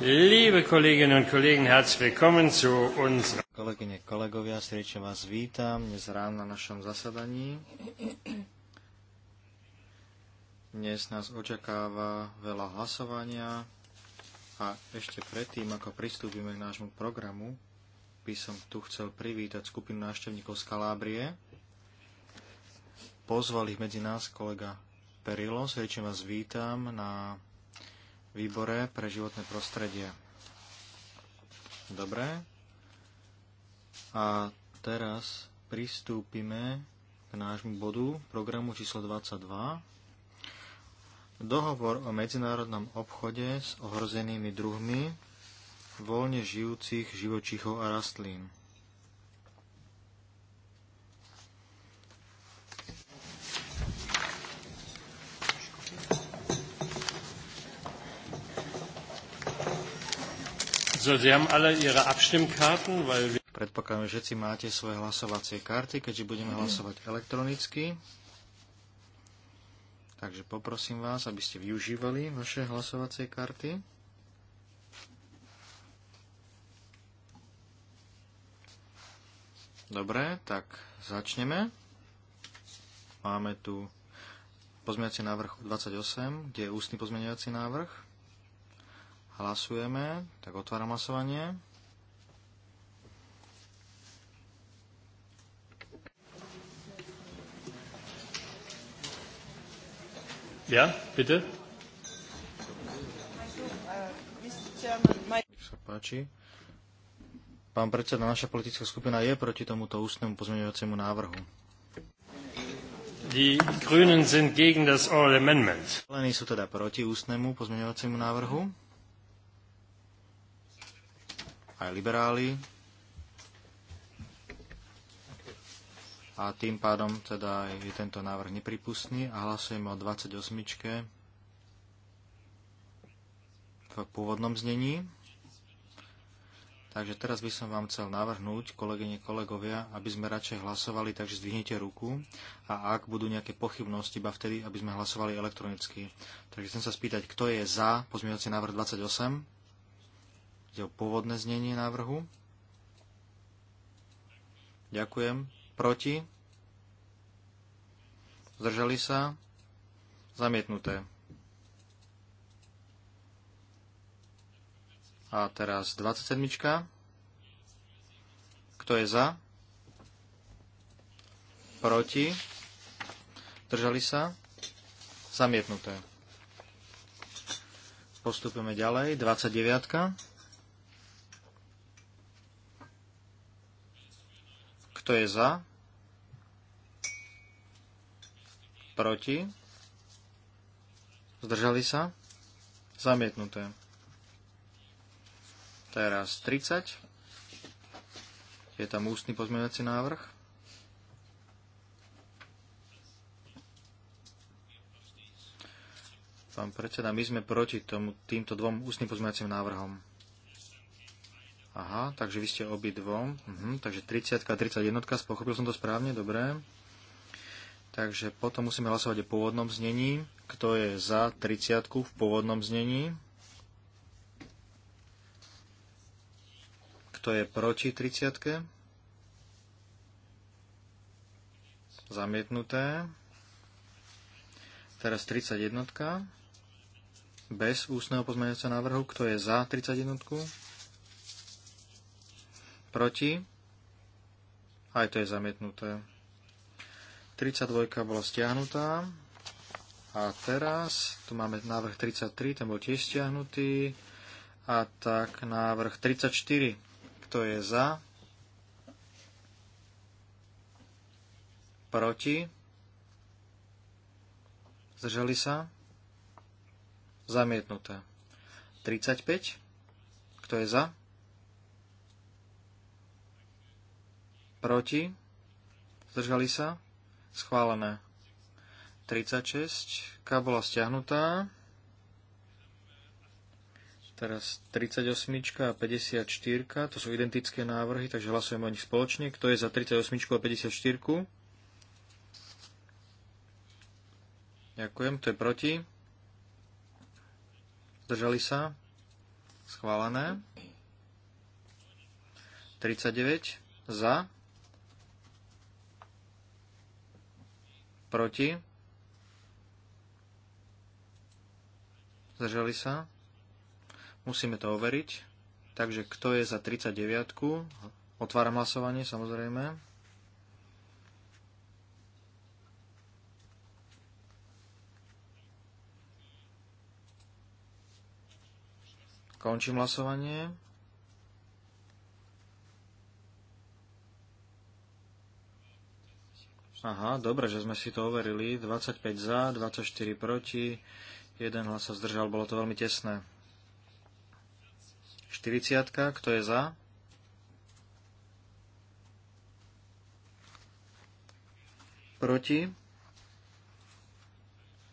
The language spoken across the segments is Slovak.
Liebe Kolleginnen und Kollegen, herzlich willkommen zu Kolegyne, kolegovia, srdečne vás vítam dnes ráno na našom zasadaní. Dnes nás očakáva veľa hlasovania a ešte predtým, ako pristúpime k nášmu programu, by som tu chcel privítať skupinu návštevníkov z Kalábrie. Pozval ich medzi nás kolega Perilo, srdečne vás vítam na výbore pre životné prostredie. Dobre. A teraz pristúpime k nášmu bodu programu číslo 22. Dohovor o medzinárodnom obchode s ohrozenými druhmi voľne žijúcich živočichov a rastlín. Predpokladám, že všetci máte svoje hlasovacie karty, keďže budeme hlasovať elektronicky. Takže poprosím vás, aby ste využívali vaše hlasovacie karty. Dobre, tak začneme. Máme tu pozmeňovací návrh 28, kde je ústny pozmeňovací návrh. Hlasujeme, tak otváram hlasovanie. Ja, bitte. Nech sa páči. Pán predseda, naša politická skupina je proti tomuto ústnemu pozmeňovaciemu návrhu. Die Grünen sind gegen das Oral Amendment. Zelení sú teda proti ústnemu pozmeňovaciemu návrhu aj liberáli. A tým pádom teda je tento návrh nepripustný a hlasujeme o 28 v pôvodnom znení. Takže teraz by som vám chcel navrhnúť, kolegyne, kolegovia, aby sme radšej hlasovali, takže zdvihnite ruku a ak budú nejaké pochybnosti, iba vtedy, aby sme hlasovali elektronicky. Takže chcem sa spýtať, kto je za pozmeňovací návrh 28? ide o pôvodné znenie návrhu. Ďakujem. Proti? Zdržali sa? Zamietnuté. A teraz 27. Kto je za? Proti? Držali sa? Zamietnuté. Postupujeme ďalej. 29. Kto je za? Proti? Zdržali sa? Zamietnuté. Teraz 30. Je tam ústny pozmeňovací návrh. Pán predseda, my sme proti tomu, týmto dvom ústnym pozmeňovacím návrhom. Aha, takže vy ste obidvom. Mhm, huh takže 30 a 31, pochopil som to správne, dobre. Takže potom musíme hlasovať o pôvodnom znení. Kto je za 30 v pôvodnom znení? Kto je proti 30? Zamietnuté. Teraz 31. Bez ústneho pozmeňujúceho návrhu. Kto je za 31? -tku? Proti? Aj to je zamietnuté. 32 bola stiahnutá. A teraz tu máme návrh 33, ten bol tiež stiahnutý. A tak návrh 34. Kto je za? Proti? Zdržali sa? Zamietnuté. 35. Kto je za? proti, zdržali sa, schválené. 36, K bola stiahnutá. Teraz 38 a 54, to sú identické návrhy, takže hlasujeme o nich spoločne. Kto je za 38 a 54? Ďakujem, to je proti. Zdržali sa. Schválené. 39 za. Proti? Zdržali sa? Musíme to overiť. Takže kto je za 39? Otváram hlasovanie, samozrejme. Končím hlasovanie. Aha, dobre, že sme si to overili. 25 za, 24 proti, jeden hlas sa zdržal, bolo to veľmi tesné. 40, kto je za? Proti?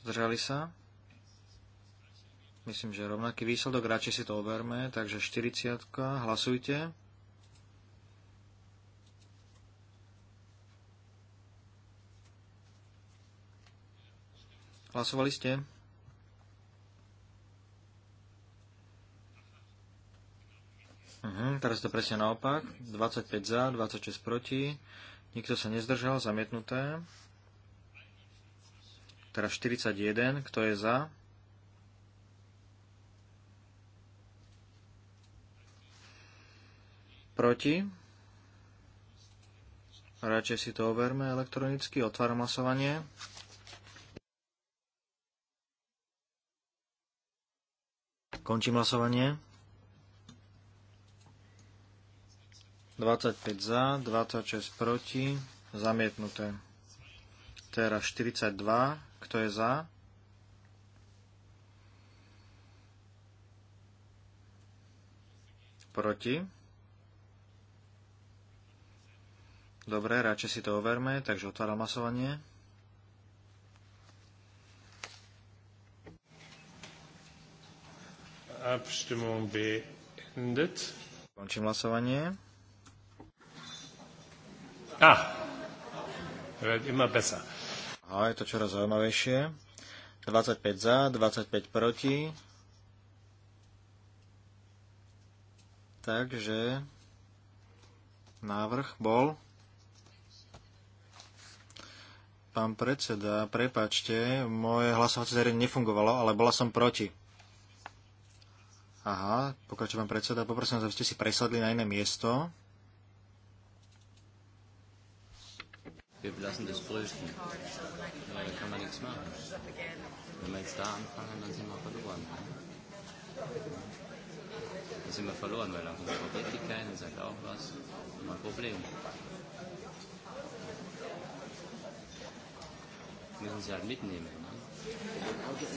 Zdržali sa? Myslím, že rovnaký výsledok, radšej si to overme, takže 40, hlasujte. Hlasovali ste? Uhum, teraz to presne naopak. 25 za, 26 proti. Nikto sa nezdržal, zamietnuté. Teraz 41, kto je za? Proti? Radšej si to overme elektronicky. Otváram hlasovanie. Končím hlasovanie. 25 za, 26 proti, zamietnuté. Teraz 42, kto je za? Proti. Dobre, radšej si to overme, takže otváram hlasovanie. Abstimmung beendet. Končím hlasovanie. Ah, immer besser. A je to čoraz zaujímavejšie. 25 za, 25 proti. Takže návrh bol Pán predseda, prepačte, moje hlasovacie zariadenie nefungovalo, ale bola som proti. Aha, pokračujem predseda, poprosím aby ste si presadli na iné miesto. Wir lassen das prüfen. Wenn wir jetzt da anfangen, dann sind wir verloren. Dann sind wir verloren, weil dann probiert die und sagt auch was. Immer ein Problem. Müssen Sie halt mitnehmen. Ne?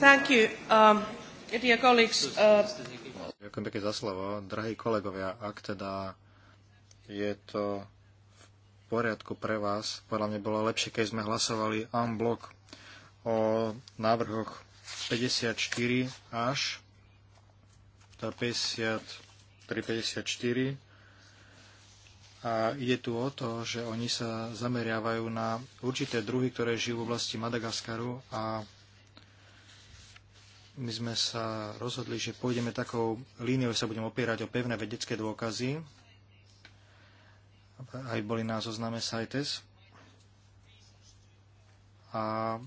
Thank you, um, dear colleagues. Uh, Ďakujem pekne za slovo. Drahí kolegovia, ak teda je to v poriadku pre vás, podľa mňa bolo lepšie, keď sme hlasovali en blok o návrhoch 54 až 53, teda 54 a ide tu o to, že oni sa zameriavajú na určité druhy, ktoré žijú v oblasti Madagaskaru a my sme sa rozhodli, že pôjdeme takou líniou, sa budeme opierať o pevné vedecké dôkazy. Aj boli na zozname CITES. A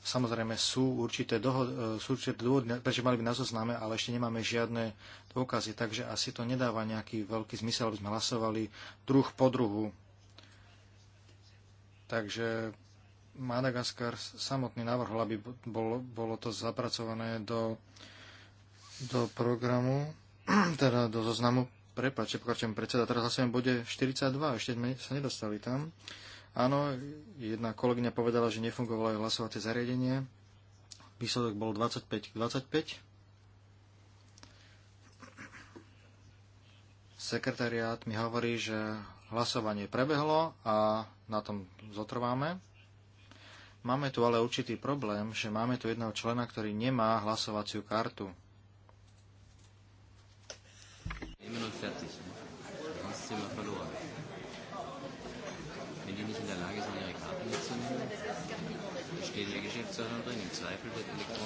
Samozrejme sú určité, doho- e, sú určité dôvody, prečo mali byť na zozname, ale ešte nemáme žiadne dôkazy, takže asi to nedáva nejaký veľký zmysel, aby sme hlasovali druh po druhu. Takže Madagaskar samotný navrhol, aby bolo, bolo to zapracované do, do programu, teda do zoznamu. Prepačte, pokračujem predseda, teraz zase bude 42, ešte sme sa nedostali tam. Áno, jedna kolegyňa povedala, že nefungovalo aj hlasovacie zariadenie. Výsledok bol 25 k 25. Sekretariát mi hovorí, že hlasovanie prebehlo a na tom zotrváme. Máme tu ale určitý problém, že máme tu jedného člena, ktorý nemá hlasovaciu kartu. Steht der Geschäftsordnung drin, im Zweifel wird elektronisch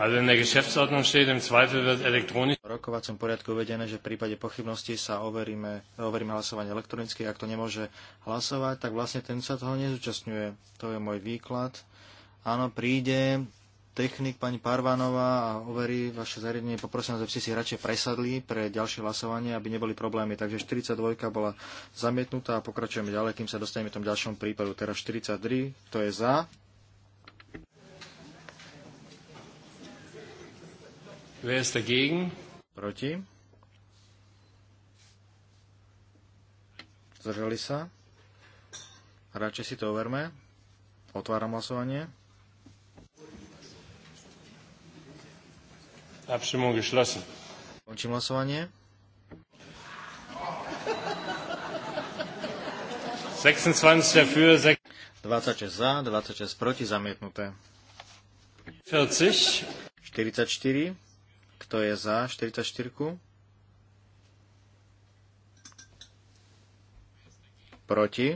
in der Geschäftsordnung steht, im Zweifel wird elektronisch... V rokovacom poriadku uvedené, že v prípade pochybnosti sa overíme, overíme hlasovanie elektronicky. Ak to nemôže hlasovať, tak vlastne ten sa toho nezúčastňuje. To je môj výklad. Áno, príde technik pani Parvanová a overí vaše zariadenie. Poprosím aby ste si radšej presadli pre ďalšie hlasovanie, aby neboli problémy. Takže 42 bola zamietnutá a pokračujeme ďalej, kým sa dostaneme v tom ďalšom prípadu. Teraz teda 43, to je za? Wer ist dagegen? Proti. Zdržali sa. Radšej si to overme. Otváram hlasovanie. Abstimmung geschlossen. Končím hlasovanie. 26 dafür, 26 za, 26 proti, zamietnuté. 40. 44. Kto je za 44? Proti?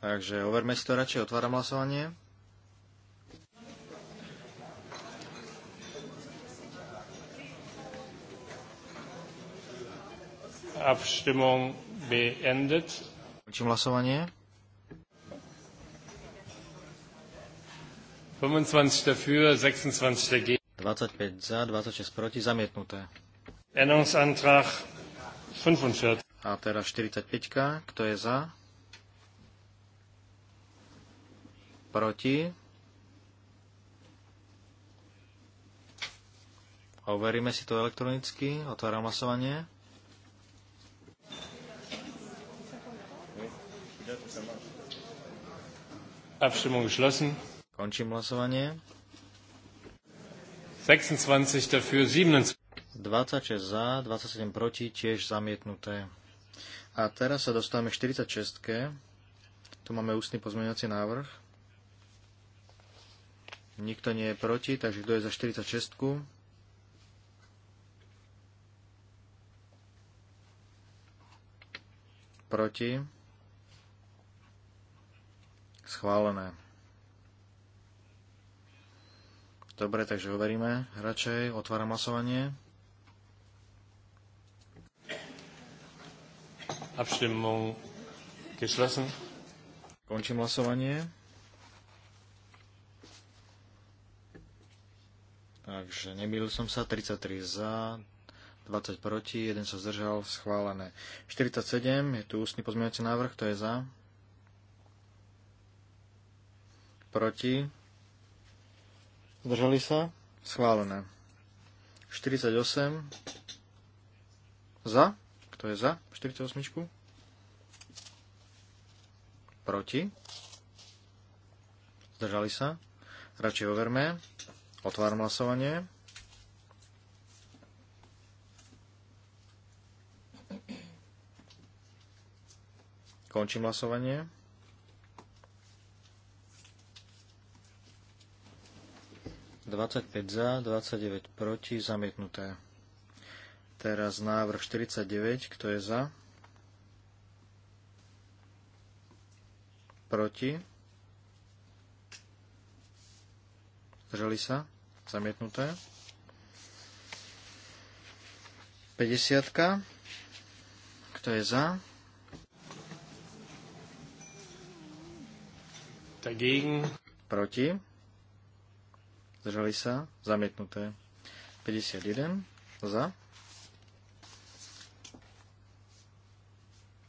Takže overme si to radšej. Otváram hlasovanie. Abstimmung beendet. Končím hlasovanie. 25 dafür, 26 dagegen. 25 za, 26 proti, zamietnuté. Änderungsantrag 45. A teraz 45. Kto je za? Proti? Overíme si to elektronicky. Otváram hlasovanie. Abstimmung geschlossen. Končím hlasovanie. 26 dafür, 27. 26 za, 27 proti, tiež zamietnuté. A teraz sa dostávame k 46. Tu máme ústny pozmeňovací návrh. Nikto nie je proti, takže kto je za 46? Proti. Schválené. Dobre, takže overíme. Radšej otváram hlasovanie. Abstimmung geschlossen. Končím hlasovanie. Takže nemýlil som sa, 33 za, 20 proti, 1 sa zdržal, schválené. 47, je tu ústny pozmeňujúci návrh, to je za. Proti. Zdržali sa? Schválené. 48 za. Kto je za 48? Proti. Zdržali sa? Radšej overme. Otváram hlasovanie. Končím hlasovanie. 25 za, 29 proti, zamietnuté. Teraz návrh 49, kto je za? Proti? Zdržali sa? Zamietnuté. 50. Kto je za? Dagegen. Proti zdržali sa, zamietnuté. 51 za,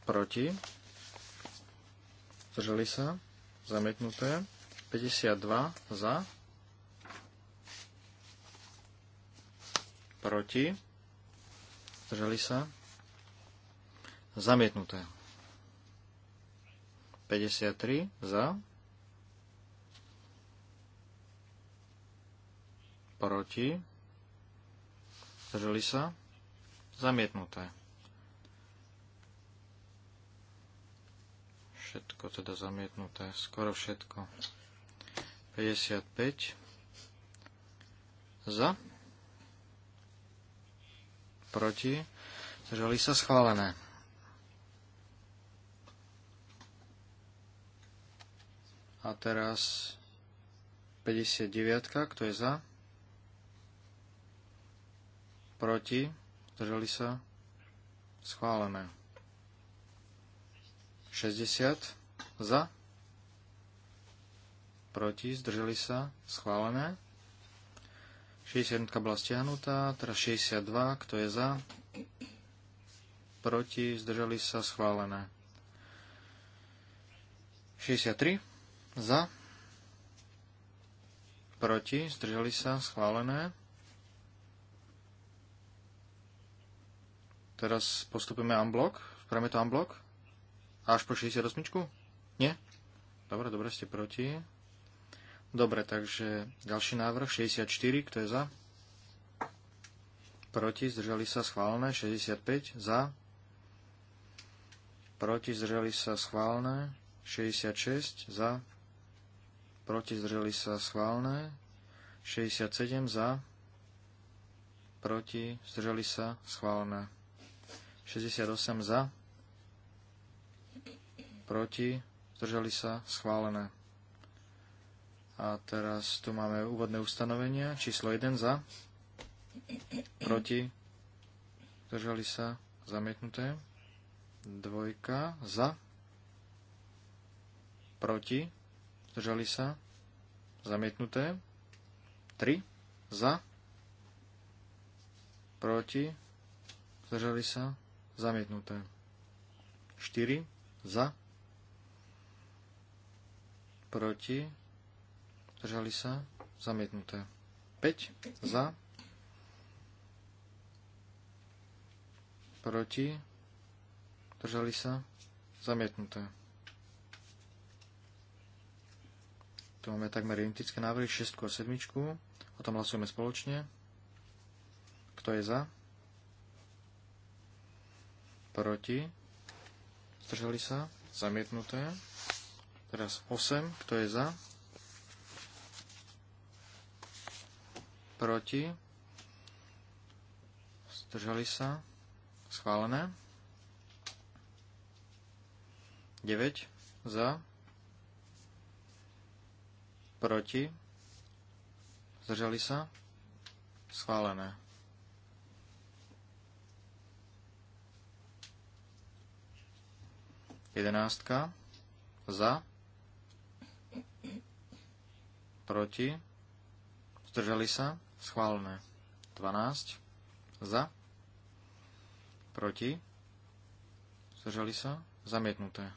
proti, zdržali sa, zamietnuté. 52 za, proti, zdržali sa, zamietnuté. 53 za, proti, zdržali sa, zamietnuté. Všetko teda zamietnuté, skoro všetko. 55 za, proti, zdržali sa, schválené. A teraz 59, kto je za? proti, zdržali sa, schválené. 60 za, proti, zdržali sa, schválené. 61 bola stiahnutá, teraz 62, kto je za, proti, zdržali sa, schválené. 63 za, proti, zdržali sa, schválené. Teraz postupujeme unblock. Spravíme to unblock. Až po 68? Nie? Dobre, dobre, ste proti. Dobre, takže ďalší návrh, 64, kto je za? Proti, zdržali sa schválne, 65, za. Proti, zdržali sa schválne, 66, za. Proti, zdržali sa schválne, 67, za. Proti, zdržali sa schválne. 68 za, proti, zdržali sa, schválené. A teraz tu máme úvodné ustanovenia, číslo 1 za, proti, zdržali sa, zamietnuté, dvojka za, proti, zdržali sa, zamietnuté, 3 za, proti, zdržali sa, zamietnuté. 4 za, proti, držali sa, zamietnuté. 5 za, proti, držali sa, zamietnuté. Tu máme takmer identické návrhy 6 a 7. O tom hlasujeme spoločne. Kto je za? proti, zdržali sa, zamietnuté. Teraz 8, kto je za, proti, zdržali sa, schválené. 9 za, proti, zdržali sa, schválené. Jedenástka. Za. Proti. Zdržali sa. schválne, 12. Za. Proti. Zdržali sa. Zamietnuté.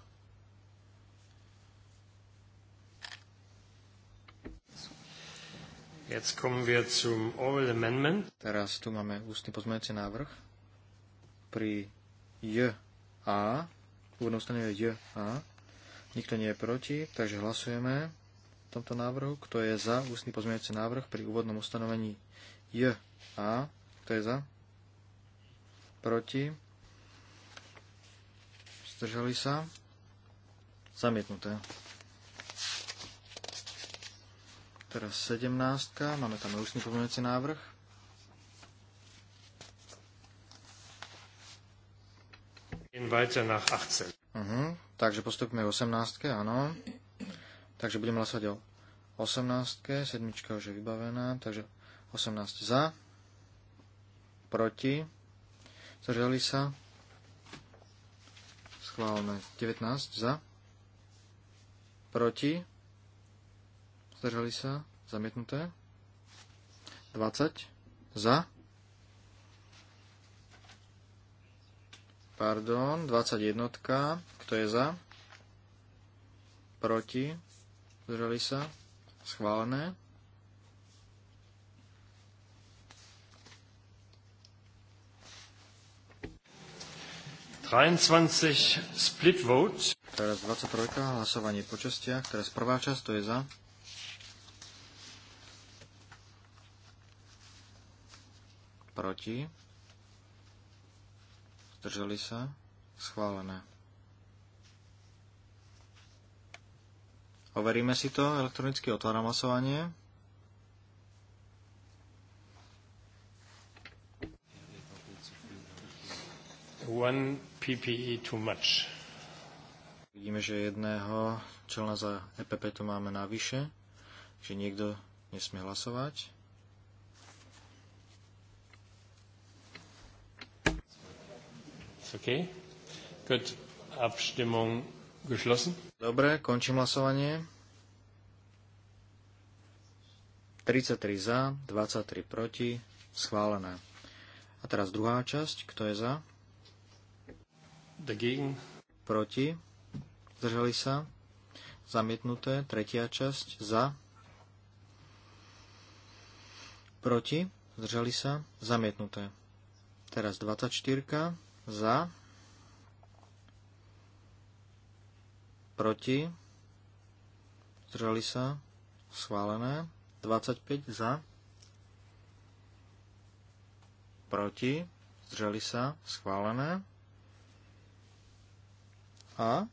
Jetzt kommen wir zum Oral Amendment. Teraz tu máme ústny pozmeňujúci návrh pri J A úvodné ustanovenie J a. Nikto nie je proti, takže hlasujeme v tomto návrhu. Kto je za ústny pozmeňujúci návrh pri úvodnom ustanovení J a. Kto je za? Proti? Zdržali sa? Zamietnuté. Teraz 17. Máme tam ústny pozmeňujúci návrh. Uh-huh. Takže postupíme k 18. áno. Takže budeme hlasovať o 18. Sedmička už je vybavená. Takže 18 za. Proti. Zdržali sa. Schválme. 19 za. Proti. Zdržali sa. Zamietnuté. 20 za. Pardon, 21. Kto je za? Proti? Zdržali sa? Schválené. Split vote. Teraz 23. hlasovanie po častiach. Teraz prvá časť, to je za. Proti zdržali sa, schválené. Overíme si to, elektronicky otváram hlasovanie. One PPE too much. Vidíme, že jedného člena za EPP tu máme navyše, že niekto nesmie hlasovať. okay. Good. Abstimmung geschlossen. Dobre, končím hlasovanie. 33 za, 23 proti, schválené. A teraz druhá časť, kto je za? Dagegen. Proti, zdržali sa, zamietnuté, tretia časť, za, proti, zdržali sa, zamietnuté. Teraz 24 za, proti, zdržali sa, schválené, 25 za, proti, zdržali sa, schválené. A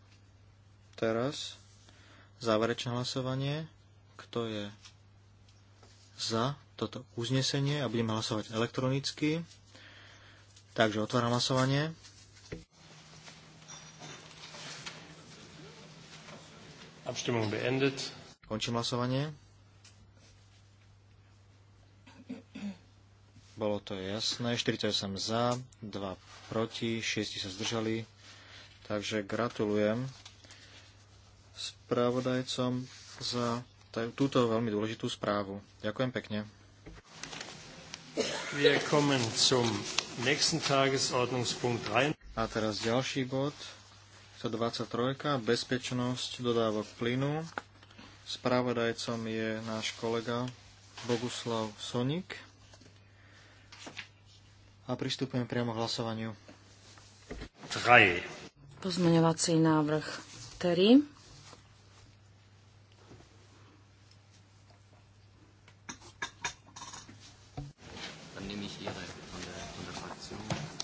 teraz záverečné hlasovanie, kto je za toto uznesenie a budeme hlasovať elektronicky. Takže otváram hlasovanie. Abstimmung beendet. Končím hlasovanie. Bolo to jasné. 48 za, 2 proti, 6 sa zdržali. Takže gratulujem spravodajcom za túto veľmi dôležitú správu. Ďakujem pekne. Wir kommen zum a teraz ďalší bod, 123. Bezpečnosť dodávok plynu. Spravodajcom je náš kolega Boguslav Sonik. A pristupujem priamo k hlasovaniu. 3. Pozmeňovací návrh 3.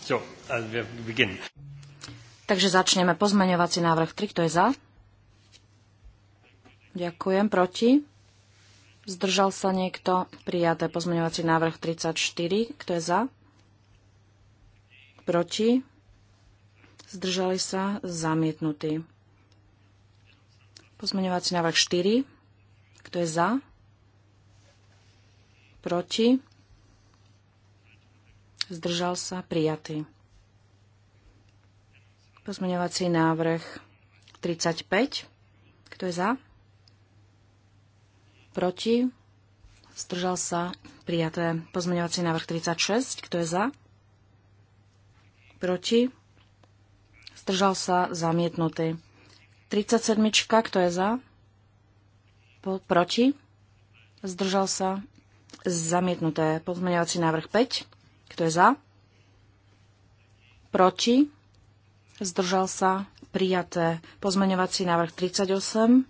So, Takže začneme pozmeňovací návrh 3. Kto je za? Ďakujem. Proti? Zdržal sa niekto? Prijaté pozmeňovací návrh 34. Kto je za? Proti? Zdržali sa? Zamietnutý. Pozmeňovací návrh 4. Kto je za? Proti? zdržal sa, prijatý. Pozmeňovací návrh 35. Kto je za? Proti? Zdržal sa, prijaté. Pozmeňovací návrh 36. Kto je za? Proti? Zdržal sa, zamietnutý. 37. Kto je za? Proti? Zdržal sa, zamietnuté. Pozmeňovací návrh 5. Kto je za? Proti? Zdržal sa? Prijaté. Pozmeňovací návrh 38.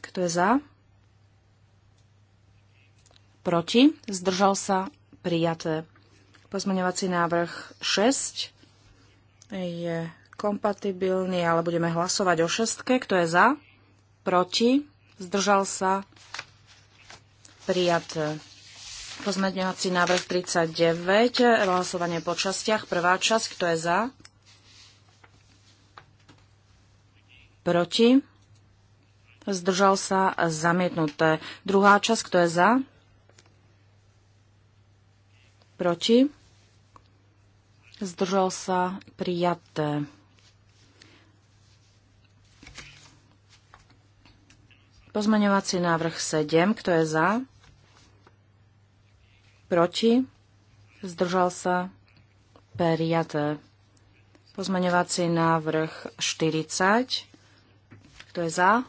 Kto je za? Proti? Zdržal sa? Prijaté. Pozmeňovací návrh 6 je kompatibilný, ale budeme hlasovať o šestke. Kto je za? Proti? Zdržal sa? Prijaté. E, pozmeňovací návrh 39, e, hlasovanie po častiach. Prvá časť, kto je za? Proti? Zdržal sa zamietnuté. Druhá časť, kto je za? Proti? Zdržal sa prijaté. Pozmeňovací návrh 7, kto je za? Proti? Zdržal sa? Prijaté. Pozmeňovací návrh 40. Kto je za?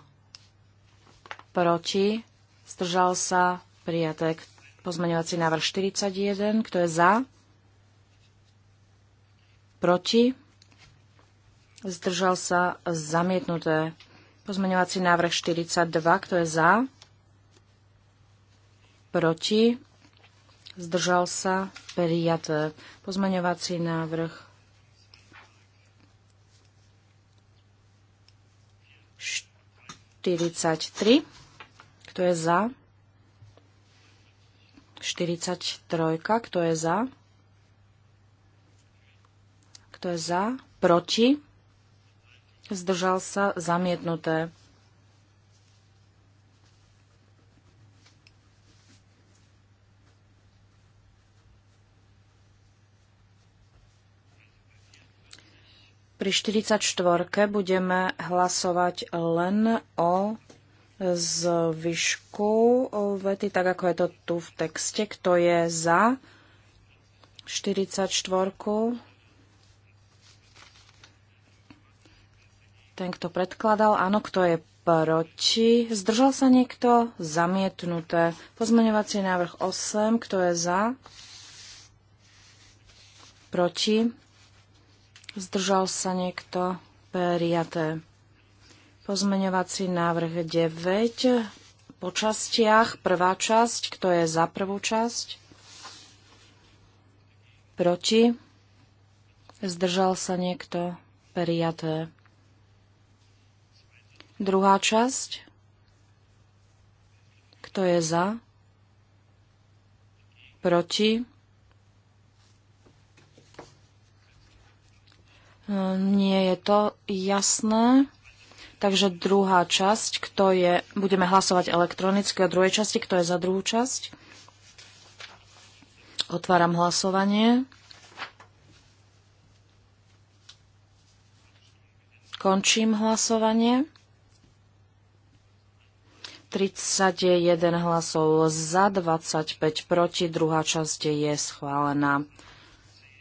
Proti? Zdržal sa? Prijaté. Pozmeňovací návrh 41. Kto je za? Proti? Zdržal sa? Zamietnuté. Pozmeňovací návrh 42. Kto je za? Proti? zdržal sa, prijaté. Pozmaňovací návrh 43. Kto je za? 43. Kto je za? Kto je za? Proti? Zdržal sa? Zamietnuté. Pri 44. budeme hlasovať len o zvyšku vety, tak ako je to tu v texte. Kto je za 44? Ten, kto predkladal, áno, kto je proti. Zdržal sa niekto? Zamietnuté. Pozmeňovací návrh 8. Kto je za? Proti. Zdržal sa niekto? Prijaté. Pozmeňovací návrh 9 po častiach. Prvá časť. Kto je za prvú časť? Proti? Zdržal sa niekto? Prijaté. Druhá časť. Kto je za? Proti? Hm, nie je to jasné. Takže druhá časť, kto je, budeme hlasovať elektronicky o druhej časti, kto je za druhú časť. Otváram hlasovanie. Končím hlasovanie. 31 hlasov za, 25 proti, druhá časť je schválená.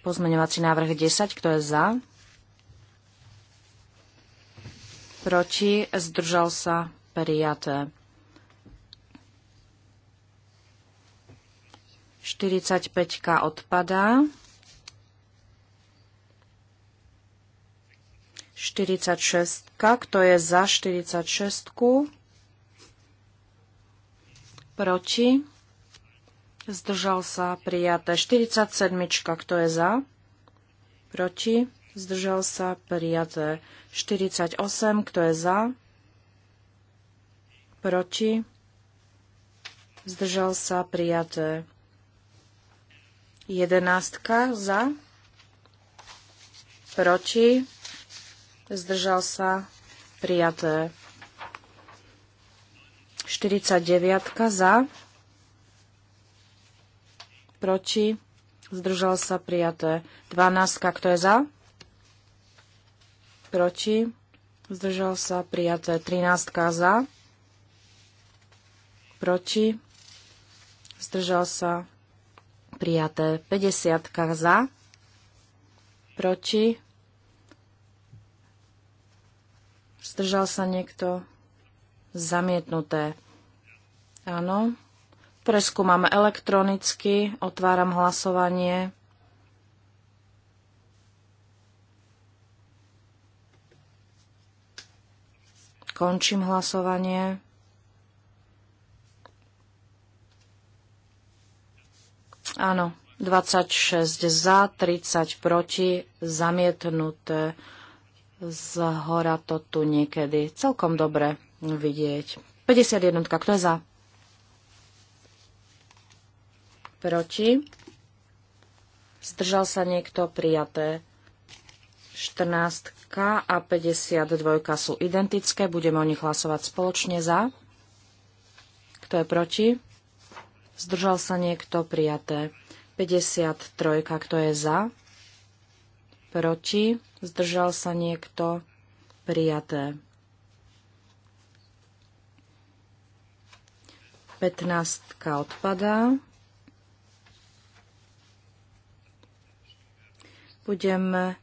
Pozmeňovací návrh 10, kto je za? proti, zdržal sa, prijaté. 45 odpadá. 46. Kto je za 46? Proti? Zdržal sa prijaté. 47. Kto je za? Proti? zdržal sa, prijaté. 48, kto je za, proti, zdržal sa, prijaté. 11 za, proti, zdržal sa, prijaté. 49 za, proti, zdržal sa prijaté. 12, kto je za? proti, zdržal sa prijaté 13 za, proti, zdržal sa prijaté 50 za, proti, zdržal sa niekto zamietnuté. Áno, preskúmame elektronicky, otváram hlasovanie. Končím hlasovanie. Áno, 26 za, 30 proti, zamietnuté. Z hora to tu niekedy celkom dobre vidieť. 51, kto je za? Proti. Zdržal sa niekto prijaté. 14 a 52 sú identické. Budeme o nich hlasovať spoločne za. Kto je proti? Zdržal sa niekto prijaté. 53. Kto je za? Proti? Zdržal sa niekto prijaté. 15 odpadá. Budeme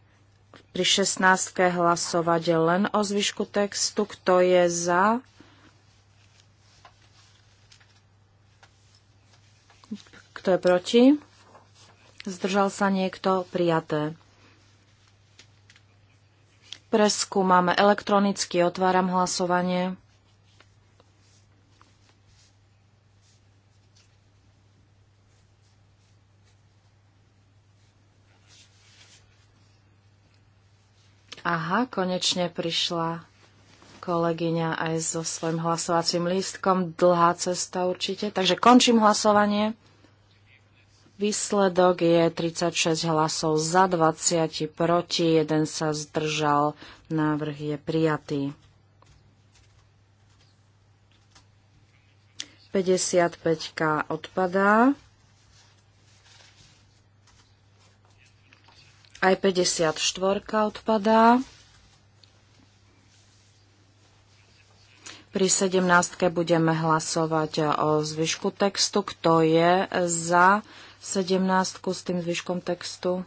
pri 16. hlasovať len o zvyšku textu. Kto je za? Kto je proti? Zdržal sa niekto? Prijaté. Preskúmame elektronicky. Otváram hlasovanie. Aha, konečne prišla kolegyňa aj so svojím hlasovacím lístkom. Dlhá cesta určite. Takže končím hlasovanie. Výsledok je 36 hlasov za 20 proti, jeden sa zdržal. Návrh je prijatý. 55 odpadá. Aj 54 odpadá. Pri 17. budeme hlasovať o zvyšku textu. Kto je za 17. s tým zvyškom textu?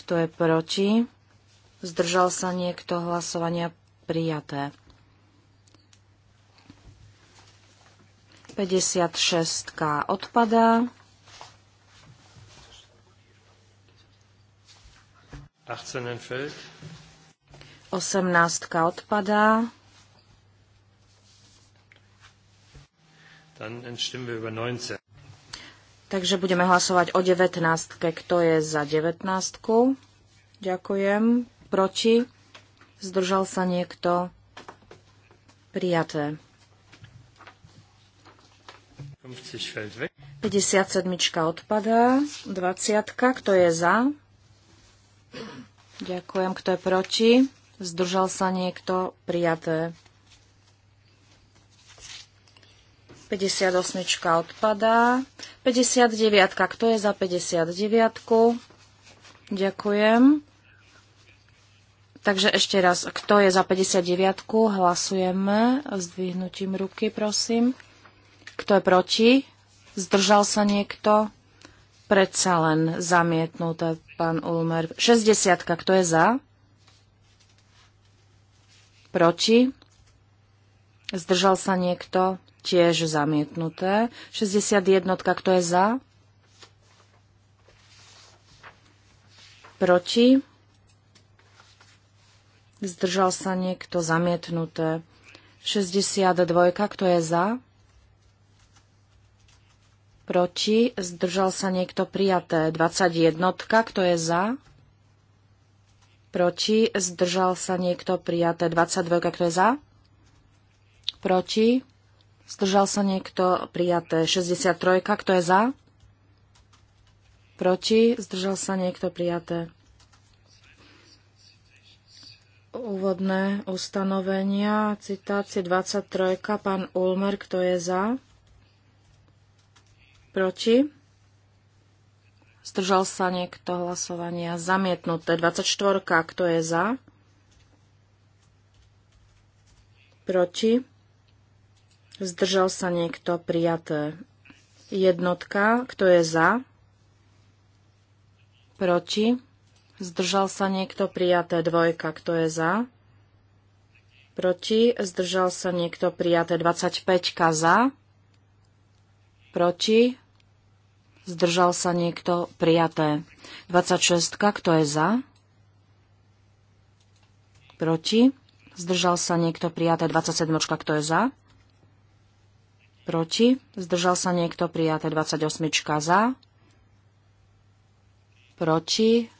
Kto je proti? Zdržal sa niekto hlasovania prijaté. 56. odpadá. 18 entfällt. 18 odpadá. Dann entstimmen wir über 19. Takže budeme hlasovať o 19. Kto je za 19? Ďakujem. Proti? Zdržal sa niekto? Prijaté. 57. odpadá. 20. Kto je za? Ďakujem. Kto je proti? Zdržal sa niekto? Prijaté. 58 odpadá. 59. Kto je za 59? Ďakujem. Takže ešte raz, kto je za 59? Hlasujeme. Zdvihnutím ruky, prosím. Kto je proti? Zdržal sa niekto? predsa len zamietnutá, pán Ulmer. 60, kto je za? Proti? Zdržal sa niekto? Tiež zamietnuté. 61, kto je za? Proti? Zdržal sa niekto? Zamietnuté. 62, kto je za? proti, zdržal sa niekto prijaté. 21, kto je za, proti, zdržal sa niekto prijaté. 22, kto je za, proti, zdržal sa niekto prijaté. 63, kto je za, proti, zdržal sa niekto prijaté. Úvodné ustanovenia, citácie 23, pán Ulmer, kto je za? Proti? Zdržal sa niekto hlasovania. Zamietnuté. 24. Kto je za? Proti? Zdržal sa niekto. Prijaté. Jednotka. Kto je za? Proti? Zdržal sa niekto. Prijaté. Dvojka. Kto je za? Proti? Zdržal sa niekto. Prijaté. 25. Za? Proti? Zdržal sa niekto? Prijaté. 26. Kto je za? Proti? Zdržal sa niekto? Prijaté. 27. Kto je za? Proti? Zdržal sa niekto? Prijaté. 28. Za? Proti?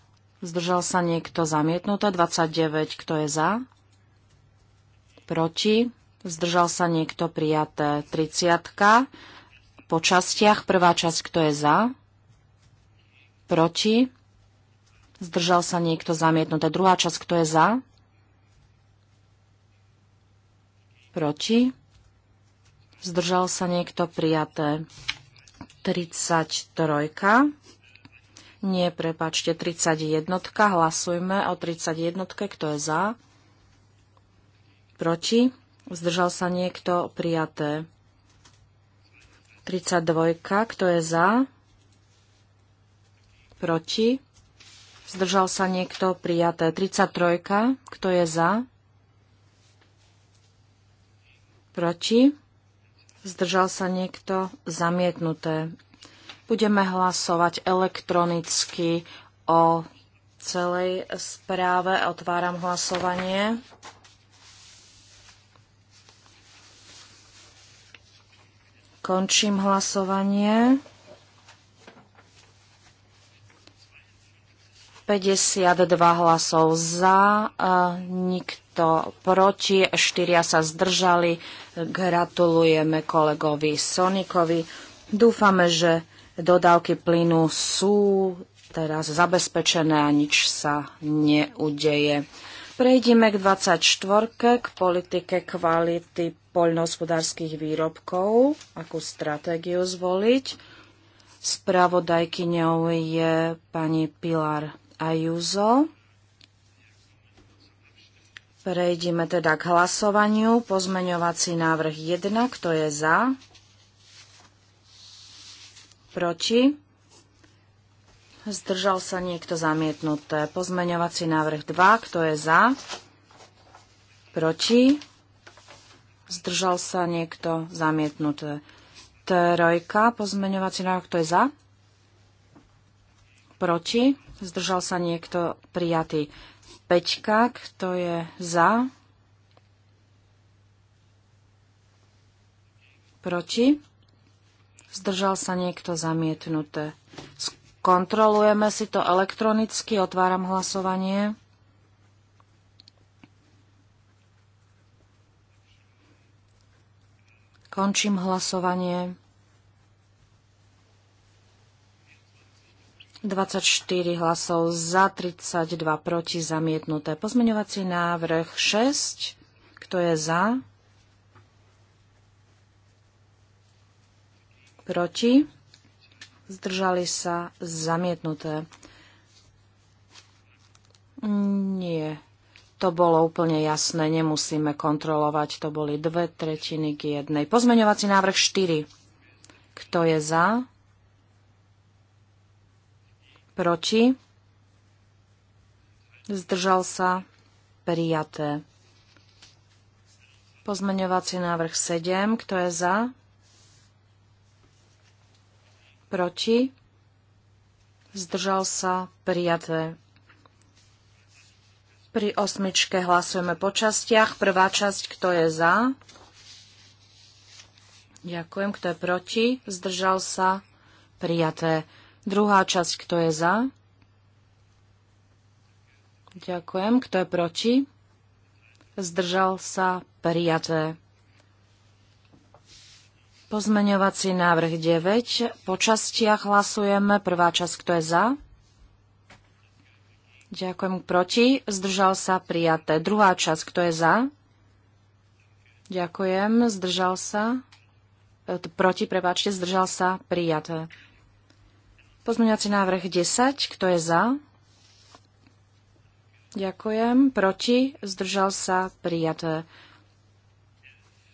Zdržal sa niekto? Zamietnuté. 29. Kto je za? Proti? Zdržal sa niekto? Prijaté. 30 po častiach. Prvá časť, kto je za? Proti? Zdržal sa niekto zamietnuté. Druhá časť, kto je za? Proti? Zdržal sa niekto prijaté. 33. Nie, prepačte, 31. Hlasujme o 31. Kto je za? Proti? Zdržal sa niekto prijaté. 32. Kto je za? Proti? Zdržal sa niekto? Prijaté. 33. Kto je za? Proti? Zdržal sa niekto? Zamietnuté. Budeme hlasovať elektronicky o celej správe. Otváram hlasovanie. Končím hlasovanie. 52 hlasov za, nikto proti, štyria sa zdržali. Gratulujeme kolegovi Sonikovi. Dúfame, že dodávky plynu sú teraz zabezpečené a nič sa neudeje. Prejdime k 24. k politike kvality poľnohospodárskych výrobkov, akú stratégiu zvoliť. Spravodajkyňou je pani Pilar Ajuzo. Prejdime teda k hlasovaniu. Pozmeňovací návrh 1, kto je za? Proti? Zdržal sa niekto zamietnuté. Pozmeňovací návrh 2. Kto je za? Proti? Zdržal sa niekto zamietnuté. Trojka. Pozmeňovací návrh. Kto je za? Proti? Zdržal sa niekto prijatý. Peťka. Kto je za? Proti? Zdržal sa niekto zamietnuté. Kontrolujeme si to elektronicky. Otváram hlasovanie. Končím hlasovanie. 24 hlasov za, 32 proti, zamietnuté. Pozmeňovací návrh 6. Kto je za? Proti? zdržali sa zamietnuté. Nie, to bolo úplne jasné, nemusíme kontrolovať, to boli dve tretiny k jednej. Pozmeňovací návrh 4. Kto je za? Proti? Zdržal sa? Prijaté. Pozmeňovací návrh 7. Kto je za? proti, zdržal sa, prijaté. Pri osmičke hlasujeme po častiach. Prvá časť, kto je za? Ďakujem, kto je proti, zdržal sa, prijaté. Druhá časť, kto je za? Ďakujem, kto je proti? Zdržal sa, prijaté. Pozmeňovací návrh 9. Po častiach hlasujeme. Prvá časť, kto je za? Ďakujem. Proti? Zdržal sa prijaté. Druhá časť, kto je za? Ďakujem. Zdržal sa. E, proti, prepáčte, zdržal sa prijaté. Pozmeňovací návrh 10. Kto je za? Ďakujem. Proti? Zdržal sa prijaté.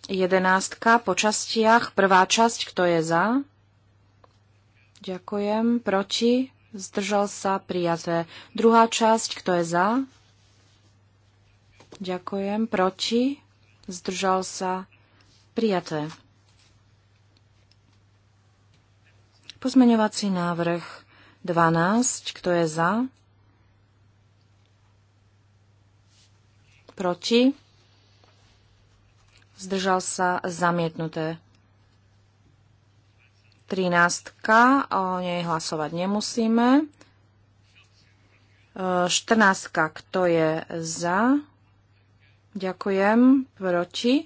Jedenástka po častiach. Prvá časť, kto je za? Ďakujem. Proti? Zdržal sa prijaté. Druhá časť, kto je za? Ďakujem. Proti? Zdržal sa prijaté. Pozmeňovací návrh 12, kto je za? Proti? zdržal sa, zamietnuté. 13. O nej hlasovať nemusíme. 14. E, kto je za? Ďakujem. Proti?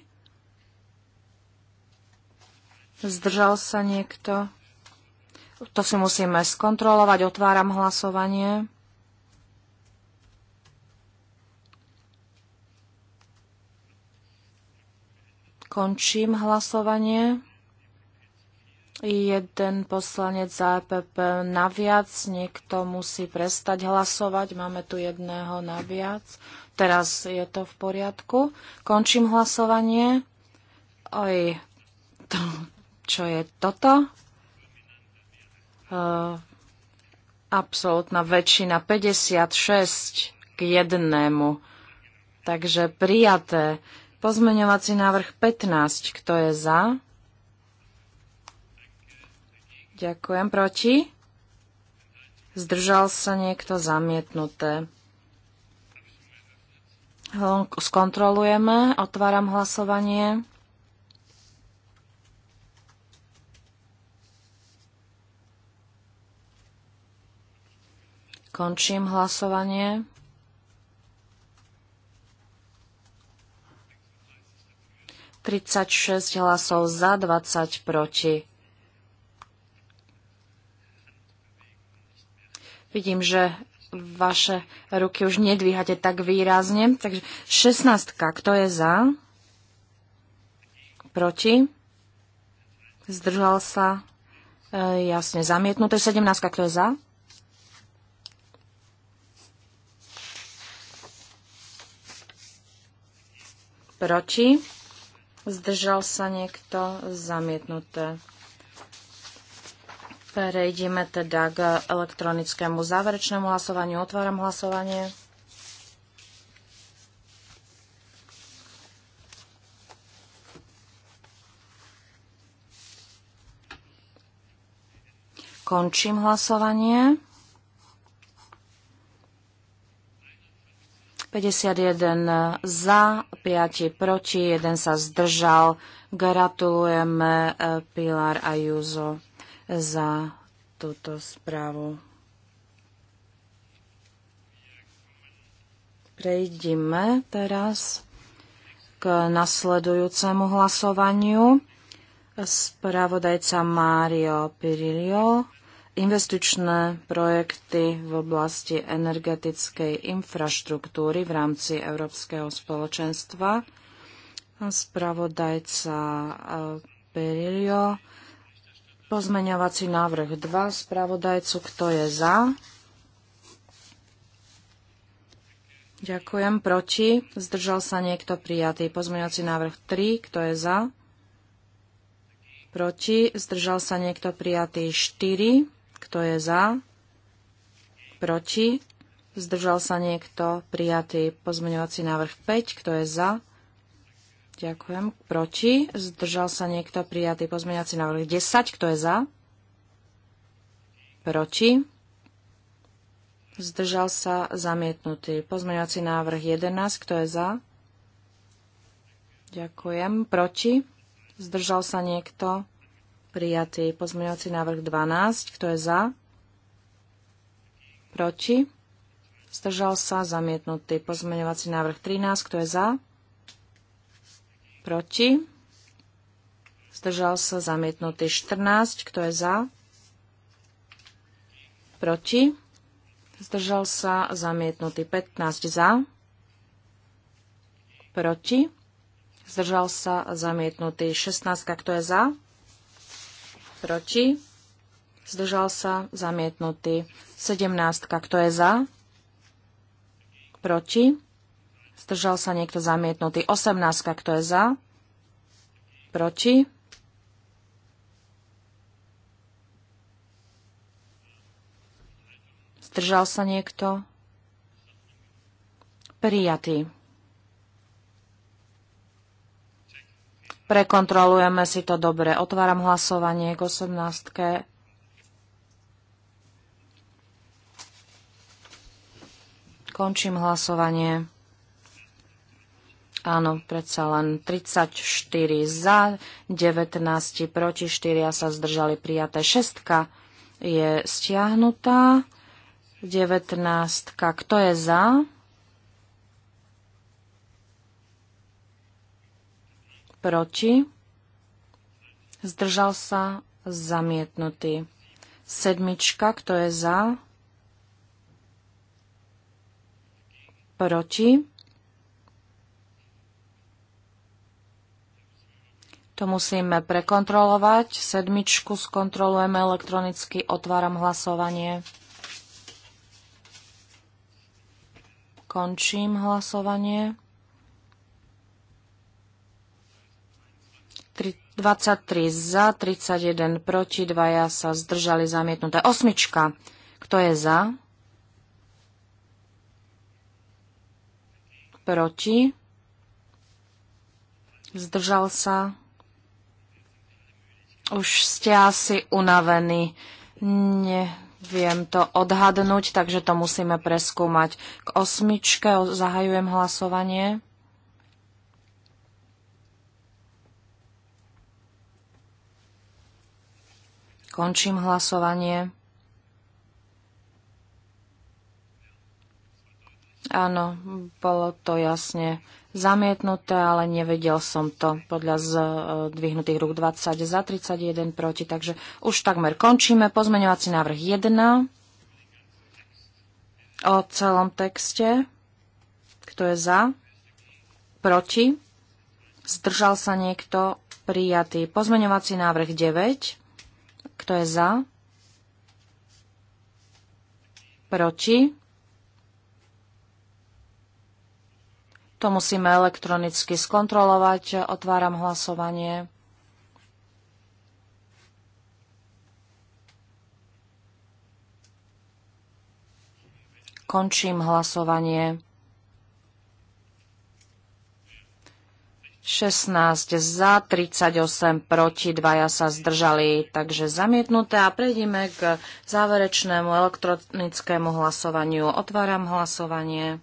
Zdržal sa niekto? To si musíme skontrolovať. Otváram hlasovanie. Končím hlasovanie. Jeden poslanec za EPP naviac, niekto musí prestať hlasovať, máme tu jedného naviac. Teraz je to v poriadku. Končím hlasovanie. Oj, to, čo je toto? Uh, absolútna väčšina 56 k jednému. Takže prijaté. Pozmeňovací návrh 15. Kto je za? Ďakujem. Proti? Zdržal sa niekto zamietnuté. Skontrolujeme. Otváram hlasovanie. Končím hlasovanie. 36 hlasov za, 20 proti. Vidím, že vaše ruky už nedvíhate tak výrazne. Takže 16. Kto je za? Proti? Zdržal sa? E, jasne, zamietnuté. 17. Kto je za? Proti? Zdržal sa niekto? Zamietnuté. Prejdeme teda k elektronickému záverečnému hlasovaniu. Otváram hlasovanie. Končím hlasovanie. 51 za, 5 proti, 1 sa zdržal. Gratulujeme e, Pilar a Juzo za túto správu. Prejdime teraz k nasledujúcemu hlasovaniu. Spravodajca Mário Pirilio investičné projekty v oblasti energetickej infraštruktúry v rámci Európskeho spoločenstva. Spravodajca eh, Perilio. Pozmeňovací návrh 2 spravodajcu. Kto je za? Ďakujem. Proti? Zdržal sa niekto prijatý. Pozmeňovací návrh 3. Kto je za? Proti? Zdržal sa niekto prijatý 4. Kto je za? Proti? Zdržal sa niekto? Prijatý pozmeňovací návrh 5. Kto je za? Ďakujem. Proti? Zdržal sa niekto? Prijatý pozmeňovací návrh 10. Kto je za? Proti? Zdržal sa zamietnutý. Pozmeňovací návrh 11. Kto je za? Ďakujem. Proti? Zdržal sa niekto? prijatý. Pozmeňovací návrh 12. Kto je za? Proti? Zdržal sa? Zamietnutý. Pozmeňovací návrh 13. Kto je za? Proti? Zdržal sa? Zamietnutý. 14. Kto je za? Proti? Zdržal sa? Zamietnutý. 15. Za? Proti? Zdržal sa? Zamietnutý. 16. Kto je za? Proti? Proti? Zdržal sa? Zamietnutý. 17. Kto je za? Proti? Zdržal sa niekto zamietnutý. 18. Kto je za? Proti? Zdržal sa niekto? Prijatý. Prekontrolujeme si to dobre. Otváram hlasovanie k 18. Končím hlasovanie. Áno, predsa len 34 za, 19 proti, 4 sa zdržali prijaté. Šestka je stiahnutá. 19. Kto je za? proti, zdržal sa, zamietnutý. Sedmička, kto je za, proti, To musíme prekontrolovať. Sedmičku skontrolujeme elektronicky. Otváram hlasovanie. Končím hlasovanie. 23 za, 31 proti, dvaja sa zdržali zamietnuté. Osmička. Kto je za? Proti. Zdržal sa. Už ste asi unavení. Neviem to odhadnúť, takže to musíme preskúmať. K osmičke zahajujem hlasovanie. Končím hlasovanie. Áno, bolo to jasne zamietnuté, ale nevedel som to podľa zdvihnutých e, rúk 20 za 31 proti, takže už takmer končíme. Pozmeňovací návrh 1 o celom texte. Kto je za? Proti? Zdržal sa niekto? Prijatý. Pozmeňovací návrh 9. Kto je za? Proti? To musíme elektronicky skontrolovať. Otváram hlasovanie. Končím hlasovanie. 16 za, 38 proti, dvaja sa zdržali, takže zamietnuté. A prejdeme k záverečnému elektronickému hlasovaniu. Otváram hlasovanie.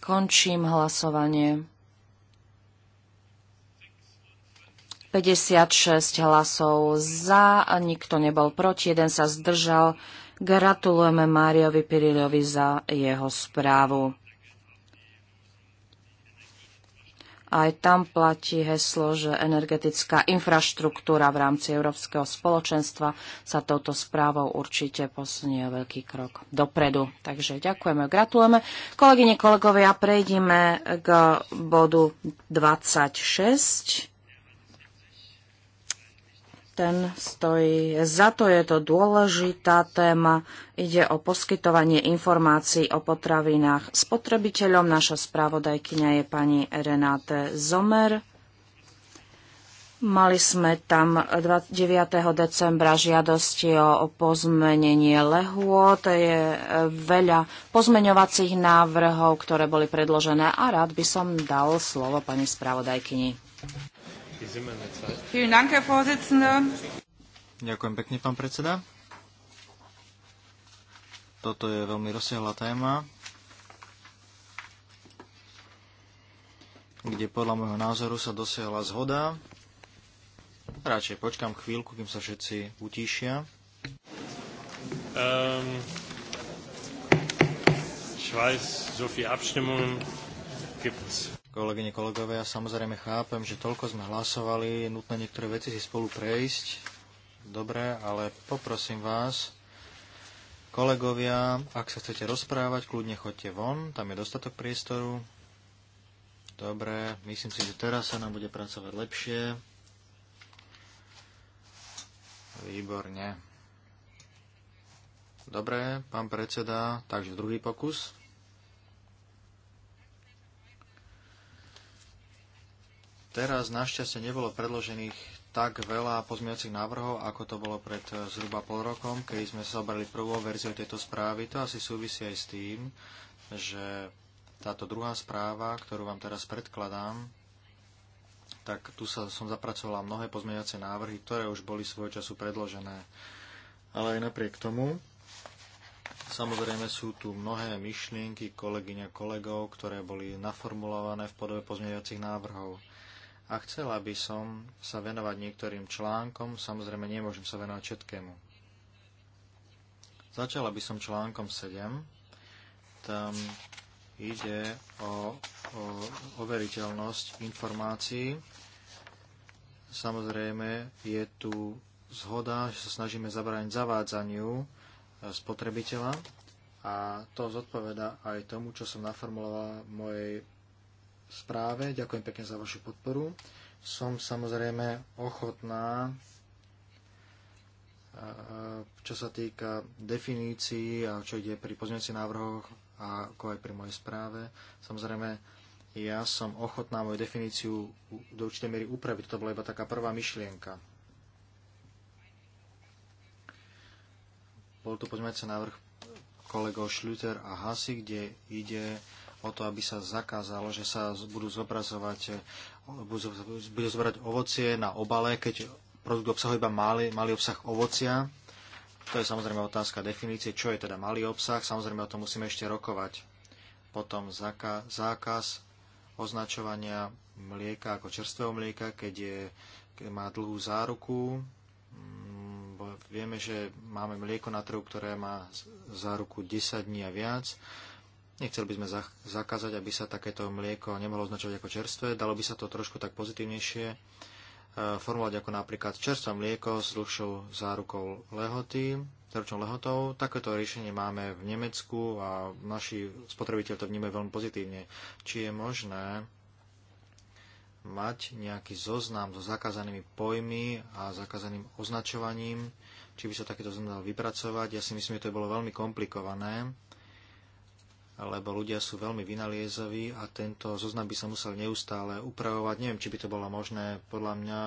Končím hlasovanie. 56 hlasov za, nikto nebol proti, jeden sa zdržal. Gratulujeme Máriovi Pirilovi za jeho správu. Aj tam platí heslo, že energetická infraštruktúra v rámci Európskeho spoločenstva sa touto správou určite posunie veľký krok dopredu. Takže ďakujeme, gratulujeme. Kolegyne, kolegovia, prejdime k bodu 26 ten stojí. Za to je to dôležitá téma. Ide o poskytovanie informácií o potravinách spotrebiteľom. Naša spravodajkyňa je pani Renáte Zomer. Mali sme tam 9. decembra žiadosti o pozmenenie To Je veľa pozmeňovacích návrhov, ktoré boli predložené a rád by som dal slovo pani spravodajkyni. Ďakujem pekne, pán predseda. Toto je veľmi rozsiahla téma, kde podľa môjho názoru sa dosiahla zhoda. Radšej počkám chvíľku, kým sa všetci utíšia. Um, ich weiß, so viel Abstimmungen gibt's kolegyne, kolegovia. Ja samozrejme chápem, že toľko sme hlasovali, je nutné niektoré veci si spolu prejsť. Dobre, ale poprosím vás, kolegovia, ak sa chcete rozprávať, kľudne choďte von, tam je dostatok priestoru. Dobre, myslím si, že teraz sa nám bude pracovať lepšie. Výborne. Dobre, pán predseda, takže druhý pokus. Teraz našťastie nebolo predložených tak veľa pozmeňovacích návrhov, ako to bolo pred eh, zhruba pol rokom, keď sme sa zobrali prvou verziu tejto správy. To asi súvisí aj s tým, že táto druhá správa, ktorú vám teraz predkladám, tak tu sa, som zapracovala mnohé pozmeňovacie návrhy, ktoré už boli svojho času predložené. Ale aj napriek tomu, samozrejme sú tu mnohé myšlienky kolegyň a kolegov, ktoré boli naformulované v podobe pozmeňovacích návrhov a chcela by som sa venovať niektorým článkom, samozrejme nemôžem sa venovať všetkému. Začala by som článkom 7. Tam ide o, o overiteľnosť informácií. Samozrejme je tu zhoda, že sa snažíme zabrániť zavádzaniu e, spotrebiteľa a to zodpoveda aj tomu, čo som naformulovala v mojej správe. Ďakujem pekne za vašu podporu. Som samozrejme ochotná, eh, čo sa týka definícií a čo ide pri pozmeňujúcich návrhoch a ako aj pri mojej správe. Samozrejme, ja som ochotná moju definíciu do určitej miery upraviť. To bola iba taká prvá myšlienka. Bol tu pozmeňujúci návrh kolegov Schlüter a Hasi, kde ide o to, aby sa zakázalo, že sa budú zobrazovať e, budú zobrať ovocie na obale, keď produkt obsahuje iba malý, malý obsah ovocia. To je samozrejme otázka definície, čo je teda malý obsah. Samozrejme o tom musíme ešte rokovať. Potom zaka, zákaz označovania mlieka ako čerstvého mlieka, keď, je, keď má dlhú záruku. Mm, vieme, že máme mlieko na trhu, ktoré má záruku 10 dní a viac. Nechceli by sme zakázať, aby sa takéto mlieko nemohlo označovať ako čerstvé. Dalo by sa to trošku tak pozitívnejšie e, formulovať ako napríklad čerstvé mlieko s dlhšou zárukou lehoty, ročnou lehotou. Takéto riešenie máme v Nemecku a naši spotrebiteľ to vníme veľmi pozitívne. Či je možné mať nejaký zoznam so zakázanými pojmy a zakázaným označovaním, či by sa takéto zoznam dal vypracovať. Ja si myslím, že to je bolo veľmi komplikované lebo ľudia sú veľmi vynaliezaví a tento zoznam by sa musel neustále upravovať. Neviem, či by to bolo možné. Podľa mňa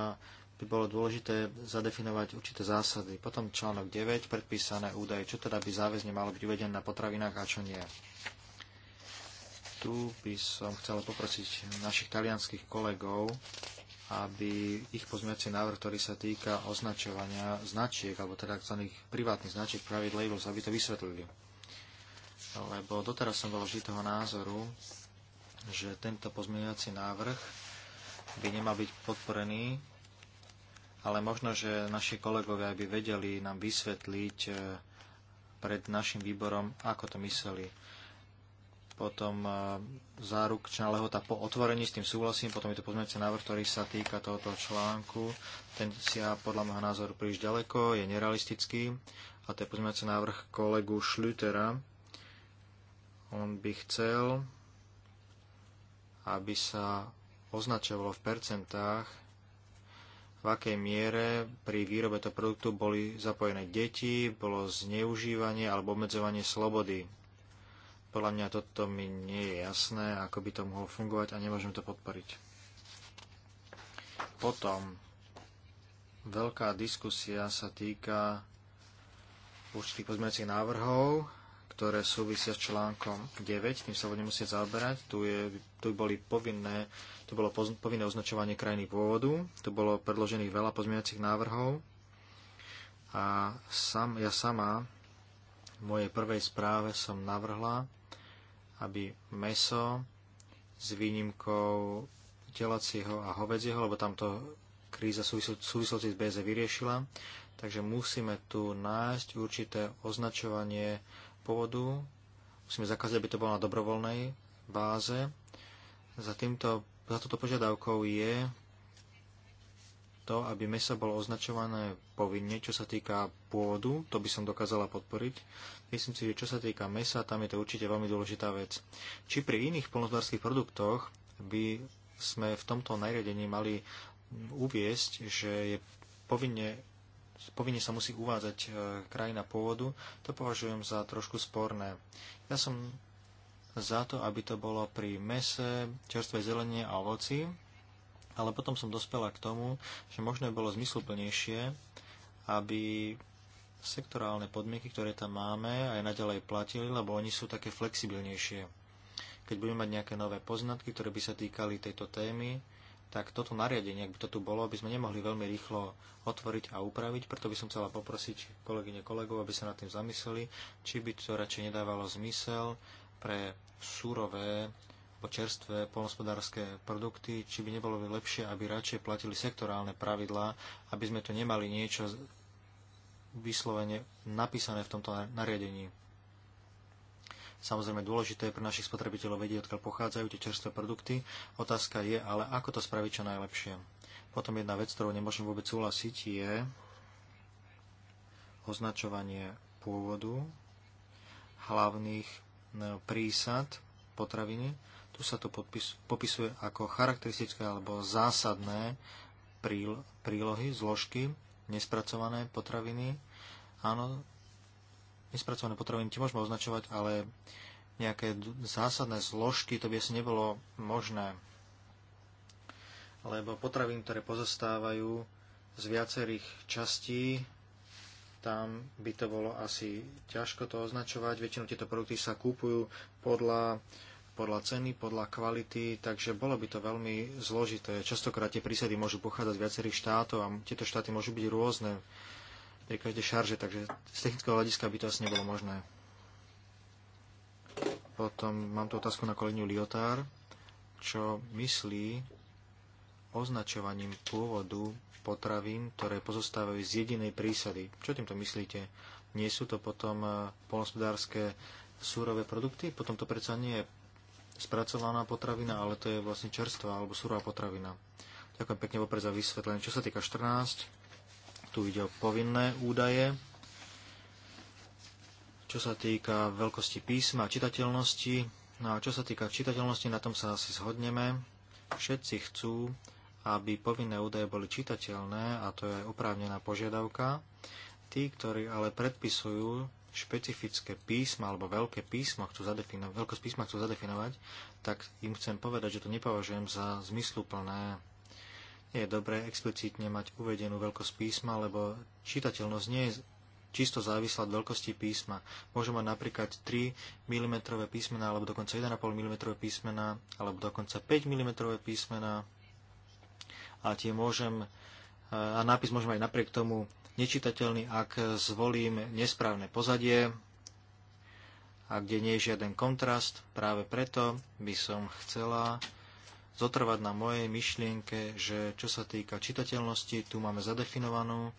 by bolo dôležité zadefinovať určité zásady. Potom článok 9, predpísané údaje, čo teda by záväzne malo byť uvedené na potravinách a čo nie. Tu by som chcel poprosiť našich talianských kolegov, aby ich pozmiaci návrh, ktorý sa týka označovania značiek, alebo teda tzv. privátnych značiek, private labels, aby to vysvetlili lebo doteraz som bol vždy toho názoru, že tento pozmeňovací návrh by nemal byť podporený, ale možno, že naši kolegovia by vedeli nám vysvetliť e, pred našim výborom, ako to mysleli. Potom e, záručná lehota po otvorení, s tým súhlasím, potom je to pozmeňovací návrh, ktorý sa týka tohoto článku. Ten si ja podľa môjho názoru príliš ďaleko, je nerealistický a to je pozmeňovací návrh kolegu Šlütera, on by chcel, aby sa označovalo v percentách, v akej miere pri výrobe toho produktu boli zapojené deti, bolo zneužívanie alebo obmedzovanie slobody. Podľa mňa toto mi nie je jasné, ako by to mohlo fungovať a nemôžem to podporiť. Potom veľká diskusia sa týka určitých pozmeňujúcich návrhov ktoré súvisia s článkom 9, tým sa budeme musieť zaoberať. Tu, je, tu, boli povinné, tu bolo povinné označovanie krajiny pôvodu, tu bolo predložených veľa pozmeňujúcich návrhov a sam, ja sama v mojej prvej správe som navrhla, aby meso s výnimkou telacieho a hovedzieho, lebo tamto kríza v súvislosti s BZ vyriešila, takže musíme tu nájsť určité označovanie pôvodu. Musíme zakázať, aby to bolo na dobrovoľnej báze. Za, týmto, za toto požiadavkou je to, aby meso bolo označované povinne, čo sa týka pôdu, to by som dokázala podporiť. Myslím si, že čo sa týka mesa, tam je to určite veľmi dôležitá vec. Či pri iných polnospodárských produktoch by sme v tomto nariadení mali uviesť, že je povinne povinne sa musí uvádzať e, krajina pôvodu, to považujem za trošku sporné. Ja som za to, aby to bolo pri mese, čerstvej zelenie a ovoci, ale potom som dospela k tomu, že možno bolo zmysluplnejšie, aby sektorálne podmienky, ktoré tam máme, aj naďalej platili, lebo oni sú také flexibilnejšie. Keď budeme mať nejaké nové poznatky, ktoré by sa týkali tejto témy, tak toto nariadenie, ak by to tu bolo, by sme nemohli veľmi rýchlo otvoriť a upraviť, preto by som chcela poprosiť kolegyne kolegov, aby sa nad tým zamysleli, či by to radšej nedávalo zmysel pre súrové alebo čerstvé polnospodárske produkty, či by nebolo by lepšie, aby radšej platili sektorálne pravidlá, aby sme tu nemali niečo vyslovene napísané v tomto nariadení. Samozrejme, dôležité je pre našich spotrebiteľov vedieť, odkiaľ pochádzajú tie čerstvé produkty. Otázka je, ale ako to spraviť čo najlepšie. Potom jedna vec, ktorou nemôžem vôbec súhlasiť, je označovanie pôvodu hlavných no, prísad potraviny. Tu sa to podpis, popisuje ako charakteristické alebo zásadné prílohy, zložky, nespracované potraviny. Áno, nespracované potraviny tie môžeme označovať, ale nejaké zásadné zložky, to by asi nebolo možné. Lebo potraviny, ktoré pozostávajú z viacerých častí, tam by to bolo asi ťažko to označovať. Väčšinou tieto produkty sa kúpujú podľa, podľa ceny, podľa kvality, takže bolo by to veľmi zložité. Častokrát tie prísady môžu pochádzať z viacerých štátov a tieto štáty môžu byť rôzne pri každej šarže, takže z technického hľadiska by to asi nebolo možné. Potom mám tu otázku na kolegyňu Liotár, čo myslí označovaním pôvodu potravín, ktoré pozostávajú z jedinej prísady. Čo týmto myslíte? Nie sú to potom eh, polnospodárske súrové produkty? Potom to predsa nie je spracovaná potravina, ale to je vlastne čerstvá alebo súrová potravina. Ďakujem pekne vopred za vysvetlenie. Čo sa týka 14, tu ide o povinné údaje. Čo sa týka veľkosti písma a čitateľnosti, no a čo sa týka čitateľnosti, na tom sa asi zhodneme. Všetci chcú, aby povinné údaje boli čitateľné, a to je oprávnená požiadavka. Tí, ktorí ale predpisujú špecifické písma alebo veľké písma chcú zadefinovať, veľkosť písma chcú zadefinovať, tak im chcem povedať, že to nepovažujem za zmysluplné je dobré explicitne mať uvedenú veľkosť písma, lebo čitateľnosť nie je čisto závislá od veľkosti písma. Môžu mať napríklad 3 mm písmena, alebo dokonca 1,5 mm písmena, alebo dokonca 5 mm písmena. A tie môžem, a nápis môžem aj napriek tomu nečitateľný, ak zvolím nesprávne pozadie a kde nie je žiaden kontrast. Práve preto by som chcela zotrvať na mojej myšlienke, že čo sa týka čitateľnosti, tu máme zadefinovanú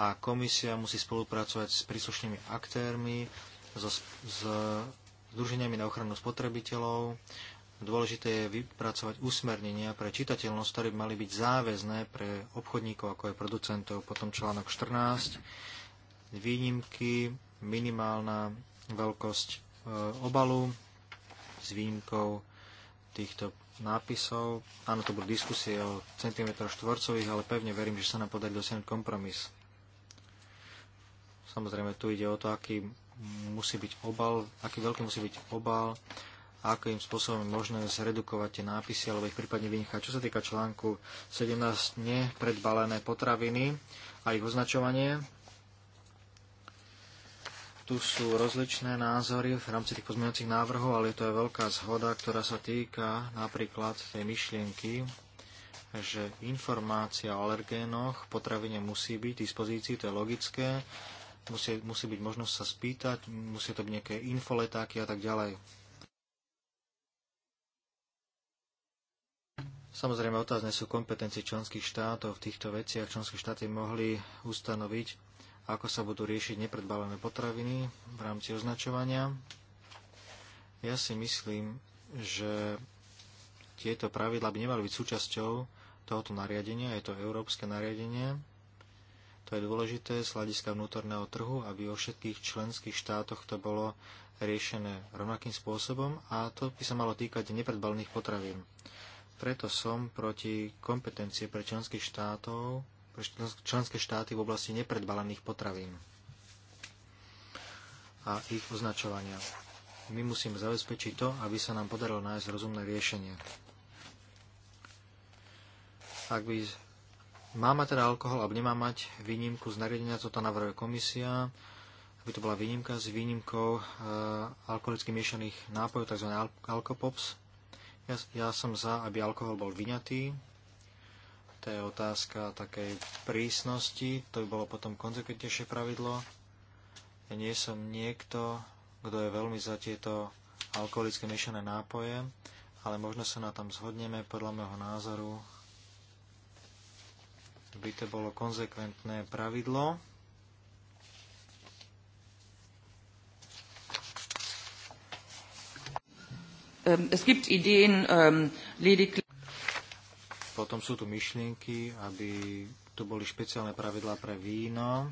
a komisia musí spolupracovať s príslušnými aktérmi, so, s združeniami na ochranu spotrebiteľov. Dôležité je vypracovať usmernenia pre čitateľnosť, ktoré by mali byť záväzné pre obchodníkov ako aj producentov. Potom článok 14, výnimky, minimálna veľkosť e, obalu s výnimkou týchto nápisov. Áno, to budú diskusie o centimetroch štvorcových, ale pevne verím, že sa nám podarí dosiahnuť kompromis. Samozrejme, tu ide o to, aký musí byť obal, aký veľký musí byť obal, akým spôsobom je možné zredukovať tie nápisy alebo ich prípadne vynechať. Čo sa týka článku 17, nepredbalené potraviny a ich označovanie, tu sú rozličné názory v rámci tých pozmeňujúcich návrhov, ale to je veľká zhoda, ktorá sa týka napríklad tej myšlienky, že informácia o alergénoch potravine musí byť v dispozícii, to je logické, musí, musí byť možnosť sa spýtať, musí to byť nejaké infoletáky a tak ďalej. Samozrejme, otázne sú kompetencie členských štátov v týchto veciach. Členské štáty mohli ustanoviť ako sa budú riešiť nepredbalené potraviny v rámci označovania. Ja si myslím, že tieto pravidla by nemali byť súčasťou tohoto nariadenia, je to európske nariadenie. To je dôležité z hľadiska vnútorného trhu, aby vo všetkých členských štátoch to bolo riešené rovnakým spôsobom a to by sa malo týkať nepredbalných potravín. Preto som proti kompetencie pre členských štátov členské štáty v oblasti nepredbalených potravín a ich označovania. My musíme zabezpečiť to, aby sa nám podarilo nájsť rozumné riešenie. Ak by má mať teda alkohol, alebo nemá mať výnimku z nariadenia, toto navrhuje komisia, aby to bola výnimka s výnimkou e, alkoholicky miešaných nápojov, tzv. alkopops. Ja, ja som za, aby alkohol bol vyňatý to je otázka takej prísnosti, to by bolo potom konzekventnejšie pravidlo. Ja nie som niekto, kto je veľmi za tieto alkoholické miešané nápoje, ale možno sa na tam zhodneme podľa môjho názoru by to bolo konzekventné pravidlo. Ähm, es gibt Ideen, ähm, lediglich... Potom sú tu myšlienky, aby tu boli špeciálne pravidlá pre víno,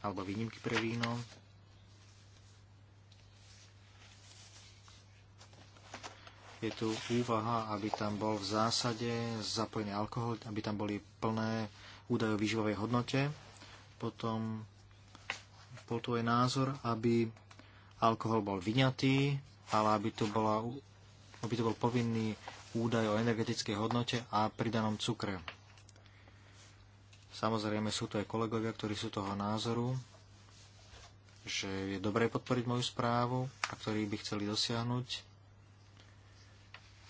alebo výnimky pre víno. Je tu úvaha, aby tam bol v zásade zapojený alkohol, aby tam boli plné údaje o výživovej hodnote. Potom bol tu aj názor, aby alkohol bol vyňatý, ale aby to, bola, aby to bol povinný údaj o energetickej hodnote a pridanom cukre. Samozrejme sú to aj kolegovia, ktorí sú toho názoru, že je dobré podporiť moju správu a ktorí by chceli dosiahnuť,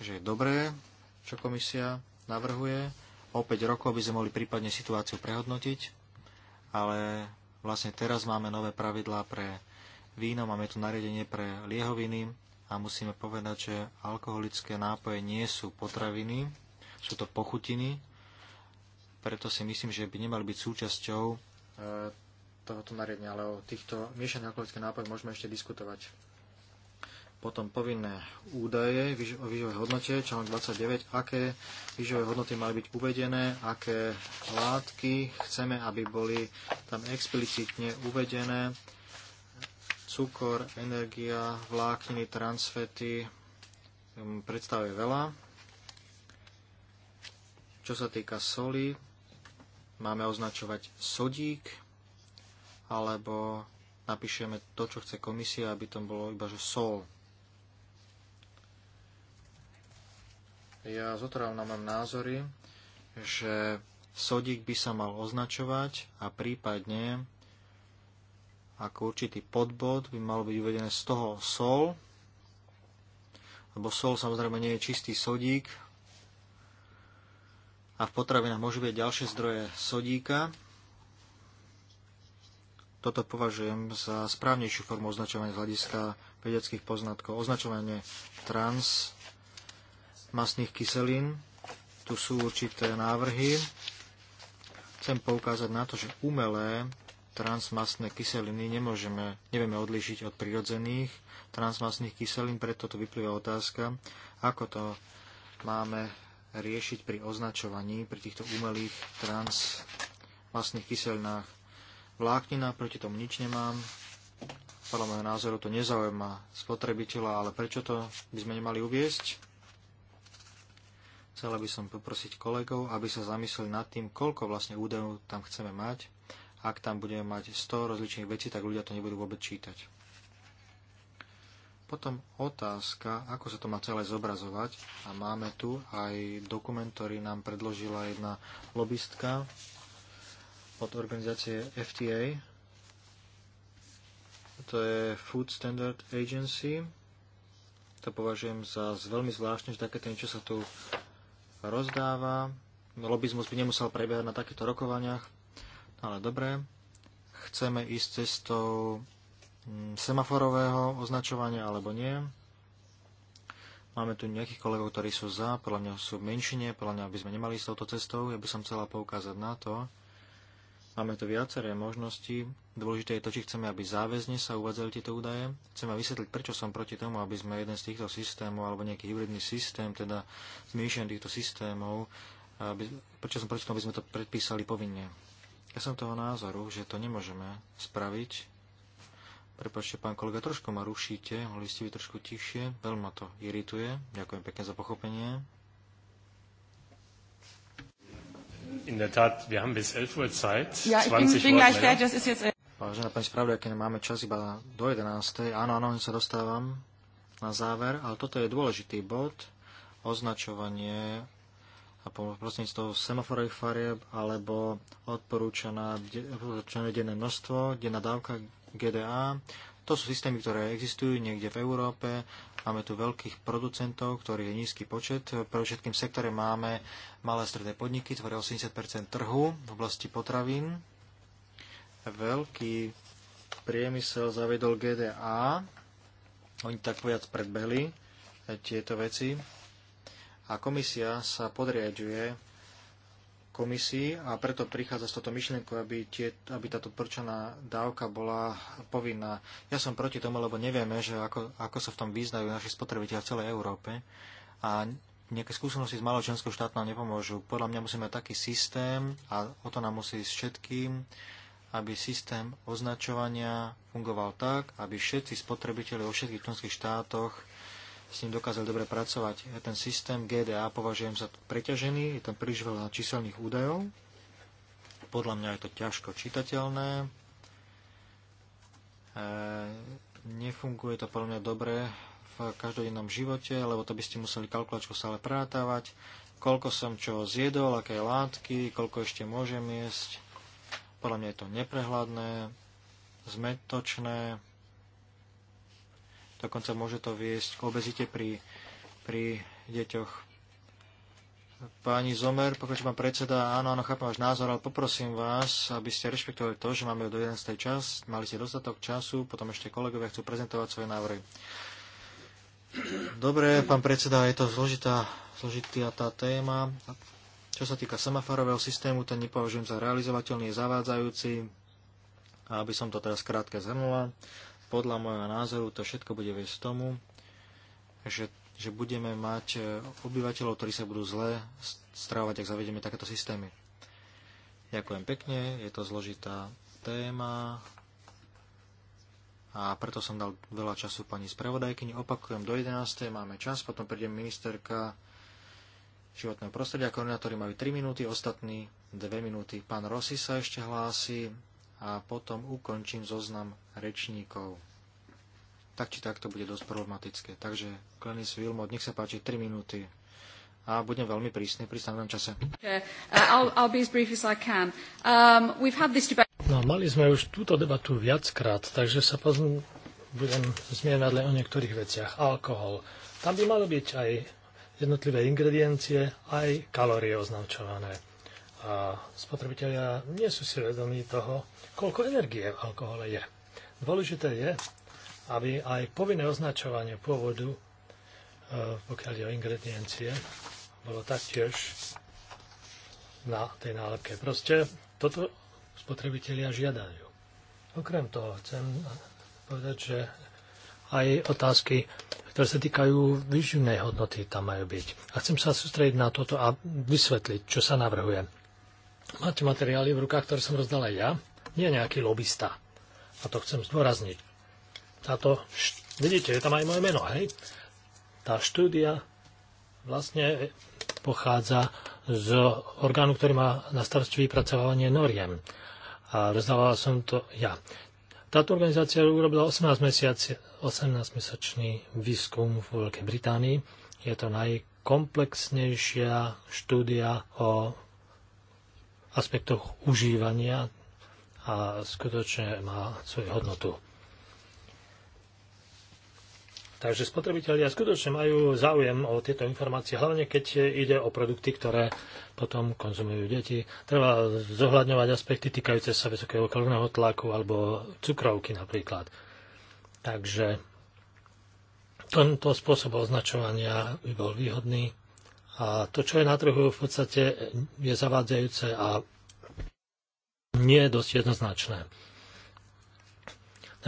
že je dobré, čo komisia navrhuje. O 5 rokov by sme mohli prípadne situáciu prehodnotiť, ale vlastne teraz máme nové pravidlá pre víno, máme tu nariadenie pre liehoviny a musíme povedať, že alkoholické nápoje nie sú potraviny, sú to pochutiny, preto si myslím, že by nemali byť súčasťou e, tohoto nariadenia, ale o týchto miešaných alkoholických nápojoch môžeme ešte diskutovať. Potom povinné údaje o výživovej hodnote, článok 29, aké výživové hodnoty mali byť uvedené, aké látky chceme, aby boli tam explicitne uvedené cukor, energia, vlákniny, transfety, ehm, predstavuje veľa. Čo sa týka soli, máme označovať sodík, alebo napíšeme to, čo chce komisia, aby to bolo iba, že sol. Ja zotrávna mám názory, že sodík by sa mal označovať a prípadne ako určitý podbod by malo byť uvedené z toho sol, lebo sol samozrejme nie je čistý sodík a v potravinách môžu byť ďalšie zdroje sodíka. Toto považujem za správnejšiu formu označovania z hľadiska vedeckých poznatkov. Označovanie trans masných kyselín. Tu sú určité návrhy. Chcem poukázať na to, že umelé transmastné kyseliny nemôžeme, nevieme odlišiť od prirodzených transmastných kyselín, preto tu vyplýva otázka, ako to máme riešiť pri označovaní pri týchto umelých transmastných kyselinách. Vláknina, proti tomu nič nemám. Podľa môjho názoru to nezaujíma spotrebiteľa, ale prečo to by sme nemali uviesť? Chcela by som poprosiť kolegov, aby sa zamysleli nad tým, koľko vlastne údajov tam chceme mať, ak tam budeme mať 100 rozličných vecí, tak ľudia to nebudú vôbec čítať. Potom otázka, ako sa to má celé zobrazovať. A máme tu aj dokument, ktorý nám predložila jedna lobbystka od organizácie FTA. To je Food Standard Agency. To považujem za veľmi zvláštne, že takéto niečo sa tu rozdáva. Lobizmus by nemusel prebiehať na takýchto rokovaniach ale dobre. Chceme ísť cestou mm, semaforového označovania alebo nie. Máme tu nejakých kolegov, ktorí sú za, podľa mňa sú v menšine, podľa mňa by sme nemali ísť touto cestou. Ja by som chcela poukázať na to, Máme tu viaceré možnosti. Dôležité je to, či chceme, aby záväzne sa uvádzali tieto údaje. Chceme vysvetliť, prečo som proti tomu, aby sme jeden z týchto systémov, alebo nejaký hybridný systém, teda zmiešanie týchto systémov, aby, prečo som proti tomu, aby sme to predpísali povinne. Ja som toho názoru, že to nemôžeme spraviť. Prepačte, pán kolega, trošku ma rušíte, mohli ste byť trošku tichšie, veľmi ma to irituje. Ďakujem pekne za pochopenie. In der Tat, wir haben bis 11 Uhr Zeit. Ja, ich bin, bin gleich fertig, das ist jetzt... Vážená pani spravda, keď máme čas iba do 11. Áno, áno, sa dostávam na záver, ale toto je dôležitý bod, označovanie a toho semaforových farieb alebo odporúčané denné množstvo, denná dávka GDA. To sú systémy, ktoré existujú niekde v Európe. Máme tu veľkých producentov, ktorých je nízky počet. Pre všetkým sektore máme malé stredné podniky, tvoria 80 trhu v oblasti potravín. Veľký priemysel zavedol GDA. Oni tak viac predbehli tieto veci a komisia sa podriaduje komisii a preto prichádza s touto myšlienkou, aby, tie, aby táto prčaná dávka bola povinná. Ja som proti tomu, lebo nevieme, že ako, ako sa v tom význajú naši spotrebitelia v celej Európe a nejaké skúsenosti s maločenskou členského nepomôžu. Podľa mňa musíme mať taký systém a o to nám musí ísť všetkým, aby systém označovania fungoval tak, aby všetci spotrebitelia vo všetkých členských štátoch s ním dokázali dobre pracovať. Ja ten systém GDA považujem za preťažený, je tam príliš veľa číselných údajov. Podľa mňa je to ťažko čitateľné. E, nefunguje to podľa mňa dobre v každodennom živote, lebo to by ste museli kalkulačku stále prátavať. koľko som čo zjedol, aké látky, koľko ešte môžem jesť. Podľa mňa je to neprehľadné, zmetočné, Dokonca môže to viesť k obezite pri, pri deťoch. Pani Zomer, pokračuje pán predseda, áno, áno, chápem váš názor, ale poprosím vás, aby ste rešpektovali to, že máme do 11. čas, mali ste dostatok času, potom ešte kolegovia chcú prezentovať svoje návrhy. Dobre, pán predseda, je to zložitá, zložitá tá téma. Čo sa týka semaforového systému, ten nepovažujem za realizovateľný, je zavádzajúci. A aby som to teraz krátke zhrnula, podľa môjho názoru to všetko bude viesť tomu, že, že budeme mať e, obyvateľov, ktorí sa budú zle strávať, ak zavedieme takéto systémy. Ďakujem pekne, je to zložitá téma a preto som dal veľa času pani spravodajkyni. Opakujem, do 11. máme čas, potom príde ministerka životného prostredia, koordinátori majú 3 minúty, ostatní 2 minúty. Pán Rossi sa ešte hlási a potom ukončím zoznam rečníkov. Tak či tak to bude dosť problematické. Takže Glenis Wilmot, nech sa páči 3 minúty. A budem veľmi prísny pri stanovnom čase. Uh, um, no, mali sme už túto debatu viackrát, takže sa pozn- budem zmieňať len o niektorých veciach. Alkohol. Tam by malo byť aj jednotlivé ingrediencie, aj kalórie označované. A spotrebitelia nie sú si vedomí toho, koľko energie v alkohole je. Dôležité je, aby aj povinné označovanie pôvodu, e, pokiaľ je o ingrediencie, bolo taktiež na tej nálepke. Proste toto spotrebitelia žiadajú. Okrem toho chcem povedať, že aj otázky, ktoré sa týkajú výživnej hodnoty, tam majú byť. A chcem sa sústrediť na toto a vysvetliť, čo sa navrhuje. Máte materiály v rukách, ktoré som rozdala ja. Nie nejaký lobista. A to chcem zdôrazniť. Táto, vidíte, je tam aj moje meno, hej? Tá štúdia vlastne pochádza z orgánu, ktorý má na starosti vypracovanie noriem. A rozdávala som to ja. Táto organizácia urobila 18 mesiac, 18-mesačný výskum v Veľkej Británii. Je to najkomplexnejšia štúdia o aspektoch užívania a skutočne má svoju hodnotu. Takže spotrebitelia skutočne majú záujem o tieto informácie, hlavne keď ide o produkty, ktoré potom konzumujú deti. Treba zohľadňovať aspekty týkajúce sa vysokého krvného tlaku alebo cukrovky napríklad. Takže tento spôsob označovania by bol výhodný a to, čo je na trhu, v podstate je zavádzajúce a nie je dosť jednoznačné.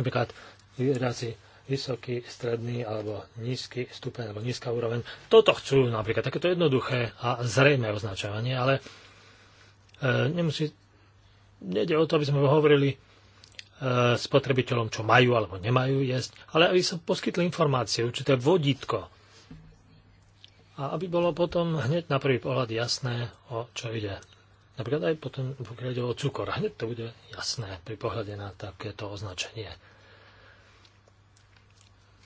Napríklad výrazy vysoký, stredný alebo nízky stupeň alebo nízka úroveň. Toto chcú napríklad takéto jednoduché a zrejme označovanie, ale e, nemusí, nejde o to, aby sme hovorili e, spotrebiteľom, čo majú alebo nemajú jesť, ale aby sa poskytli informácie, určité vodítko. A aby bolo potom hneď na prvý pohľad jasné, o čo ide. Napríklad aj potom, pokiaľ ide o cukor, hneď to bude jasné pri pohľade na takéto označenie.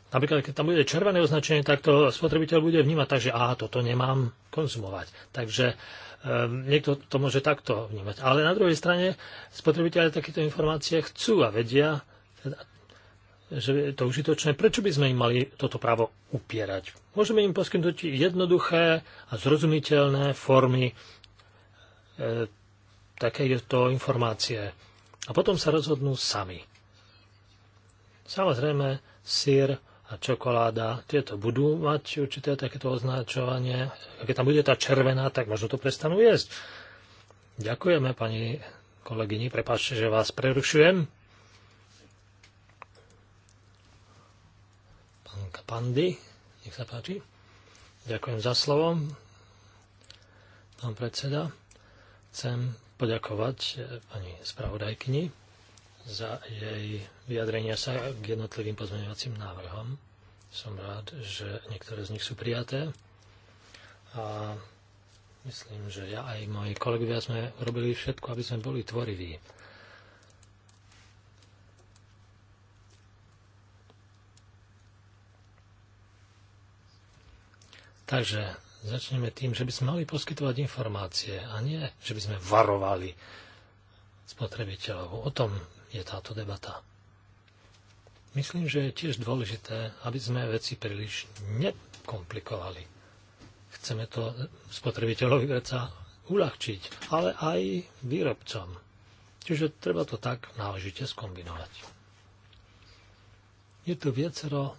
Napríklad, keď tam bude červené označenie, tak to spotrebiteľ bude vnímať tak, že aha, toto nemám konzumovať. Takže um, niekto to môže takto vnímať. Ale na druhej strane spotrebiteľ takéto informácie chcú a vedia, že je to užitočné. Prečo by sme im mali toto právo upierať? Môžeme im poskytnúť jednoduché a zrozumiteľné formy E, takéto informácie. A potom sa rozhodnú sami. Samozrejme, sír a čokoláda, tieto budú mať určité takéto označovanie. A keď tam bude tá červená, tak možno to prestanú jesť. Ďakujeme pani kolegyni, prepáčte, že vás prerušujem. Pán Kapandy, nech sa páči. Ďakujem za slovo, pán predseda. Chcem poďakovať eh, pani spravodajkyni za jej vyjadrenia sa k jednotlivým pozmeňovacím návrhom. Som rád, že niektoré z nich sú prijaté a myslím, že ja aj moji kolegovia sme robili všetko, aby sme boli tvoriví. Takže začneme tým, že by sme mali poskytovať informácie a nie, že by sme varovali spotrebiteľov. O tom je táto debata. Myslím, že je tiež dôležité, aby sme veci príliš nekomplikovali. Chceme to spotrebiteľovi veca uľahčiť, ale aj výrobcom. Čiže treba to tak náležite skombinovať. Je tu viacero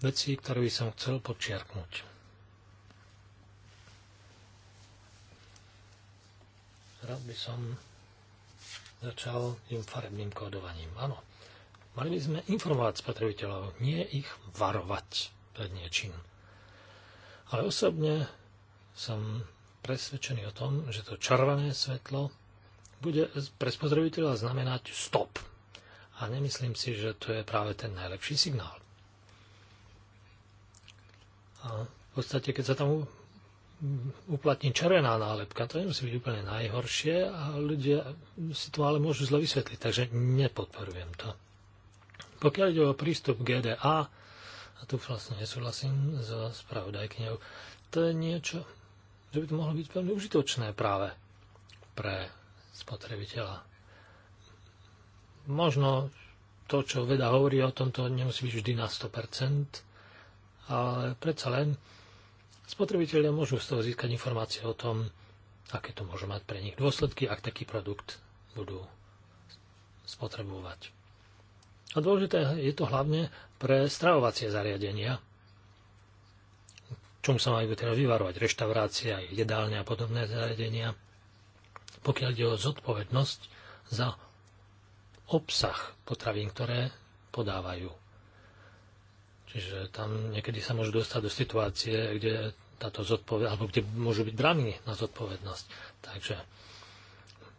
vecí, ktoré by som chcel počiarknúť. Rád by som začal tým farebným kódovaním. Áno, mali by sme informovať spotrebiteľov, nie ich varovať pred niečím. Ale osobne som presvedčený o tom, že to červené svetlo bude pre spotrebiteľa znamenať stop. A nemyslím si, že to je práve ten najlepší signál. A v podstate, keď sa tam Mm, uplatní červená nálepka, to nemusí byť úplne najhoršie a ľudia si to ale môžu zle vysvetliť, takže nepodporujem to. Pokiaľ ide o prístup GDA, a tu vlastne nesúhlasím so spravodajkňou, to je niečo, že by to mohlo byť veľmi užitočné práve pre spotrebiteľa. Možno to, čo veda hovorí o tomto, nemusí byť vždy na 100%, ale predsa len spotrebitelia môžu z toho získať informácie o tom, aké to môže mať pre nich dôsledky, ak taký produkt budú spotrebovať. A dôležité je to hlavne pre stravovacie zariadenia, čom sa majú teda vyvarovať reštaurácia, jedálne a podobné zariadenia, pokiaľ ide o zodpovednosť za obsah potravín, ktoré podávajú Čiže tam niekedy sa môžu dostať do situácie, kde táto zodpoved- alebo kde môžu byť braní na zodpovednosť. Takže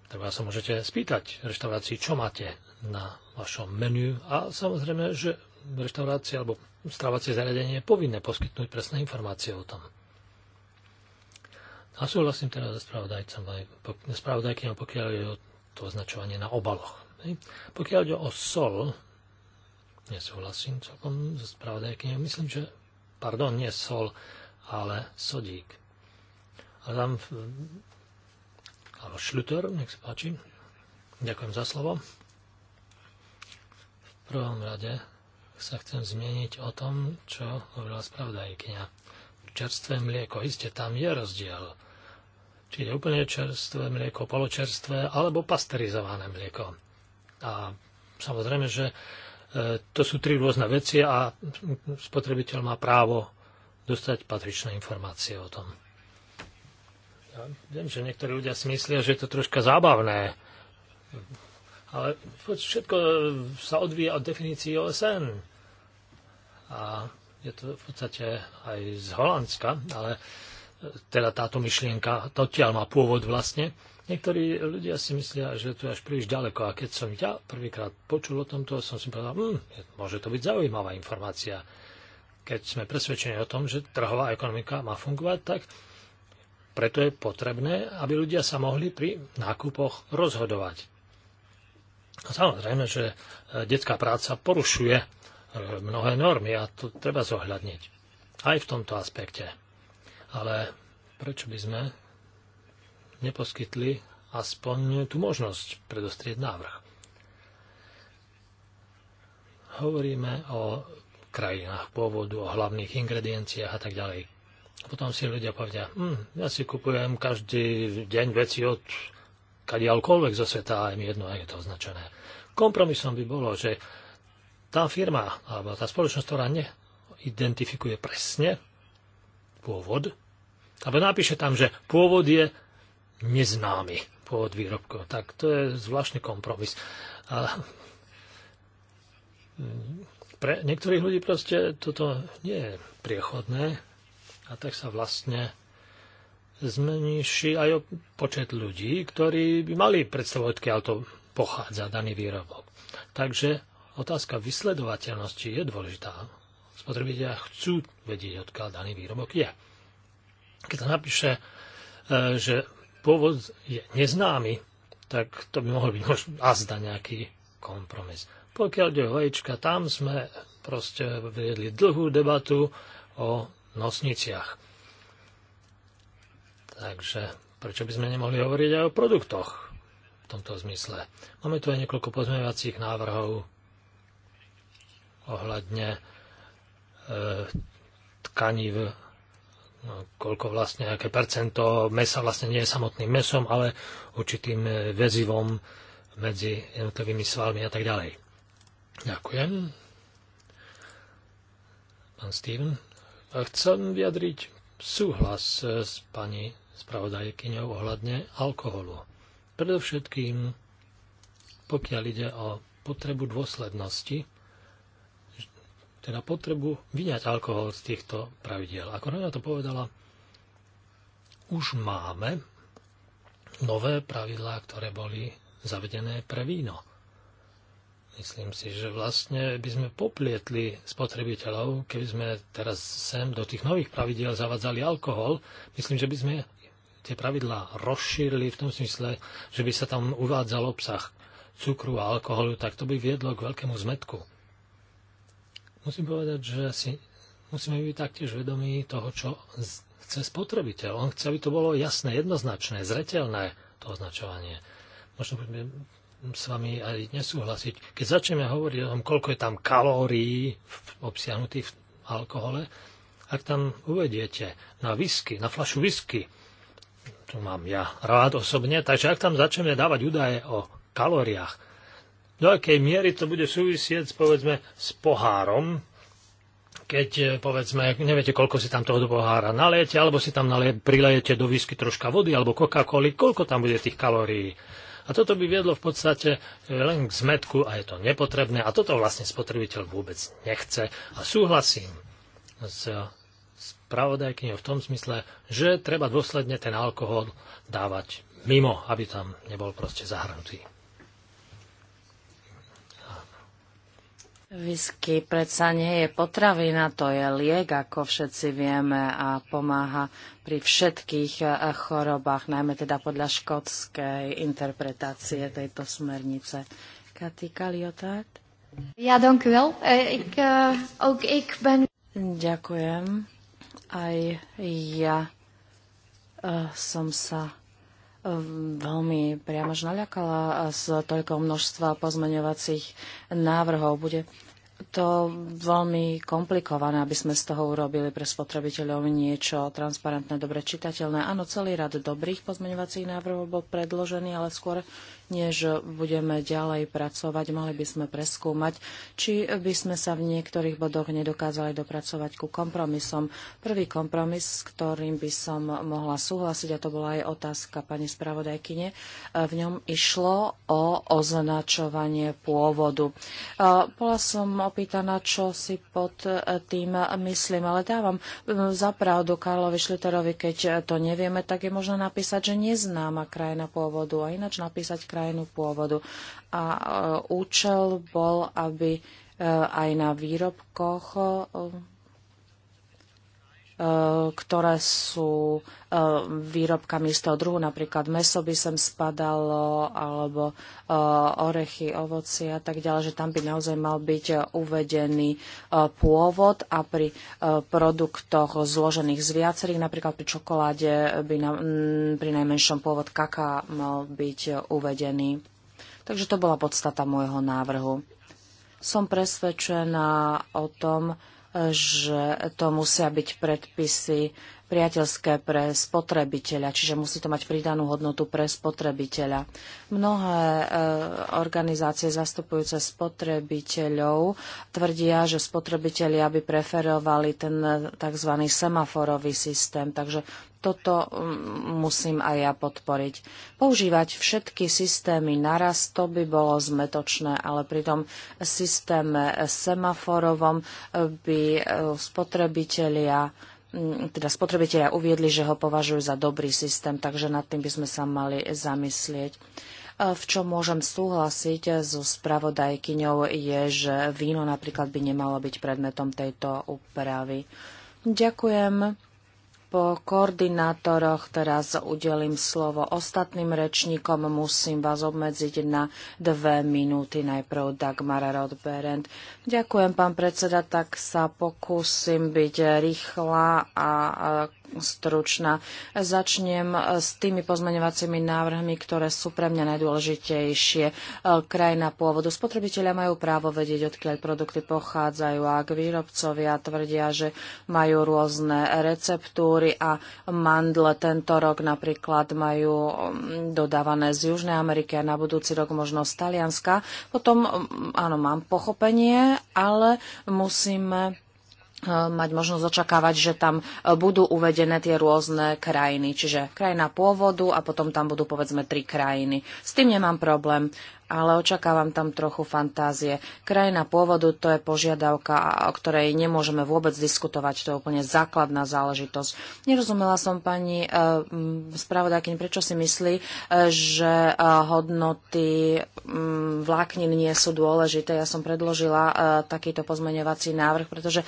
treba sa môžete spýtať reštaurácii, čo máte na vašom menu a samozrejme, že reštaurácia alebo stravacie zariadenie je povinné poskytnúť presné informácie o tom. A súhlasím teraz so spravodajcom aj spravodajkyňou, pokiaľ je o to označovanie na obaloch. Pokiaľ ide o sol, nesúhlasím celkom so spravodajkyňou. Myslím, že, pardon, nie sol, ale sodík. A tam, alebo šľutor, nech sa páči. Ďakujem za slovo. V prvom rade sa chcem zmieniť o tom, čo hovorila spravodajkyňa. Čerstvé mlieko, iste tam je rozdiel. Či je úplne čerstvé mlieko, poločerstvé alebo pasterizované mlieko. A samozrejme, že E, to sú tri rôzne veci a spotrebiteľ má právo dostať patričné informácie o tom. Ja viem, že niektorí ľudia si myslia, že je to troška zábavné, ale všetko sa odvíja od definícií OSN. A je to v podstate aj z Holandska, ale e, teda táto myšlienka, to tiaľ má pôvod vlastne. Niektorí ľudia si myslia, že to je až príliš ďaleko a keď som ja prvýkrát počul o tomto, som si povedal, hm, môže to byť zaujímavá informácia. Keď sme presvedčení o tom, že trhová ekonomika má fungovať, tak preto je potrebné, aby ľudia sa mohli pri nákupoch rozhodovať. Samozrejme, že e, detská práca porušuje e, mnohé normy a to treba zohľadniť. Aj v tomto aspekte. Ale prečo by sme neposkytli aspoň tú možnosť predostrieť návrh. Hovoríme o krajinách pôvodu, o hlavných ingredienciách a tak ďalej. Potom si ľudia povedia, hm, ja si kupujem každý deň veci od kadialkoľvek zo sveta a mi jedno je to označené. Kompromisom by bolo, že tá firma alebo tá spoločnosť, ktorá neidentifikuje presne pôvod, alebo napíše tam, že pôvod je neznámy pôvod výrobkov. Tak to je zvláštny kompromis. A pre niektorých ľudí proste toto nie je priechodné a tak sa vlastne zmeníši aj počet ľudí, ktorí by mali predstavovať, odkiaľ to pochádza daný výrobok. Takže otázka vysledovateľnosti je dôležitá. Spotrebitelia chcú vedieť, odkiaľ daný výrobok je. Keď sa napíše, e, že pôvod je neznámy, tak to by mohol byť možno azda nejaký kompromis. Pokiaľ ide o vajíčka, tam sme proste vedli dlhú debatu o nosniciach. Takže prečo by sme nemohli hovoriť aj o produktoch v tomto zmysle? Máme tu aj niekoľko pozmeňovacích návrhov ohľadne e, tkaní v No, koľko vlastne, aké percento mesa vlastne nie je samotným mesom, ale určitým e, väzivom medzi jednotlivými svalmi a tak ďalej. Ďakujem. Pán Steven, chcem vyjadriť súhlas e, s pani spravodajkyňou ohľadne alkoholu. Predovšetkým, pokiaľ ide o potrebu dôslednosti, teda potrebu vyňať alkohol z týchto pravidiel. Ako Rada to povedala, už máme nové pravidlá, ktoré boli zavedené pre víno. Myslím si, že vlastne by sme poplietli spotrebiteľov, keby sme teraz sem do tých nových pravidiel zavadzali alkohol. Myslím, že by sme tie pravidlá rozšírili v tom smysle, že by sa tam uvádzal obsah cukru a alkoholu, tak to by viedlo k veľkému zmetku. Musím povedať, že si musíme byť taktiež vedomí toho, čo chce spotrebiteľ. On chce, aby to bolo jasné, jednoznačné, zretelné to označovanie. Možno budeme s vami aj nesúhlasiť. Keď začneme hovoriť o tom, koľko je tam kalórií obsiahnutých v alkohole, ak tam uvediete na whisky, na flašu whisky, to mám ja rád osobne, takže ak tam začneme dávať údaje o kalóriách, do akej miery to bude súvisieť, povedzme, s pohárom, keď, eh, povedzme, neviete, koľko si tam toho do pohára naliete, alebo si tam nalej, prilejete do výsky troška vody, alebo Coca-Coly, koľko tam bude tých kalórií. A toto by viedlo v podstate eh, len k zmetku a je to nepotrebné. A toto vlastne spotrebiteľ vôbec nechce. A súhlasím s eh, spravodajkyňou v tom smysle, že treba dôsledne ten alkohol dávať mimo, aby tam nebol proste zahrnutý. Whisky predsa nie je potravina, to je liek, ako všetci vieme, a pomáha pri všetkých e, chorobách, najmä teda podľa škótskej interpretácie tejto smernice. Katika Kaliotát? Ja, dank e, Ik, uh, ook ik ben... Ďakujem. Aj ja uh, som sa Ehm, veľmi priamo naľakala z toľko množstva pozmeňovacích návrhov. Bude to veľmi komplikované, aby sme z toho urobili pre spotrebiteľov niečo transparentné, dobre čitateľné. Áno, celý rad dobrých pozmeňovacích návrhov bol predložený, ale skôr než budeme ďalej pracovať, mali by sme preskúmať, či by sme sa v niektorých bodoch nedokázali dopracovať ku kompromisom. Prvý kompromis, s ktorým by som mohla súhlasiť, a to bola aj otázka pani spravodajkyne, v ňom išlo o označovanie pôvodu. Bola som opýtaná, čo si pod tým myslím, ale dávam zapravdu Karlovi Šliterovi, keď to nevieme, tak je možno napísať, že neznáma krajina pôvodu a ináč napísať krajina krajinu pôvodu. A e, účel bol, aby e, aj na výrobkoch e, E, ktoré sú e, výrobkami istého druhu, napríklad meso by sem spadalo, alebo e, orechy, ovoci a tak ďalej, že tam by naozaj mal byť uvedený pôvod a pri produktoch zložených z viacerých, napríklad pri čokoláde by na, pri najmenšom pôvod kaká mal byť uvedený. Takže to bola podstata môjho návrhu. Som presvedčená o tom, že to musia byť predpisy priateľské pre spotrebiteľa, čiže musí to mať pridanú hodnotu pre spotrebiteľa. Mnohé eh, organizácie zastupujúce spotrebiteľov tvrdia, že spotrebitelia by preferovali ten eh, tzv. semaforový systém, takže toto mm, musím aj ja podporiť. Používať všetky systémy naraz, to by bolo zmetočné, ale pri tom systéme eh, semaforovom by spotrebitelia teda spotrebitelia uviedli, že ho považujú za dobrý systém, takže nad tým by sme sa mali zamyslieť. E, v čom môžem súhlasiť so spravodajkyňou je, že víno napríklad by nemalo byť predmetom tejto úpravy. Ďakujem. Po koordinátoroch teraz udelím slovo ostatným rečníkom. Musím vás obmedziť na dve minúty. Najprv Dagmar Rodberend. Ďakujem, pán predseda, tak sa pokúsim byť rýchla a stručná. Začnem s tými pozmeňovacími návrhmi, ktoré sú pre mňa najdôležitejšie. E, krajina pôvodu. Spotrebitelia majú právo vedieť, odkiaľ produkty pochádzajú. Ak výrobcovia tvrdia, že majú rôzne receptúry a mandle tento rok napríklad majú mm, dodávané z Južnej Ameriky a na budúci rok možno z Talianska, potom mm, áno, mám pochopenie, ale musíme Eh, mať možnosť očakávať, že tam eh, budú uvedené tie rôzne krajiny. Čiže krajina pôvodu a potom tam budú povedzme tri krajiny. S tým nemám problém ale očakávam tam trochu fantázie. Krajina pôvodu to je požiadavka, o ktorej nemôžeme vôbec diskutovať, to je úplne základná záležitosť. Nerozumela som pani eh, spravodajkyni, prečo si myslí, eh, že eh, hodnoty mm, vláknin nie sú dôležité. Ja som predložila takýto pozmeňovací návrh, pretože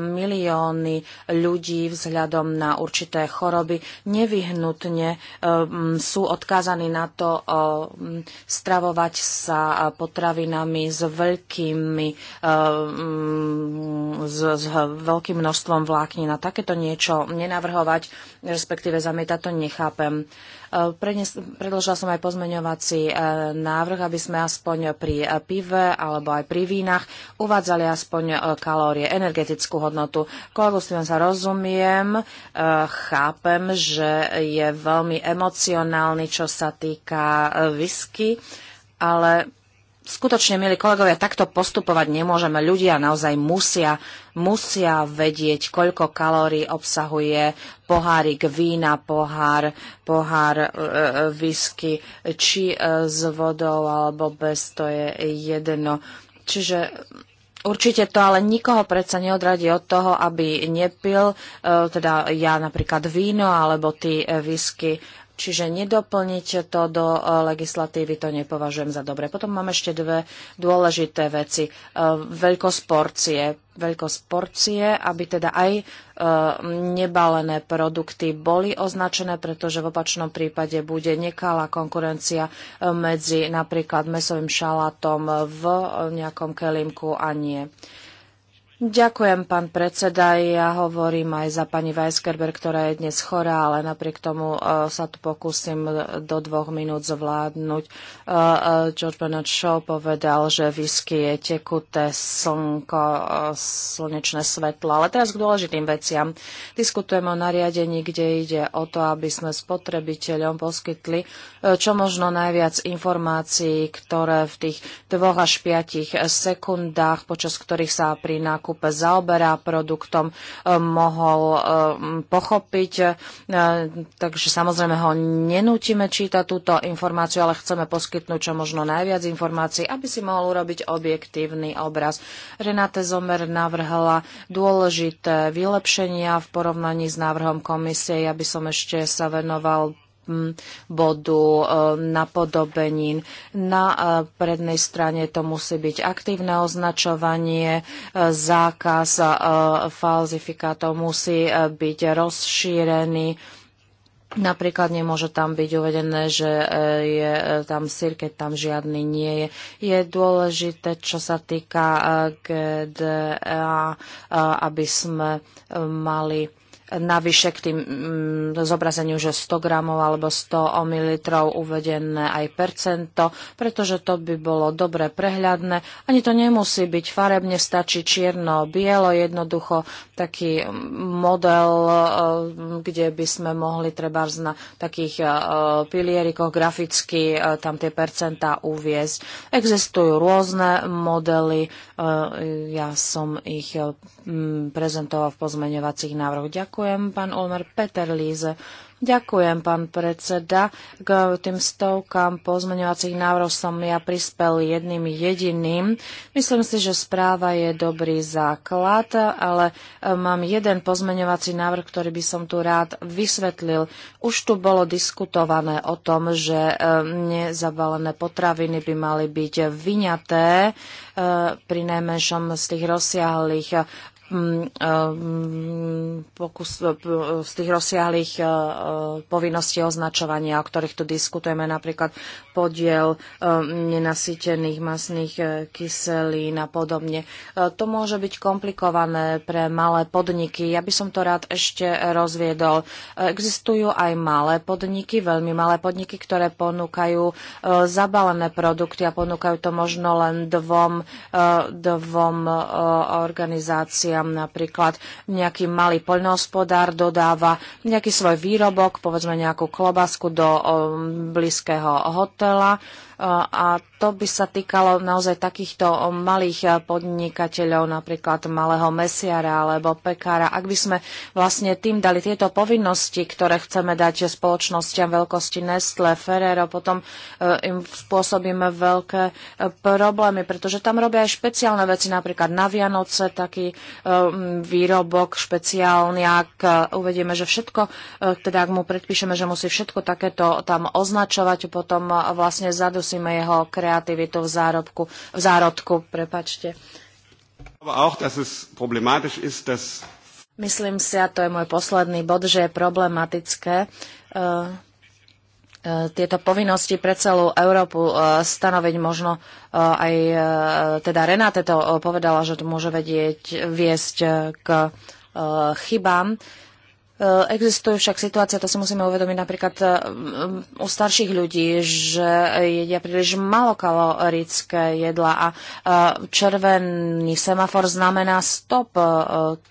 milióny ľudí vzhľadom na určité choroby nevyhnutne sú odkázaní na to stravovať stravovať sa potravinami s veľkými, e, mm, s, s veľkým množstvom vláknin a takéto niečo nenavrhovať, respektíve zamietať, to nechápem. E, predložila som aj pozmeňovací e, návrh, aby sme aspoň pri pive alebo aj pri vínach uvádzali aspoň kalórie, energetickú hodnotu. Kolegu sa rozumiem, chápem, že je veľmi emocionálny, čo sa týka whisky ale skutočne, milí kolegovia, takto postupovať nemôžeme. Ľudia naozaj musia, musia vedieť, koľko kalórií obsahuje pohárik vína, pohár, pohár e, e whisky, či e, s vodou alebo bez, to je jedno. Čiže Určite to ale nikoho predsa neodradí od toho, aby nepil, e, teda ja napríklad víno alebo ty whisky Čiže nedoplniť to do e, legislatívy, to nepovažujem za dobre. Potom mám ešte dve dôležité veci. E, Veľkosť porcie. Veľkosť porcie, aby teda aj e, nebalené produkty boli označené, pretože v opačnom prípade bude nekalá konkurencia medzi napríklad mesovým šalátom v nejakom kelímku a nie. Ďakujem, pán predseda. Ja hovorím aj za pani Weisgerber, ktorá je dnes chorá, ale napriek tomu e, sa tu pokúsim do dvoch minút zvládnuť. E, e, George Bernard Shaw povedal, že whisky je tekuté slnko, slnečné svetlo. Ale teraz k dôležitým veciam. Diskutujeme o nariadení, kde ide o to, aby sme spotrebiteľom poskytli čo možno najviac informácií, ktoré v tých dvoch až piatich sekundách, počas ktorých sa pri nákupu nákupe zaoberá produktom, e, mohol e, pochopiť. E, takže samozrejme ho nenútime čítať túto informáciu, ale chceme poskytnúť čo možno najviac informácií, aby si mohol urobiť objektívny obraz. Renate Zomer navrhla dôležité vylepšenia v porovnaní s návrhom komisie. Ja by som ešte sa venoval bodu e, napodobenín. Na e, prednej strane to musí byť aktívne označovanie, e, zákaz falzifikátov musí byť rozšírený. Napríklad nemôže tam byť uvedené, že je tam sír, keď tam žiadny nie je. Je dôležité, čo sa týka GDA, aby sme mali navyše k tým mm, zobrazeniu, že 100 gramov alebo 100 omilitrov uvedené aj percento, pretože to by bolo dobre prehľadné. Ani to nemusí byť farebne, stačí čierno-bielo, jednoducho taký model, eh, kde by sme mohli treba na takých eh, pilierikoch graficky eh, tam tie percentá uviezť. Existujú rôzne modely, ja som ich prezentoval v pozmeňovacích návrhoch. Ďakujem Ďakujem, pán Olmer Peter Líze. Ďakujem, pán predseda. K tým stovkám pozmeňovacích návrhov som ja prispel jedným jediným. Myslím si, že správa je dobrý základ, ale e, mám jeden pozmeňovací návrh, ktorý by som tu rád vysvetlil. Už tu bolo diskutované o tom, že e, nezabalené potraviny by mali byť vyňaté e, pri najmenšom z tých rozsiahlých Hm, hm, pokus, e, e, z tých rozsiahlých e, povinností označovania, o ktorých tu diskutujeme, napríklad podiel nenasýtených masných kyselín a podobne. To môže byť komplikované pre malé podniky. Ja by som to rád ešte rozviedol. Existujú aj malé podniky, veľmi malé podniky, ktoré ponúkajú zabalené produkty a ponúkajú to možno len dvom, dvom organizáciám tam napríklad nejaký malý poľnohospodár dodáva nejaký svoj výrobok, povedzme nejakú klobasku do blízkeho hotela a to by sa týkalo naozaj takýchto malých eh, podnikateľov, napríklad malého mesiara alebo pekára. Ak by sme vlastne tým dali tieto povinnosti, ktoré chceme dať spoločnostiam veľkosti Nestle, Ferrero, potom eh, im spôsobíme veľké eh, problémy, pretože tam robia aj špeciálne veci, napríklad na Vianoce taký výrobok špeciálny, ak uvedieme, že všetko, teda ak mu predpíšeme, že musí všetko takéto tam označovať, potom vlastne zadu neudusíme jeho kreativitu v zárobku, v zárodku, prepačte. Myslím si, a to je môj posledný bod, že je problematické e, e, tieto povinnosti pre celú Európu e, stanoviť možno aj, teda Renáte to povedala, že to môže vedieť, viesť k chybám. Eh, existujú však situácie, to si musíme uvedomiť napríklad eh, u starších ľudí, že jedia príliš malokalorické jedla a eh, červený semafor znamená stop,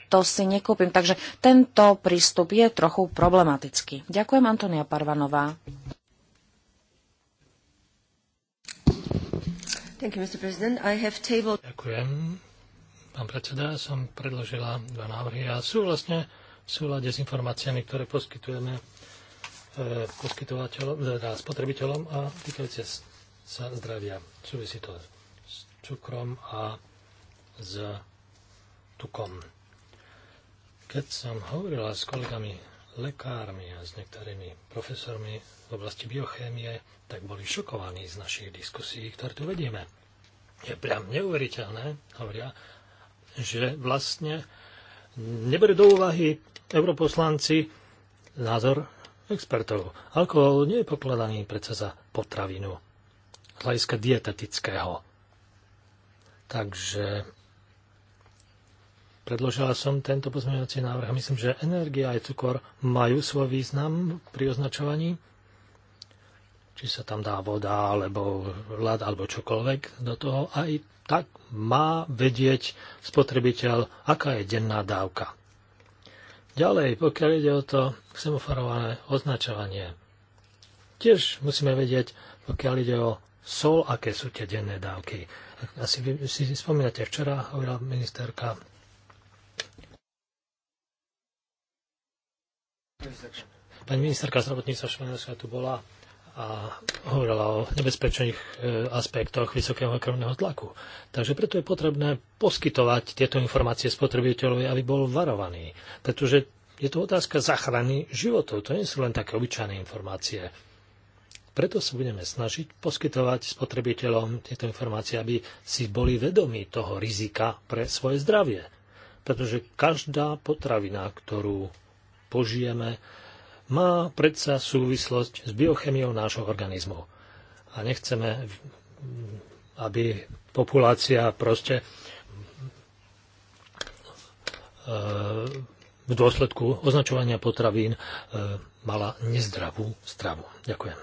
to si nekúpim. Takže tento prístup je trochu problematický. Ďakujem Antonia Parvanová. Thank you, Mr. President. I have Ďakujem. Pán predseda, som predložila dva návrhy a sú vlastne v súlade s informáciami, ktoré poskytujeme e, poskytovateľom, teda spotrebiteľom a týkajúce sa zdravia. Súvisí to s cukrom a s tukom. Keď som hovorila s kolegami lekármi a s niektorými profesormi v oblasti biochémie, tak boli šokovaní z našich diskusí, ktoré tu vedieme. Je priam neuveriteľné, hovoria, že vlastne neberú do úvahy europoslanci názor expertov. Alkohol nie je pokladaný predsa za potravinu z hľadiska dietetického. Takže Predložila som tento pozmeňovací návrh. Myslím, že energia aj cukor majú svoj význam pri označovaní. Či sa tam dá voda, alebo ľad, alebo čokoľvek do toho. Aj tak má vedieť spotrebiteľ, aká je denná dávka. Ďalej, pokiaľ ide o to semaforované označovanie, tiež musíme vedieť, pokiaľ ide o sol, aké sú tie denné dávky. Asi vy si spomínate, včera hovorila ministerka Pani ministerka zdravotníctva Španielska tu bola a hovorila o nebezpečných e, aspektoch vysokého krvného tlaku. Takže preto je potrebné poskytovať tieto informácie spotrebiteľovi, aby bol varovaný. Pretože je to otázka záchrany životov. To nie sú len také obyčajné informácie. Preto sa budeme snažiť poskytovať spotrebiteľom tieto informácie, aby si boli vedomí toho rizika pre svoje zdravie. Pretože každá potravina, ktorú požijeme, má predsa súvislosť s biochemiou nášho organizmu. A nechceme, aby populácia proste e, v dôsledku označovania potravín e, mala nezdravú stravu. Ďakujem.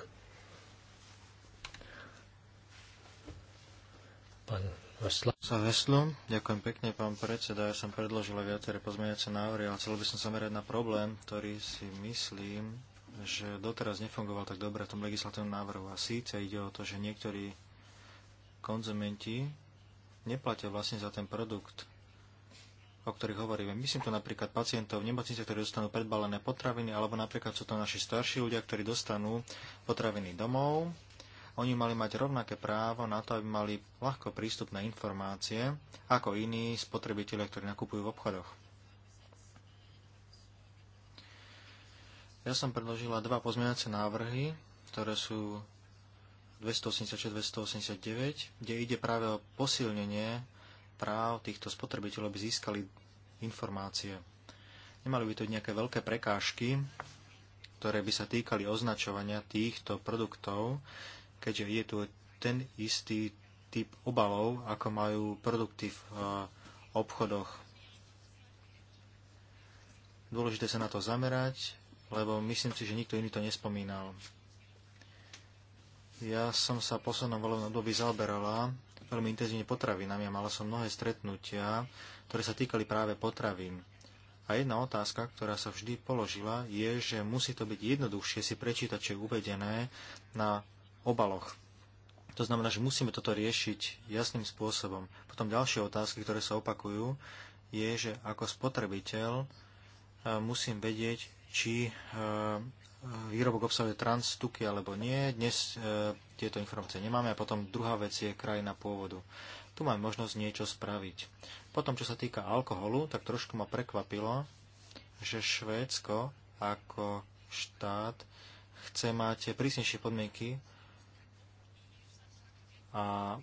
Pani Veslo. Ďakujem pekne, pán predseda. Ja som predložil viaceré pozmeňujúce návrhy, ale chcel by som zamerať na problém, ktorý si myslím, že doteraz nefungoval tak dobre v tom legislatívnom návrhu. A síce ide o to, že niektorí konzumenti neplatia vlastne za ten produkt, o ktorých hovoríme. Myslím tu napríklad pacientov v nemocnice, ktorí dostanú predbalené potraviny, alebo napríklad sú to naši starší ľudia, ktorí dostanú potraviny domov, oni mali mať rovnaké právo na to, aby mali ľahko prístupné informácie ako iní spotrebitelia, ktorí nakupujú v obchodoch. Ja som predložila dva pozmeňovacie návrhy, ktoré sú 286-289, kde ide práve o posilnenie práv týchto spotrebiteľov, aby získali informácie. Nemali by to nejaké veľké prekážky, ktoré by sa týkali označovania týchto produktov keďže je tu ten istý typ obalov, ako majú produkty v e, obchodoch. Dôležité sa na to zamerať, lebo myslím si, že nikto iný to nespomínal. Ja som sa poslednom voľovnom období zaoberala veľmi intenzívne potravinami a mala som mnohé stretnutia, ktoré sa týkali práve potravín. A jedna otázka, ktorá sa vždy položila, je, že musí to byť jednoduchšie si prečítať, čo je uvedené na obaloch. To znamená, že musíme toto riešiť jasným spôsobom. Potom ďalšie otázky, ktoré sa opakujú, je, že ako spotrebiteľ e, musím vedieť, či e, výrobok obsahuje trans tuky alebo nie. Dnes e, tieto informácie nemáme a potom druhá vec je krajina pôvodu. Tu mám možnosť niečo spraviť. Potom, čo sa týka alkoholu, tak trošku ma prekvapilo, že Švédsko ako štát chce mať prísnejšie podmienky a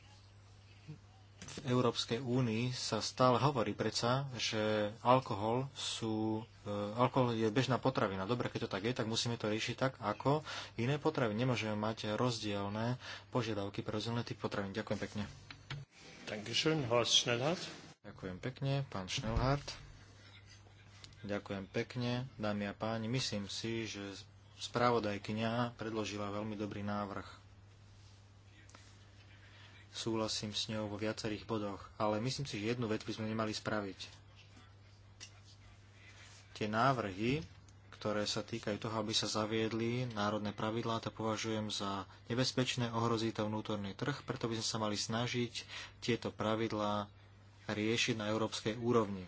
v Európskej únii sa stále hovorí predsa, že alkohol, sú, e, alkohol je bežná potravina. Dobre, keď to tak je, tak musíme to riešiť tak, ako iné potraviny. Nemôžeme mať rozdielne požiadavky pre rozdielne typ potravín. Ďakujem pekne. Ďakujem pekne, pán Schnellhardt. Ďakujem pekne, dámy a páni. Myslím si, že spravodajkyňa predložila veľmi dobrý návrh súhlasím s ňou vo viacerých bodoch, ale myslím si, že jednu vec by sme nemali spraviť. Tie návrhy, ktoré sa týkajú toho, aby sa zaviedli národné pravidlá, to považujem za nebezpečné, ohrozí to vnútorný trh, preto by sme sa mali snažiť tieto pravidlá riešiť na európskej úrovni.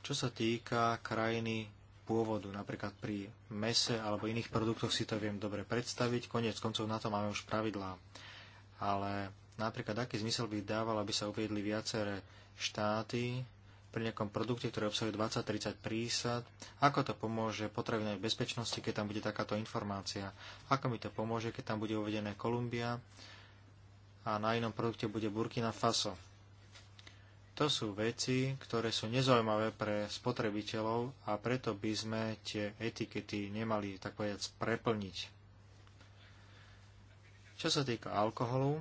Čo sa týka krajiny pôvodu. Napríklad pri mese alebo iných produktoch si to viem dobre predstaviť, konec koncov na to máme už pravidlá. Ale napríklad aký zmysel by dával, aby sa uviedli viaceré štáty pri nejakom produkte, ktorý obsahuje 20-30 prísad, ako to pomôže potravinovej bezpečnosti, keď tam bude takáto informácia, ako mi to pomôže, keď tam bude uvedené Kolumbia a na inom produkte bude Burkina Faso. To sú veci, ktoré sú nezaujímavé pre spotrebiteľov a preto by sme tie etikety nemali tak povedať preplniť. Čo sa týka alkoholu,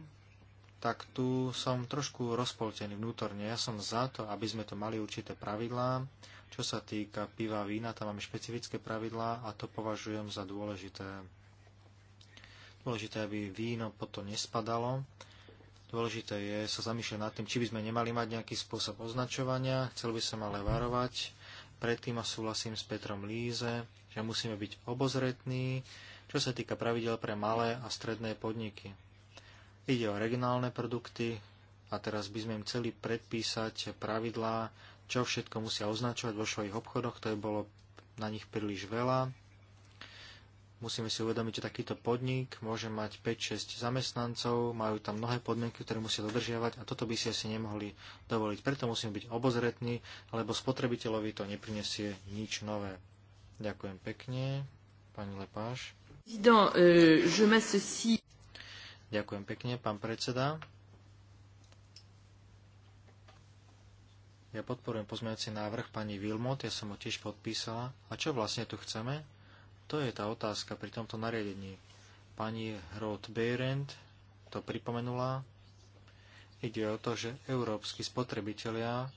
tak tu som trošku rozpoltený vnútorne. Ja som za to, aby sme to mali určité pravidlá. Čo sa týka piva a vína, tam máme špecifické pravidlá a to považujem za dôležité. Dôležité, aby víno potom nespadalo Dôležité je sa zamýšľať nad tým, či by sme nemali mať nejaký spôsob označovania. Chcel by som ale varovať predtým a súhlasím s Petrom Líze, že musíme byť obozretní, čo sa týka pravidel pre malé a stredné podniky. Ide o regionálne produkty a teraz by sme im chceli predpísať pravidlá, čo všetko musia označovať vo svojich obchodoch, to je bolo na nich príliš veľa. Musíme si uvedomiť, že takýto podnik môže mať 5-6 zamestnancov, majú tam mnohé podmienky, ktoré musia dodržiavať a toto by si asi nemohli dovoliť. Preto musíme byť obozretní, lebo spotrebiteľovi to neprinesie nič nové. Ďakujem pekne, pani Lepáš. Euh, Ďakujem pekne, pán predseda. Ja podporujem pozmeňací návrh pani Vilmot, ja som ho tiež podpísala. A čo vlastne tu chceme? To je tá otázka pri tomto nariadení. Pani Roth Behrendt to pripomenula. Ide o to, že európsky spotrebitelia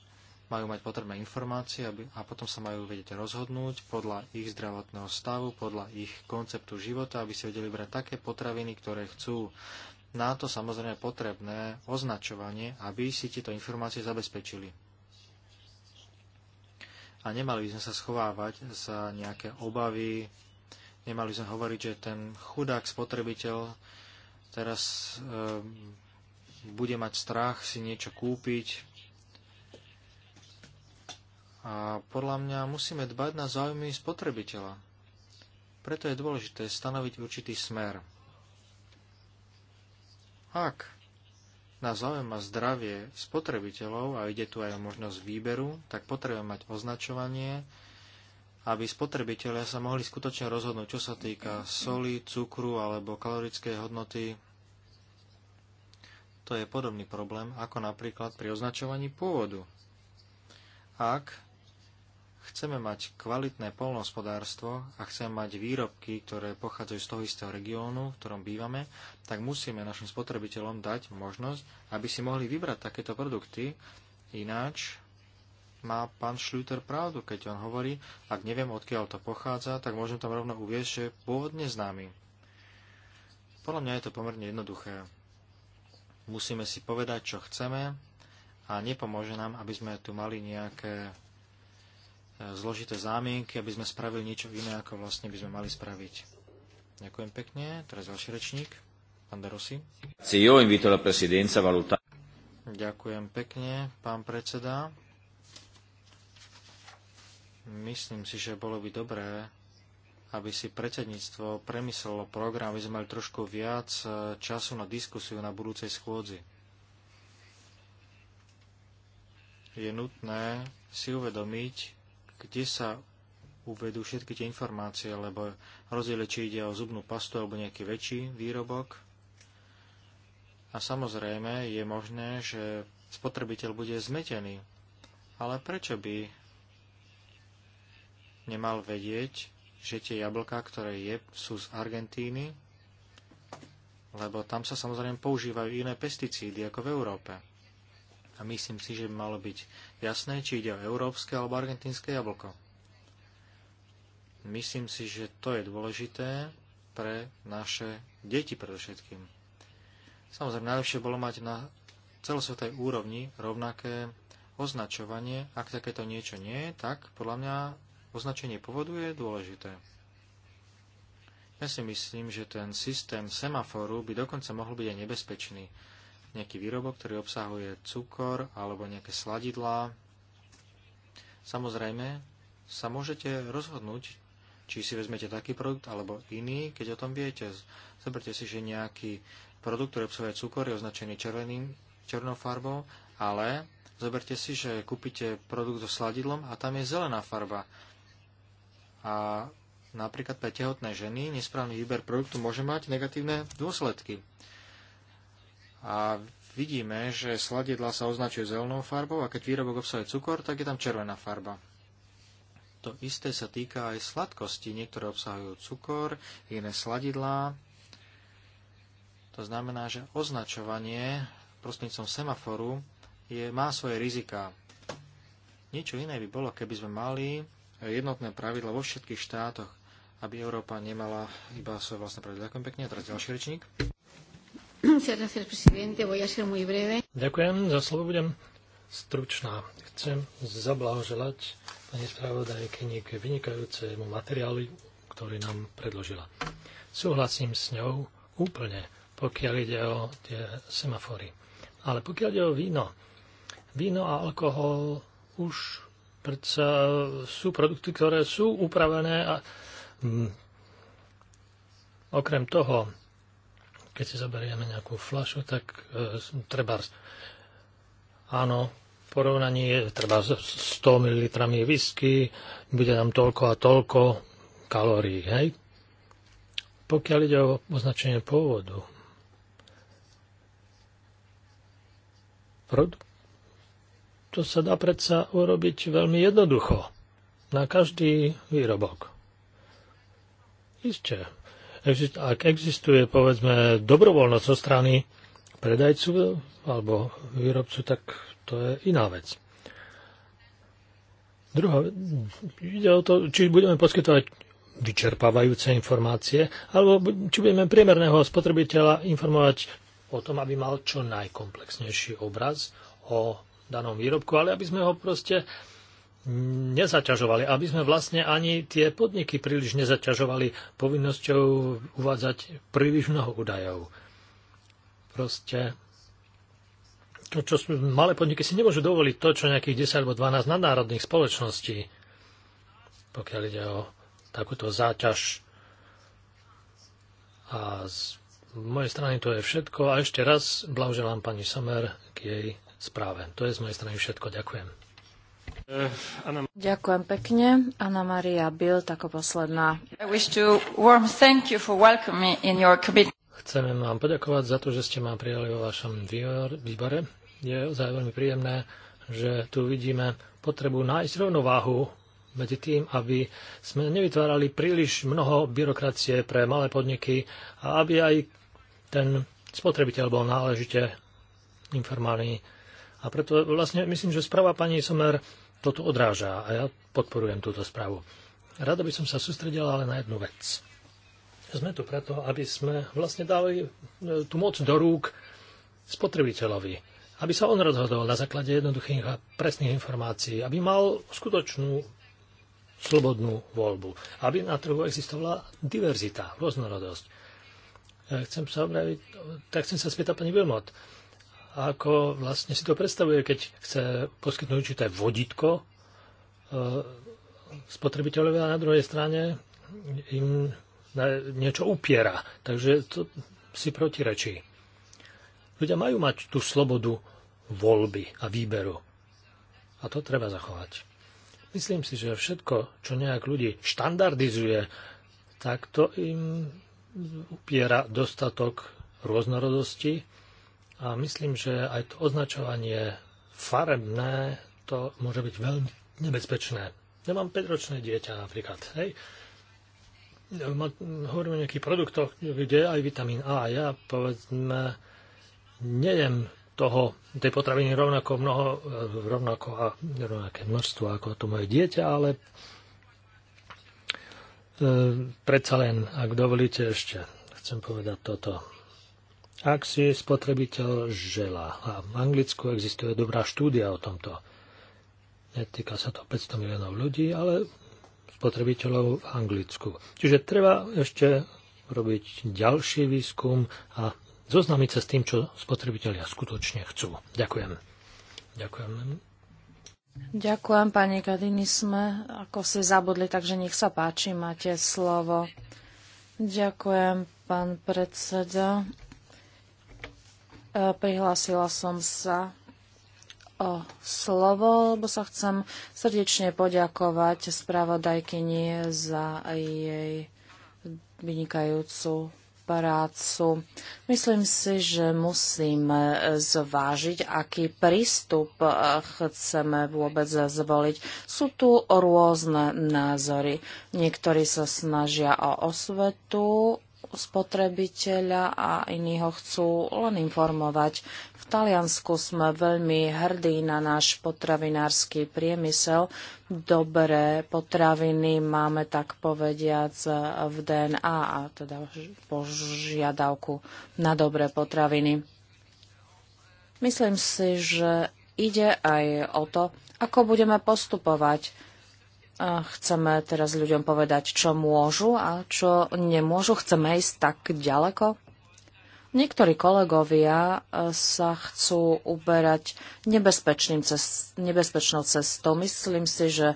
majú mať potrebné informácie aby, a potom sa majú vedieť rozhodnúť podľa ich zdravotného stavu, podľa ich konceptu života, aby si vedeli brať také potraviny, ktoré chcú. Na to samozrejme potrebné označovanie, aby si tieto informácie zabezpečili. A nemali by sme sa schovávať za nejaké obavy, Nemali sme hovoriť, že ten chudák spotrebiteľ teraz e, bude mať strach si niečo kúpiť. A podľa mňa musíme dbať na záujmy spotrebiteľa. Preto je dôležité stanoviť určitý smer. Ak na zaujíma zdravie spotrebiteľov a ide tu aj o možnosť výberu, tak potrebujeme mať označovanie, aby spotrebitelia sa mohli skutočne rozhodnúť, čo sa týka soli, cukru alebo kalorickej hodnoty. To je podobný problém ako napríklad pri označovaní pôvodu. Ak chceme mať kvalitné polnohospodárstvo a chceme mať výrobky, ktoré pochádzajú z toho istého regiónu, v ktorom bývame, tak musíme našim spotrebiteľom dať možnosť, aby si mohli vybrať takéto produkty, ináč má pán Šľúter pravdu, keď on hovorí, ak neviem, odkiaľ to pochádza, tak môžem tam rovno uvieť, že je pôvodne známy. Podľa mňa je to pomerne jednoduché. Musíme si povedať, čo chceme a nepomôže nám, aby sme tu mali nejaké e, zložité zámienky, aby sme spravili niečo iné, ako vlastne by sme mali spraviť. Ďakujem pekne. Teraz ďalší rečník, pán Derosi. Ďakujem pekne, pán predseda. Myslím si, že bolo by dobré, aby si predsedníctvo premyslelo program, aby sme mali trošku viac e, času na diskusiu na budúcej schôdzi. Je nutné si uvedomiť, kde sa uvedú všetky tie informácie, lebo rozdiel, či ide o zubnú pastu alebo nejaký väčší výrobok. A samozrejme je možné, že spotrebiteľ bude zmetený. Ale prečo by nemal vedieť, že tie jablká, ktoré je, sú z Argentíny, lebo tam sa samozrejme používajú iné pesticídy ako v Európe. A myslím si, že by malo byť jasné, či ide o európske alebo argentínske jablko. Myslím si, že to je dôležité pre naše deti predovšetkým. Samozrejme, najlepšie bolo mať na celosvetej úrovni rovnaké označovanie. Ak takéto niečo nie je, tak podľa mňa označenie povodu je dôležité. Ja si myslím, že ten systém semaforu by dokonca mohol byť aj nebezpečný. Nejaký výrobok, ktorý obsahuje cukor alebo nejaké sladidlá. Samozrejme, sa môžete rozhodnúť, či si vezmete taký produkt alebo iný, keď o tom viete. Zoberte si, že nejaký produkt, ktorý obsahuje cukor, je označený červeným, černou farbou, ale zoberte si, že kúpite produkt so sladidlom a tam je zelená farba. A napríklad pre tehotné ženy nesprávny výber produktu môže mať negatívne dôsledky. A vidíme, že sladidla sa označujú zelenou farbou a keď výrobok obsahuje cukor, tak je tam červená farba. To isté sa týka aj sladkosti. Niektoré obsahujú cukor, iné sladidlá. To znamená, že označovanie prostredníctvom semaforu je, má svoje rizika. Niečo iné by bolo, keby sme mali jednotné pravidla vo všetkých štátoch, aby Európa nemala iba svoje vlastné pravidla. Ďakujem pekne. A teraz ďalší rečník. Ďakujem za slovo, budem stručná. Chcem zablahoželať pani spravodajkyni k vynikajúcemu materiálu, ktorý nám predložila. Súhlasím s ňou úplne, pokiaľ ide o tie semafory. Ale pokiaľ ide o víno, víno a alkohol už preto e, sú produkty, ktoré sú upravené a mm, okrem toho, keď si zoberieme nejakú flašu, tak e, treba áno, porovnaní treba s 100 ml whisky, bude tam toľko a toľko kalórií, hej? Pokiaľ ide o označenie pôvodu, produkt to sa dá predsa urobiť veľmi jednoducho. Na každý výrobok. Isté. Ak existuje, povedzme, dobrovoľnosť zo strany predajcu alebo výrobcu, tak to je iná vec. Druhá, ide o to, či budeme poskytovať vyčerpávajúce informácie, alebo či budeme priemerného spotrebiteľa informovať o tom, aby mal čo najkomplexnejší obraz o danom výrobku, ale aby sme ho proste nezaťažovali, aby sme vlastne ani tie podniky príliš nezaťažovali povinnosťou uvádzať príliš mnoho údajov. Proste to, čo sú, malé podniky si nemôžu dovoliť to, čo nejakých 10 alebo 12 nadnárodných spoločností, pokiaľ ide o takúto záťaž. A z mojej strany to je všetko a ešte raz blahoželám pani Samer k jej správe. To je z mojej strany všetko. Ďakujem. Eh, Ďakujem pekne. Anna Maria Bill, ako posledná. Chcem vám poďakovať za to, že ste ma prijali vo vašom výbore. Je ozaj veľmi príjemné, že tu vidíme potrebu nájsť rovnováhu medzi tým, aby sme nevytvárali príliš mnoho byrokracie pre malé podniky a aby aj ten spotrebiteľ bol náležite informovaný a preto vlastne myslím, že správa pani Somer toto odráža a ja podporujem túto správu. Rada by som sa sústredila ale na jednu vec. Sme tu preto, aby sme vlastne dali e, tú moc do rúk spotrebiteľovi, aby sa on rozhodol na základe jednoduchých a presných informácií, aby mal skutočnú slobodnú voľbu, aby na trhu existovala diverzita, rôznorodosť. E, chcem sa, obraviť, e, tak chcem sa spýtať pani Wilmot ako vlastne si to predstavuje, keď chce poskytnúť určité vodítko eh, spotrebiteľovi a na druhej strane im niečo upiera. Takže to si protirečí. Ľudia majú mať tú slobodu voľby a výberu. A to treba zachovať. Myslím si, že všetko, čo nejak ľudí štandardizuje, tak to im upiera dostatok rôznorodosti a myslím, že aj to označovanie farebné, to môže byť veľmi nebezpečné. Ja mám 5-ročné dieťa napríklad, hej. Hovorím o nejakých produktoch, kde je aj vitamín A. Ja, povedzme, nejem toho, tej potraviny rovnako mnoho, rovnako a rovnaké množstvo ako to moje dieťa, ale e, predsa len, ak dovolíte, ešte chcem povedať toto ak si spotrebiteľ želá. A v Anglicku existuje dobrá štúdia o tomto. Netýka sa to 500 miliónov ľudí, ale spotrebiteľov v Anglicku. Čiže treba ešte robiť ďalší výskum a zoznamiť sa s tým, čo spotrebitelia skutočne chcú. Ďakujem. Ďakujem. Ďakujem, pani Kadini, sme ako si zabudli, takže nech sa páči, máte slovo. Ďakujem, pán predseda. Eh, prihlásila som sa o slovo, lebo sa chcem srdečne poďakovať spravodajkyni za jej vynikajúcu prácu. Myslím si, že musíme eh, zvážiť, aký prístup eh, chceme vôbec zvoliť. Sú tu rôzne názory. Niektorí sa snažia o osvetu, spotrebiteľa a iní ho chcú len informovať. V Taliansku sme veľmi hrdí na náš potravinársky priemysel. Dobré potraviny máme, tak povediac, v DNA, a teda požiadavku na dobré potraviny. Myslím si, že ide aj o to, ako budeme postupovať Chceme teraz ľuďom povedať, čo môžu a čo nemôžu. Chceme ísť tak ďaleko? Niektorí kolegovia e, sa chcú uberať nebezpečným cest, nebezpečnou cestou. Myslím si, že e,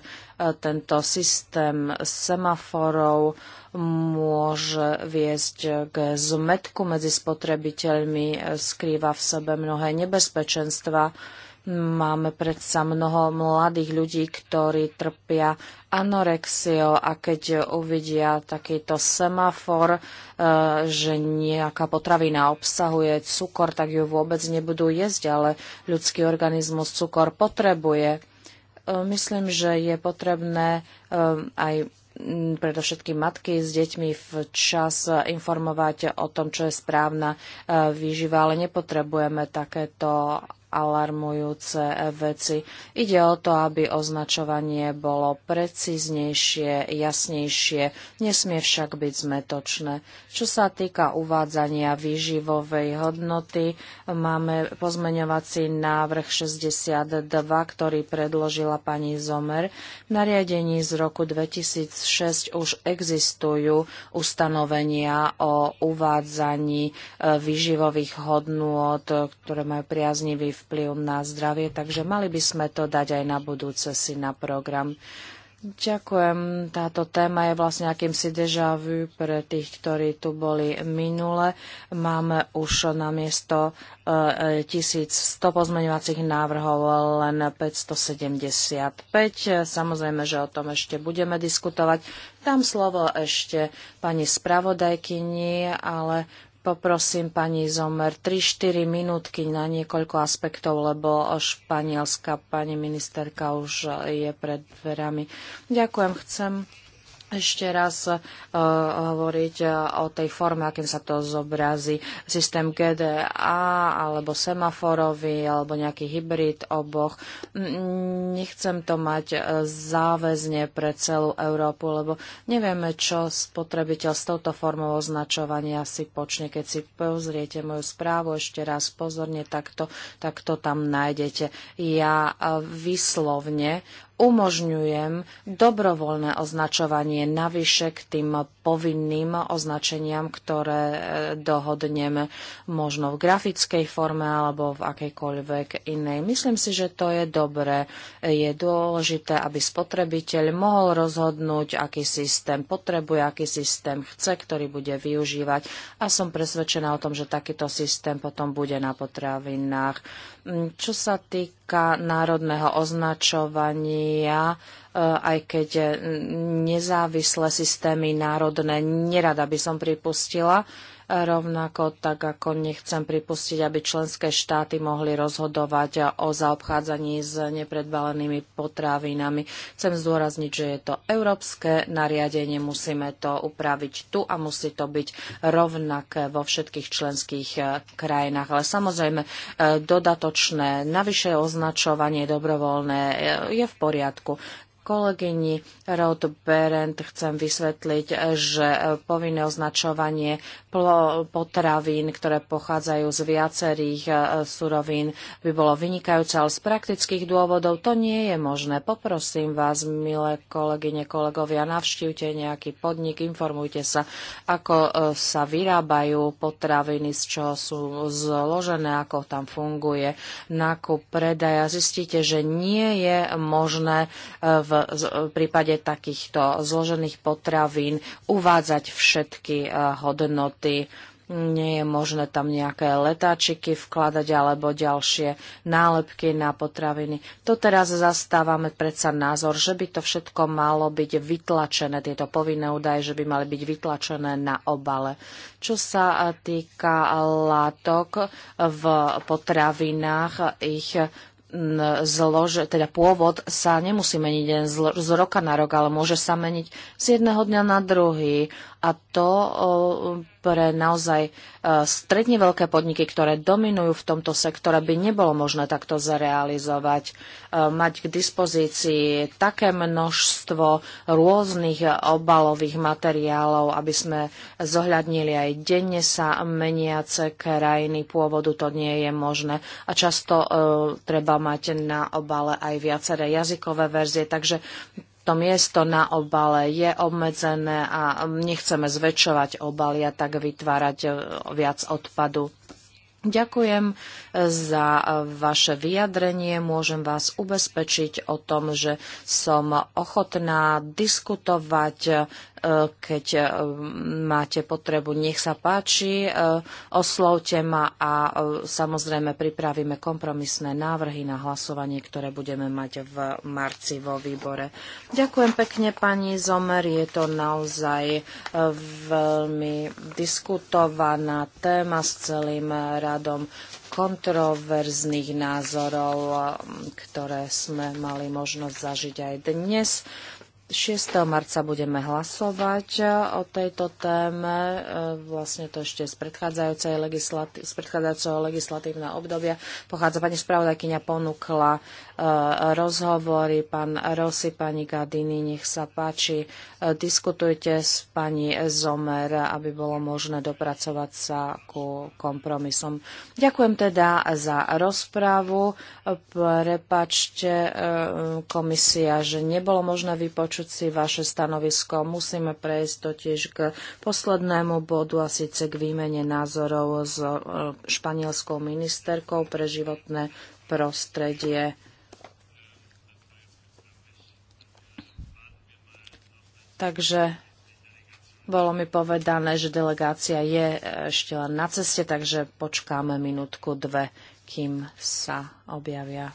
tento systém semaforov môže viesť k zmetku medzi spotrebiteľmi, e, skrýva v sebe mnohé nebezpečenstva Máme predsa mnoho mladých ľudí, ktorí trpia anorexiou a keď uvidia takýto semafor, e, že nejaká potravina obsahuje cukor, tak ju vôbec nebudú jesť, ale ľudský organizmus cukor potrebuje. E, myslím, že je potrebné e, aj predovšetkým matky s deťmi včas informovať o tom, čo je správna výživa, ale nepotrebujeme takéto alarmujúce veci. Ide o to, aby označovanie bolo precíznejšie, jasnejšie, nesmie však byť zmetočné. Čo sa týka uvádzania výživovej hodnoty, máme pozmeňovací návrh 62, ktorý predložila pani Zomer. V nariadení z roku 2006 už existujú ustanovenia o uvádzaní e, výživových hodnôt, ktoré majú priaznivý vplyv vplyv na zdravie, takže mali by sme to dať aj na budúce si na program. Ďakujem. Táto téma je vlastne akýmsi deja vu pre tých, ktorí tu boli minule. Máme už na miesto 1100 e, pozmeňovacích návrhov len 575. Samozrejme, že o tom ešte budeme diskutovať. Dám slovo ešte pani spravodajkyni, ale Poprosím pani Zomer 3-4 minútky na niekoľko aspektov, lebo španielska pani ministerka už je pred dverami. Ďakujem, chcem ešte raz uh, hovoriť uh, o tej forme, akým sa to zobrazí. Systém GDA alebo semaforový alebo nejaký hybrid oboch. Nechcem to mať uh, záväzne pre celú Európu, lebo nevieme, čo spotrebiteľ s touto formou označovania si počne. Keď si pozriete moju správu ešte raz pozorne, tak to, tak to tam nájdete. Ja uh, vyslovne umožňujem dobrovoľné označovanie navyše k tým povinným označeniam, ktoré e, dohodneme možno v grafickej forme alebo v akejkoľvek inej. Myslím si, že to je dobré. Je dôležité, aby spotrebiteľ mohol rozhodnúť, aký systém potrebuje, aký systém chce, ktorý bude využívať. A som presvedčená o tom, že takýto systém potom bude na potravinách. Mm, čo sa týka otázka národného označovania, eh, aj keď eh, nezávislé systémy národné nerada by som pripustila, Rovnako tak, ako nechcem pripustiť, aby členské štáty mohli rozhodovať o zaobchádzaní s nepredbalenými potravinami. Chcem zdôrazniť, že je to európske nariadenie, musíme to upraviť tu a musí to byť rovnaké vo všetkých členských eh, krajinách. Ale samozrejme, eh, dodatočné navyše označovanie dobrovoľné eh, je v poriadku. Kolegyni Rod Berend chcem vysvetliť, že povinné označovanie potravín, ktoré pochádzajú z viacerých e, surovín, by bolo vynikajúce, ale z praktických dôvodov to nie je možné. Poprosím vás, milé kolegyne, kolegovia, navštívte nejaký podnik, informujte sa, ako e, sa vyrábajú potraviny, z čoho sú zložené, ako tam funguje nákup, predaj a zistíte, že nie je možné e, v v prípade takýchto zložených potravín uvádzať všetky eh, hodnoty nie je možné tam nejaké letáčiky vkladať alebo ďalšie nálepky na potraviny. To teraz zastávame predsa názor, že by to všetko malo byť vytlačené, tieto povinné údaje, že by mali byť vytlačené na obale. Čo sa eh, týka látok v potravinách, ich zlože, teda pôvod sa nemusí meniť len z roka na rok, ale môže sa meniť z jedného dňa na druhý a to eh, pre naozaj eh, stredne veľké podniky, ktoré dominujú v tomto sektore, by nebolo možné takto zrealizovať. Eh, mať k dispozícii také množstvo rôznych obalových materiálov, aby sme zohľadnili aj denne sa meniace krajiny pôvodu, to nie je možné. A často treba mať na obale aj viaceré jazykové verzie, takže to miesto na obale je obmedzené a nechceme zväčšovať obaly a tak vytvárať e, viac odpadu. Ďakujem e, za vaše vyjadrenie. Môžem vás ubezpečiť o tom, že som ochotná diskutovať e, keď eh, máte potrebu, nech sa páči, eh, oslovte ma a eh, samozrejme pripravíme kompromisné návrhy na hlasovanie, ktoré budeme mať v marci vo výbore. Ďakujem pekne pani Zomer, je to naozaj veľmi diskutovaná téma s celým radom kontroverzných názorov, ktoré sme mali možnosť zažiť aj dnes. 6. marca budeme hlasovať e, o tejto téme, e, vlastne to ešte z, predchádzajúcej legislati- z predchádzajúceho legislatívneho obdobia. Pochádza pani spravodajkyňa ponúkla e, rozhovory, pán Rossi, pani Gadini, nech sa páči. Diskutujte s pani Zomer, aby bolo možné dopracovať sa ku kompromisom. Ďakujem teda za rozprávu. Prepačte komisia, že nebolo možné vypočuť vypočuť si vaše stanovisko. Musíme prejsť totiž k poslednému bodu a síce k výmene názorov s e, španielskou ministerkou pre životné prostredie. Takže bolo mi povedané, že delegácia je e, ešte len na ceste, takže počkáme minútku, dve, kým sa objavia.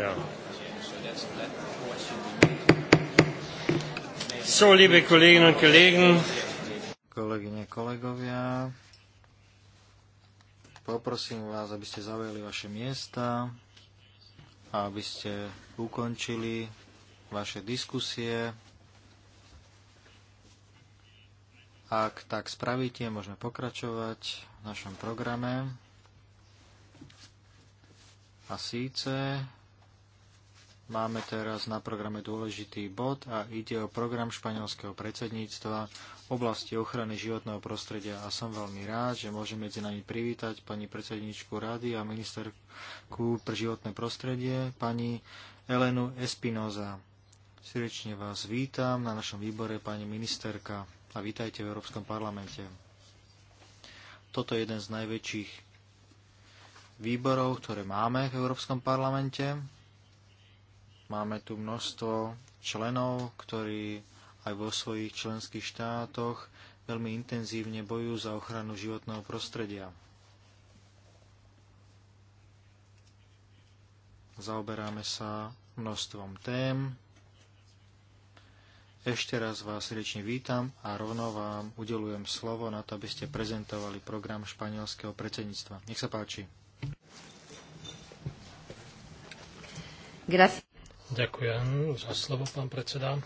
Ja. So, liebe Kolleginnen und Kollegen. Kolegyne, kolegovia, poprosím vás, aby ste zaujali vaše miesta a aby ste ukončili vaše diskusie. Ak tak spravíte, môžeme pokračovať v našom programe. A síce Máme teraz na programe dôležitý bod a ide o program španielského predsedníctva v oblasti ochrany životného prostredia a som veľmi rád, že môžem medzi nami privítať pani predsedničku rady a ministerku pre životné prostredie, pani Elenu Espinoza. Srdečne vás vítam na našom výbore, pani ministerka, a vítajte v Európskom parlamente. Toto je jeden z najväčších výborov, ktoré máme v Európskom parlamente Máme tu množstvo členov, ktorí aj vo svojich členských štátoch veľmi intenzívne bojujú za ochranu životného prostredia. Zaoberáme sa množstvom tém. Ešte raz vás srdečne vítam a rovno vám udelujem slovo na to, aby ste prezentovali program španielského predsedníctva. Nech sa páči. Gracias. Ďakujem za slovo, pán predseda.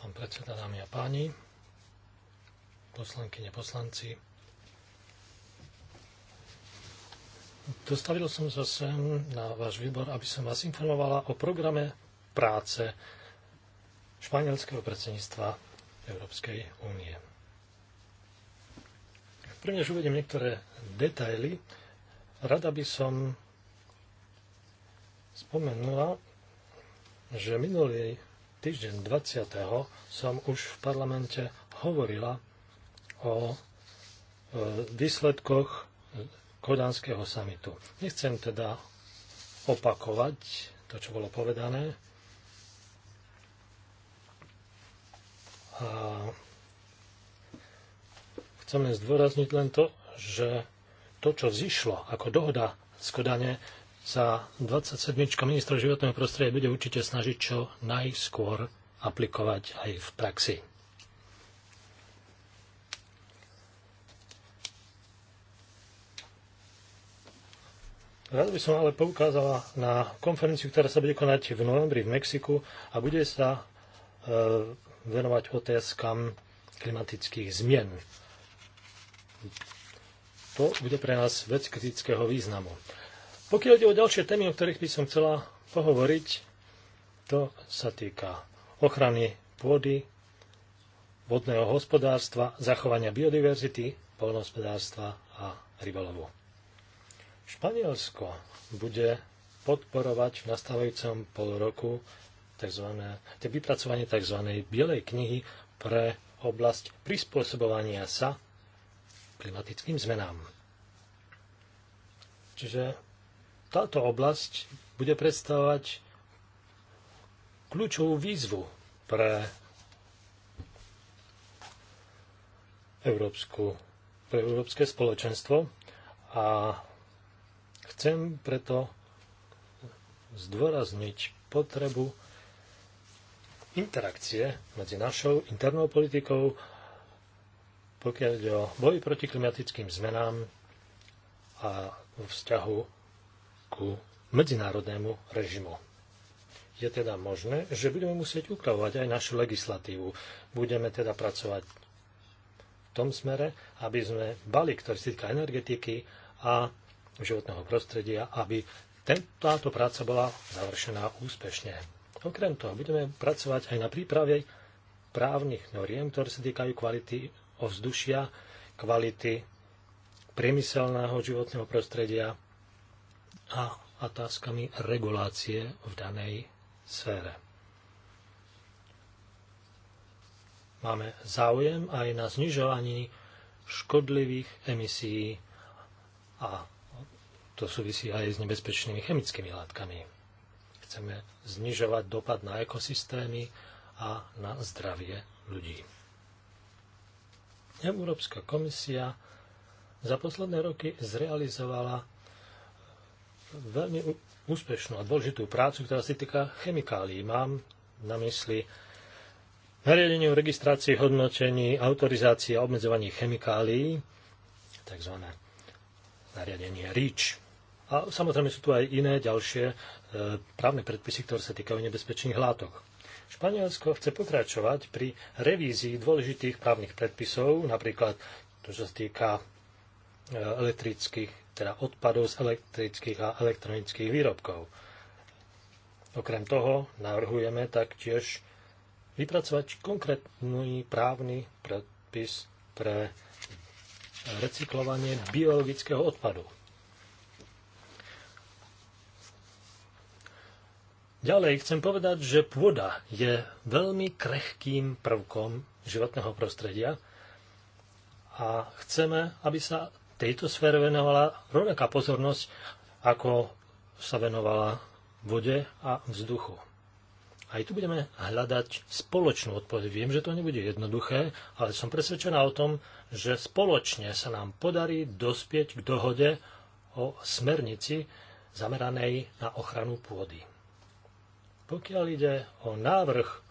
Pán predseda, dámy a páni, poslankyne, poslanci. Dostavil som sa sem na váš výbor, aby som vás informovala o programe práce španielského predsedníctva Európskej únie. už uvediem niektoré detaily. Rada by som spomenula, že minulý týždeň 20. som už v parlamente hovorila o e, výsledkoch kodánskeho samitu. Nechcem teda opakovať to, čo bolo povedané. A chcem zdôrazniť len to, že to, čo zišlo ako dohoda z Kodane, sa 27. ministra životného prostredia bude určite snažiť čo najskôr aplikovať aj v praxi. Rád by som ale poukázala na konferenciu, ktorá sa bude konať v novembri v Mexiku a bude sa e, venovať otázkam klimatických zmien. To bude pre nás vec kritického významu. Pokiaľ ide o ďalšie témy, o ktorých by som chcela pohovoriť, to sa týka ochrany pôdy, vodného hospodárstva, zachovania biodiverzity, polnohospodárstva a rybolovu. Španielsko bude podporovať v nastávajúcom pol roku tzv. vypracovanie tzv. bielej knihy pre oblasť prispôsobovania sa klimatickým zmenám. Čiže táto oblasť bude predstavovať kľúčovú výzvu pre Európsku, pre Európske spoločenstvo a chcem preto zdôrazniť potrebu interakcie medzi našou internou politikou, pokiaľ ide o boj proti klimatickým zmenám a vzťahu ku medzinárodnému režimu. Je teda možné, že budeme musieť upravovať aj našu legislatívu. Budeme teda pracovať v tom smere, aby sme bali, ktorý sa týka energetiky a životného prostredia, aby táto práca bola završená úspešne. Okrem toho budeme pracovať aj na príprave právnych noriem, ktoré sa týkajú kvality ovzdušia, kvality priemyselného životného prostredia a otázkami regulácie v danej sfére. Máme záujem aj na znižovaní škodlivých emisí a to súvisí aj s nebezpečnými chemickými látkami. Chceme znižovať dopad na ekosystémy a na zdravie ľudí. Európska komisia za posledné roky zrealizovala veľmi úspešnú a dôležitú prácu, ktorá sa týka chemikálií. Mám na mysli nariadenie o registrácii, hodnotení, autorizácii a obmedzovaní chemikálií, tzv. nariadenie REACH. A samozrejme sú tu aj iné ďalšie e, právne predpisy, ktoré sa týkajú nebezpečných látok. Španielsko chce pokračovať pri revízii dôležitých právnych predpisov, napríklad to, čo sa týka e, elektrických teda odpadu z elektrických a elektronických výrobkov. Okrem toho navrhujeme taktiež vypracovať konkrétny právny predpis pre recyklovanie biologického odpadu. Ďalej chcem povedať, že pôda je veľmi krehkým prvkom životného prostredia a chceme, aby sa tejto sfére venovala rovnaká pozornosť, ako sa venovala vode a vzduchu. Aj tu budeme hľadať spoločnú odpoveď. Viem, že to nebude jednoduché, ale som presvedčená o tom, že spoločne sa nám podarí dospieť k dohode o smernici zameranej na ochranu pôdy. Pokiaľ ide o návrh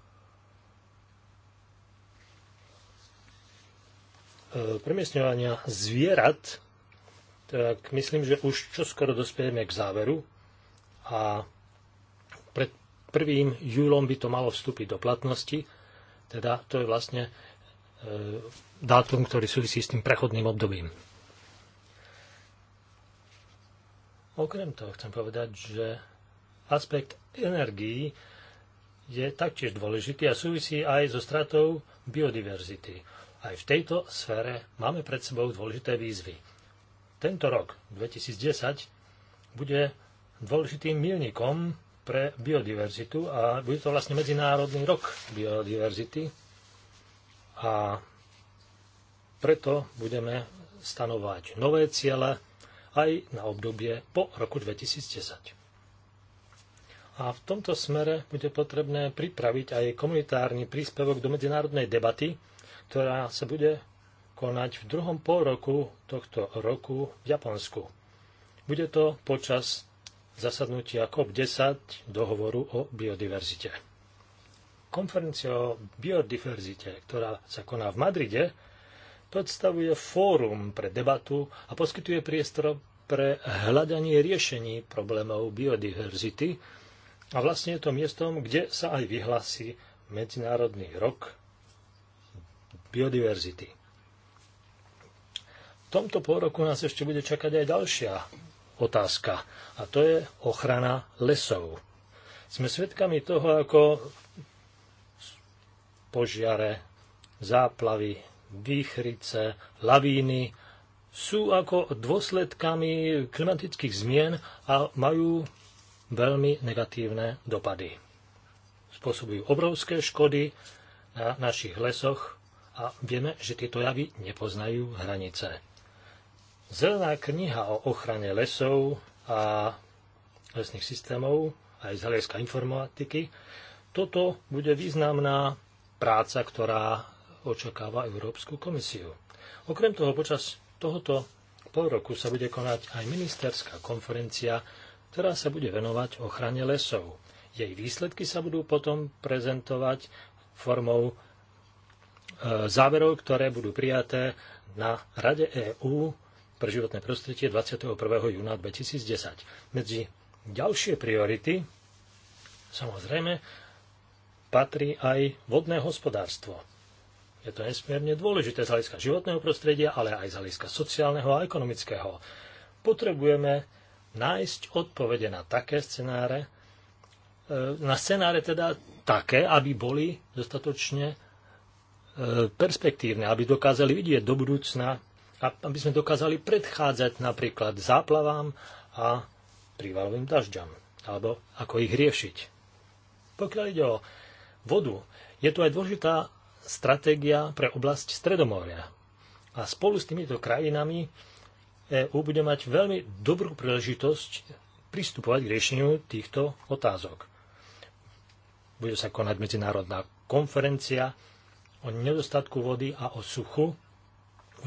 premiesňovania zvierat, tak myslím, že už čoskoro dospieme k záveru a pred prvým júlom by to malo vstúpiť do platnosti, teda to je vlastne e, dátum, ktorý súvisí s tým prechodným obdobím. Okrem toho chcem povedať, že aspekt energií je taktiež dôležitý a súvisí aj so stratou biodiverzity. Aj v tejto sfére máme pred sebou dôležité výzvy. Tento rok, 2010, bude dôležitým milníkom pre biodiverzitu a bude to vlastne Medzinárodný rok biodiverzity a preto budeme stanovať nové ciele aj na obdobie po roku 2010. A v tomto smere bude potrebné pripraviť aj komunitárny príspevok do medzinárodnej debaty ktorá sa bude konať v druhom pol roku tohto roku v Japonsku. Bude to počas zasadnutia COP10 dohovoru o biodiverzite. Konferencia o biodiverzite, ktorá sa koná v Madride, predstavuje fórum pre debatu a poskytuje priestor pre hľadanie riešení problémov biodiverzity a vlastne je to miestom, kde sa aj vyhlási Medzinárodný rok biodiverzity. V tomto pôroku nás ešte bude čakať aj ďalšia otázka a to je ochrana lesov. Sme svedkami toho, ako požiare, záplavy, výchrice, lavíny sú ako dôsledkami klimatických zmien a majú veľmi negatívne dopady. Spôsobujú obrovské škody na našich lesoch a vieme, že tieto javy nepoznajú hranice. Zelená kniha o ochrane lesov a lesných systémov aj z hľadiska informatiky. Toto bude významná práca, ktorá očakáva Európsku komisiu. Okrem toho, počas tohoto pol roku sa bude konať aj ministerská konferencia, ktorá sa bude venovať ochrane lesov. Jej výsledky sa budú potom prezentovať formou E, záverov, ktoré budú prijaté na Rade EÚ pre životné prostredie 21. júna 2010. Medzi ďalšie priority samozrejme patrí aj vodné hospodárstvo. Je to nesmierne dôležité z hľadiska životného prostredia, ale aj z hľadiska sociálneho a ekonomického. Potrebujeme nájsť odpovede na také scenáre, e, na scenáre teda také, aby boli dostatočne perspektívne, aby dokázali vidieť do budúcna, aby sme dokázali predchádzať napríklad záplavám a prívalovým dažďam, alebo ako ich riešiť. Pokiaľ ide o vodu, je tu aj dôležitá stratégia pre oblasť Stredomoria. A spolu s týmito krajinami EU bude mať veľmi dobrú príležitosť pristupovať k riešeniu týchto otázok. Bude sa konať medzinárodná konferencia o nedostatku vody a o suchu.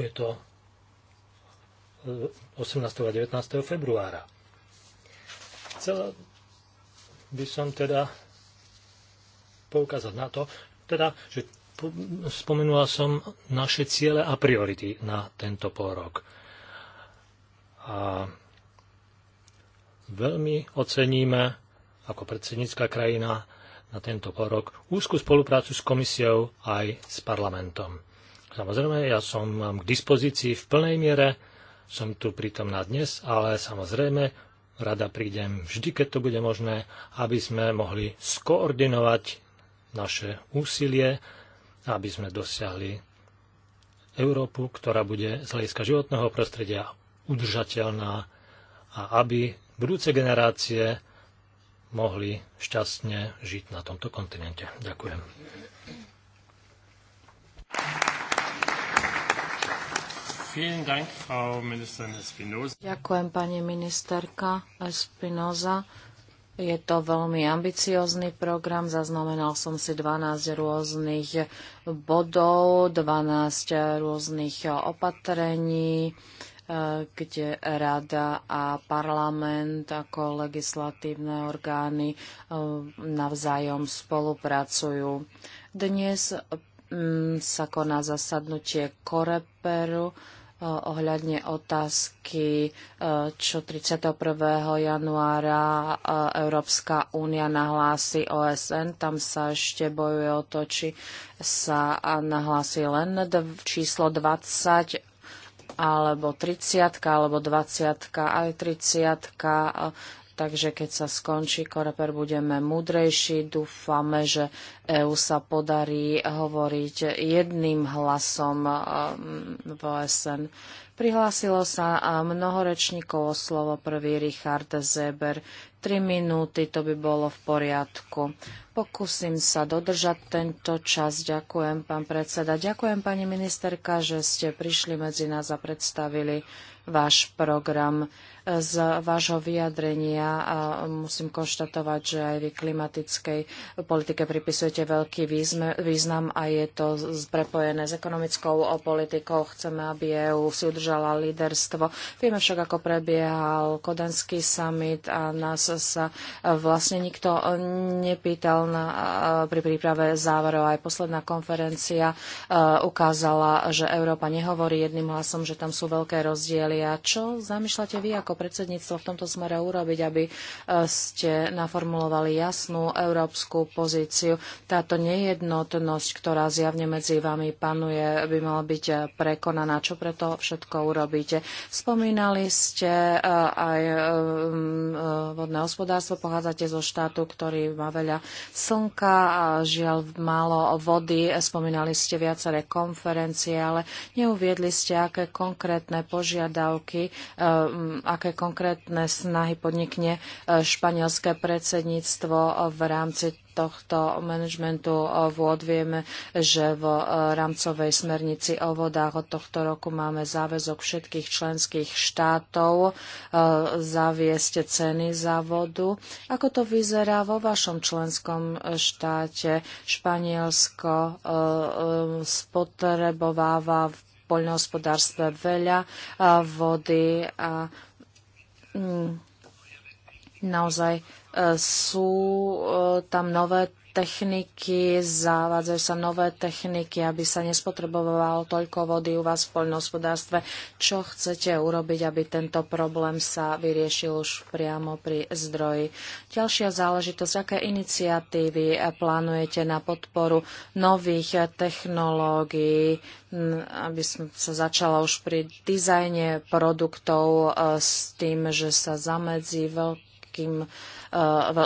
Je to 18. E, a 19. februára. Chcel by som teda poukázať na to, teda, že spomenula som naše ciele a priority na tento pol rok. A veľmi oceníme ako predsednícka krajina na tento porok úzku spoluprácu s komisiou aj s parlamentom. Samozrejme, ja som vám k dispozícii v plnej miere, som tu pritom na dnes, ale samozrejme rada prídem vždy, keď to bude možné, aby sme mohli skoordinovať naše úsilie, aby sme dosiahli Európu, ktorá bude z hľadiska životného prostredia udržateľná a aby budúce generácie mohli šťastne žiť na tomto kontinente. Ďakujem. Ďakujem, pani ministerka Espinoza. Je to veľmi ambiciózny program, zaznamenal som si 12 rôznych bodov, 12 rôznych opatrení. E, kde rada a parlament ako legislatívne orgány e, navzájom spolupracujú. Dnes mm, sa koná zasadnutie Koreperu e, ohľadne otázky, čo 31. januára Európska únia nahlási OSN. Tam sa ešte bojuje o to, či sa nahlási len číslo 20 alebo 30 alebo 20 aj 30 takže keď sa skončí koreper, budeme múdrejší. Dúfame, že EU sa podarí hovoriť jedným hlasom v OSN. Prihlásilo sa mnoho rečníkov o slovo prvý Richard Zeber. Tri minúty, to by bolo v poriadku. Pokúsim sa dodržať tento čas. Ďakujem, pán predseda. Ďakujem, pani ministerka, že ste prišli medzi nás a predstavili váš program. Z vášho vyjadrenia a musím konštatovať, že aj vy klimatickej politike pripisujete veľký význam a je to prepojené s ekonomickou politikou. Chceme, aby EU si udržala líderstvo. Vieme však, ako prebiehal kodanský summit a nás sa vlastne nikto nepýtal aktuálna pri príprave záverov. Aj posledná konferencia ukázala, že Európa nehovorí jedným hlasom, že tam sú veľké rozdiely. A čo zamýšľate vy ako predsedníctvo v tomto smere urobiť, aby ste naformulovali jasnú európsku pozíciu? Táto nejednotnosť, ktorá zjavne medzi vami panuje, by mala byť prekonaná. Čo preto všetko urobíte? Spomínali ste aj um, vodné hospodárstvo, pochádzate zo štátu, ktorý má veľa slnka žiaľ málo vody. Spomínali ste viaceré konferencie, ale neuviedli ste, aké konkrétne požiadavky, e, aké konkrétne snahy podnikne e, španielské predsedníctvo v rámci tohto manažmentu eh, vôd. Vieme, že v eh, rámcovej smernici o vodách od tohto roku máme záväzok všetkých členských štátov eh, zaviesť ceny za vodu. Ako to vyzerá vo vašom členskom štáte? Španielsko spotrebováva v poľnohospodárstve veľa vody a hm, naozaj sú e, tam nové techniky, zavádzajú sa nové techniky, aby sa nespotrebovalo toľko vody u vás v poľnohospodárstve. Čo chcete urobiť, aby tento problém sa vyriešil už priamo pri zdroji? Ďalšia záležitosť, aké iniciatívy plánujete na podporu nových technológií, aby sa začala už pri dizajne produktov e, s tým, že sa zamedzí veľkým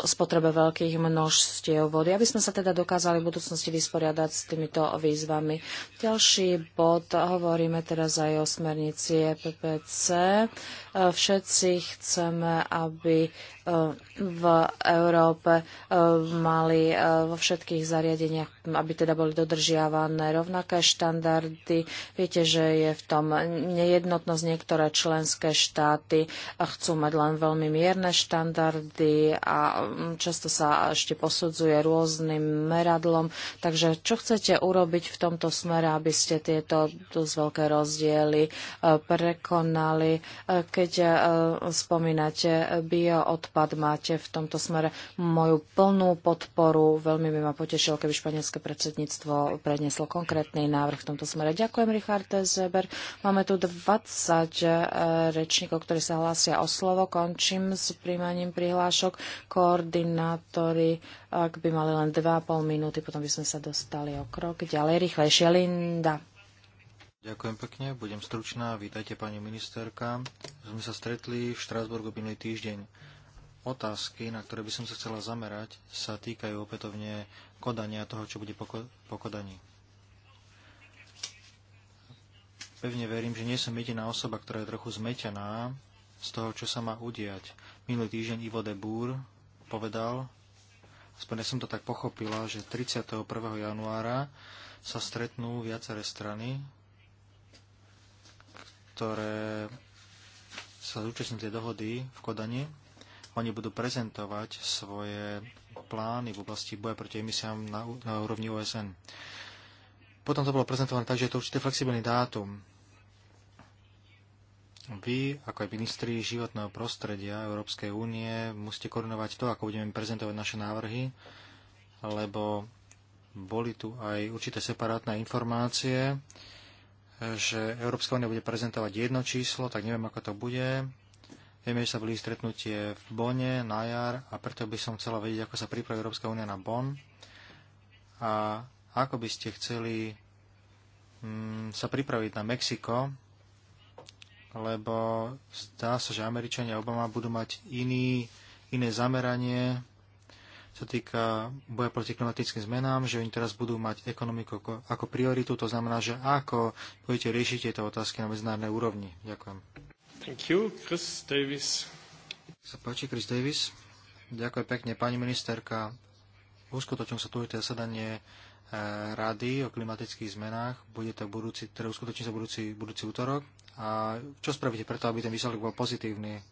spotrebe veľkých množstiev vody, aby sme sa teda dokázali v budúcnosti vysporiadať s týmito výzvami. Ďalší bod, hovoríme teraz aj o smernici EPPC. Všetci chceme, aby e, v Európe e, mali e, vo všetkých zariadeniach, aby teda boli dodržiavané rovnaké štandardy. Viete, že je v tom nejednotnosť. Niektoré členské štáty chcú mať len veľmi mierne štandardy, a mm, často sa ešte posudzuje rôznym meradlom. Takže čo chcete urobiť v tomto smere, aby ste tieto dosť veľké rozdiely e, prekonali? E, keď e, spomínate bioodpad, máte v tomto smere moju plnú podporu. Veľmi by ma potešilo, keby španielské predsedníctvo prednieslo konkrétny návrh v tomto smere. Ďakujem, Richard Zeber. Máme tu 20 rečníkov, ktorí sa hlásia o slovo. Končím s príjmaním prihlášok. Koordinátori, ak by mali len 2,5 minúty, potom by sme sa dostali o krok ďalej. Rýchlejšie, Linda. Ďakujem pekne, budem stručná. Vítajte, pani ministerka. Sme sa stretli v Štrásburgu minulý týždeň. Otázky, na ktoré by som sa chcela zamerať, sa týkajú opätovne kodania toho, čo bude po, po kodaní. Pevne verím, že nie som jediná osoba, ktorá je trochu zmetená z toho, čo sa má udiať. Minulý týždeň Ivo de Búr povedal, aspoň ja som to tak pochopila, že 31. januára sa stretnú viaceré strany, ktoré sa zúčastnili dohody v Kodani. Oni budú prezentovať svoje plány v oblasti boja proti emisiám na, na úrovni OSN. Potom to bolo prezentované tak, že je to určite flexibilný dátum vy, ako aj ministri životného prostredia Európskej únie, musíte koordinovať to, ako budeme prezentovať naše návrhy, lebo boli tu aj určité separátne informácie, že Európska únia bude prezentovať jedno číslo, tak neviem, ako to bude. Vieme, že sa boli stretnutie v Bone na jar a preto by som chcela vedieť, ako sa pripravi Európska únia na Bon a ako by ste chceli mm, sa pripraviť na Mexiko, lebo zdá sa, že Američania Obama budú mať iný, iné zameranie, čo týka boja proti klimatickým zmenám, že oni teraz budú mať ekonomiku ako, ako prioritu, to znamená, že ako budete riešiť tieto otázky na medzinárodnej úrovni. Ďakujem. Thank you, Chris Davis. Sa páči, Chris Davis. Ďakujem pekne, pani ministerka. Uskutočnil sa tu zasadanie E, rady o klimatických zmenách. Bude to budúci, teda uskutoční sa budúci, budúci útorok. A čo spravíte preto, aby ten výsledok bol pozitívny? E,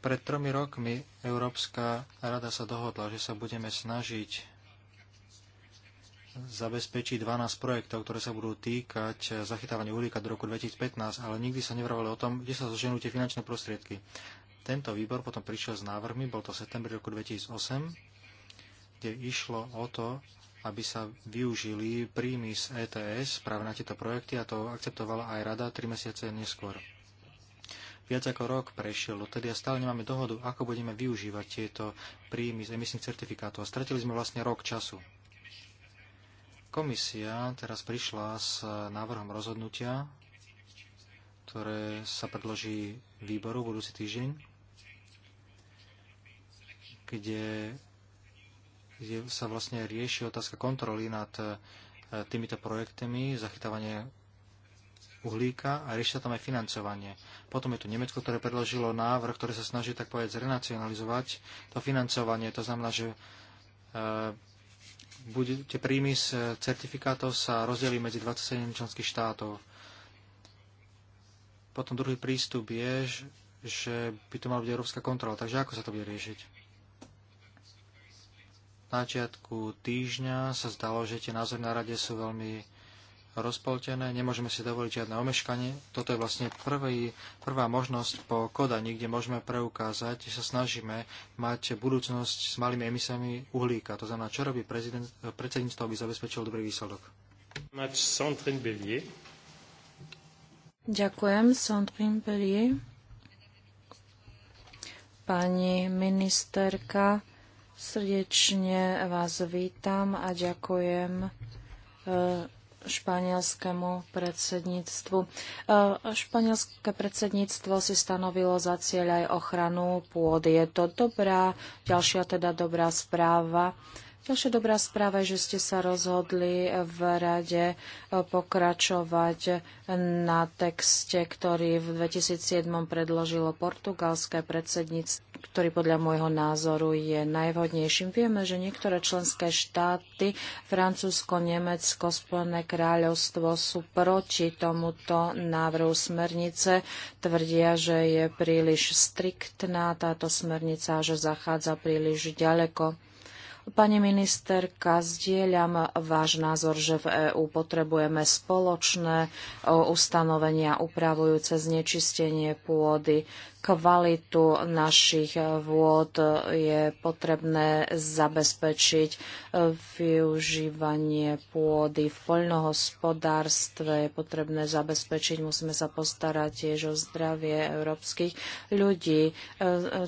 pred tromi rokmi Európska rada sa dohodla, že sa budeme snažiť zabezpečiť 12 projektov, ktoré sa budú týkať zachytávania uhlíka do roku 2015, ale nikdy sa nevravalo o tom, kde sa zoženú tie finančné prostriedky. Tento výbor potom prišiel s návrhmi, bol to v septembri roku 2008, kde išlo o to, aby sa využili príjmy z ETS práve na tieto projekty a to akceptovala aj rada 3 mesiace neskôr. Viac ako rok prešiel, odtedy a stále nemáme dohodu, ako budeme využívať tieto príjmy z emisných certifikátov. A stratili sme vlastne rok času. Komisia teraz prišla s návrhom rozhodnutia, ktoré sa predloží výboru v budúci týždeň, kde kde sa vlastne rieši otázka kontroly nad e, týmito projektami, zachytávanie uhlíka a rieši sa tam aj financovanie. Potom je tu Nemecko, ktoré predložilo návrh, ktorý sa snaží tak povedať zrenacionalizovať to financovanie. To znamená, že e, bude, tie príjmy z certifikátov sa rozdelí medzi 27 členských štátov. Potom druhý prístup je, že by to mala byť európska kontrola. Takže ako sa to bude riešiť? Načiatku týždňa sa zdalo, že tie názory na rade sú veľmi rozpoltené, nemôžeme si dovoliť žiadne omeškanie. Toto je vlastne prvý, prvá možnosť po Kodani, kde môžeme preukázať, že sa snažíme mať budúcnosť s malými emisami uhlíka. To znamená, čo robí predsedníctvo, aby zabezpečil dobrý výsledok. Ďakujem, Sandrine Bellier. Pani ministerka, Srdečne vás vítam a ďakujem e, španielskému predsedníctvu. E, španielské predsedníctvo si stanovilo za cieľ aj ochranu pôdy. Je to dobrá, ďalšia teda dobrá správa Ďalšia dobrá správa je, že ste sa rozhodli v rade eh, pokračovať na texte, ktorý v 2007 predložilo portugalské predsedníctvo, ktorý podľa môjho názoru je najvhodnejším. Vieme, že niektoré členské štáty, Francúzsko, Nemecko, Spojené kráľovstvo sú proti tomuto návrhu smernice. Tvrdia, že je príliš striktná táto smernica a že zachádza príliš ďaleko. Pani ministerka, zdieľam váš názor, že v EÚ potrebujeme spoločné e, ustanovenia upravujúce znečistenie pôdy. Kvalitu našich vôd je potrebné zabezpečiť. E, využívanie pôdy v poľnohospodárstve je potrebné zabezpečiť. Musíme sa postarať tiež o zdravie európskych ľudí. E,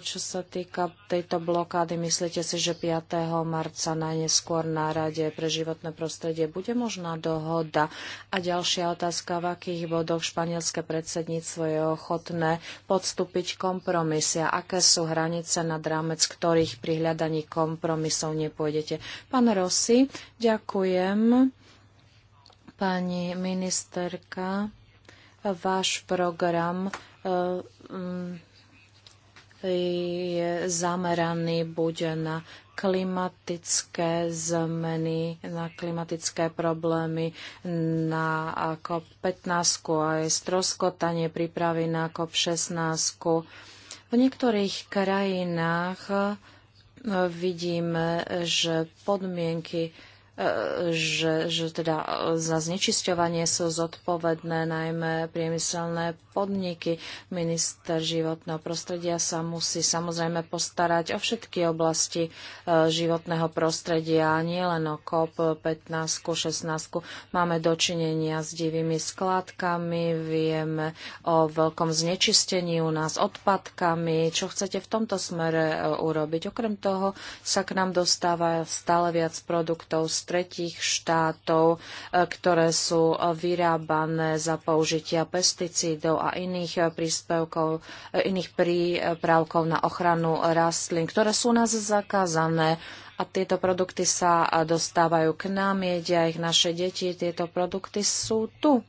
čo sa týka tejto blokády, myslíte si, že 5 marca najneskôr na Rade pre životné prostredie bude možná dohoda. A ďalšia otázka, v akých bodoch španielské predsedníctvo je ochotné podstúpiť kompromisy a aké sú hranice nad rámec, ktorých pri hľadaní kompromisov nepôjdete. Pán Rossi, ďakujem. Pani ministerka, váš program eh, mm, je zameraný buď na klimatické zmeny, na klimatické problémy, na COP15, je stroskotanie prípravy na COP16. V niektorých krajinách vidíme, že podmienky že, že teda za znečisťovanie sú zodpovedné najmä priemyselné podniky. Minister životného prostredia sa musí samozrejme postarať o všetky oblasti e, životného prostredia, nielen o COP 15, 16. Máme dočinenia s divými skládkami, vieme o veľkom znečistení u nás odpadkami. Čo chcete v tomto smere e, urobiť? Okrem toho sa k nám dostáva stále viac produktov z tretích štátov, e, ktoré sú e, vyrábané za použitia pesticídov a iných e, príspevkov, iných prípravkov na ochranu rastlín, ktoré sú nás zakázané a tieto produkty sa dostávajú k nám, jedia ich naše deti, tieto produkty sú tu.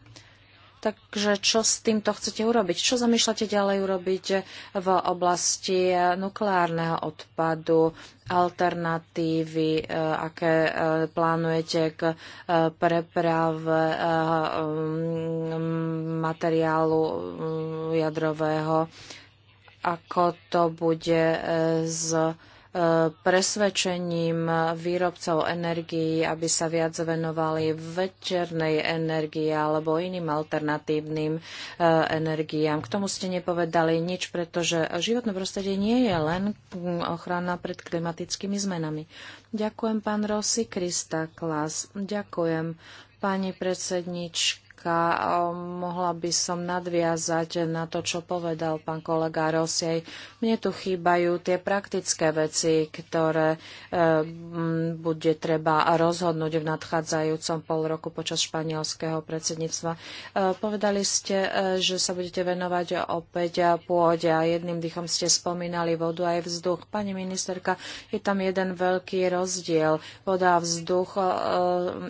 Takže čo s týmto chcete urobiť? Čo zamýšľate ďalej urobiť v oblasti nukleárneho odpadu, alternatívy, e, aké e, plánujete k e, preprave materiálu jadrového, ako to bude s E, presvedčením výrobcov energií, aby sa viac venovali večernej energii alebo iným alternatívnym e, energiám. K tomu ste nepovedali nič, pretože životné prostredie nie je len ochrana pred klimatickými zmenami. Ďakujem, pán Rossi, Krista Klas. Ďakujem, pani predsednička otázka. Mohla by som nadviazať na to, čo povedal pán kolega Rosiej. Mne tu chýbajú tie praktické veci, ktoré e, bude treba rozhodnúť v nadchádzajúcom pol roku počas španielského predsedníctva. E, povedali ste, e, že sa budete venovať opäť pôde a jedným dýchom ste spomínali vodu aj vzduch. Pani ministerka, je tam jeden veľký rozdiel. Voda a vzduch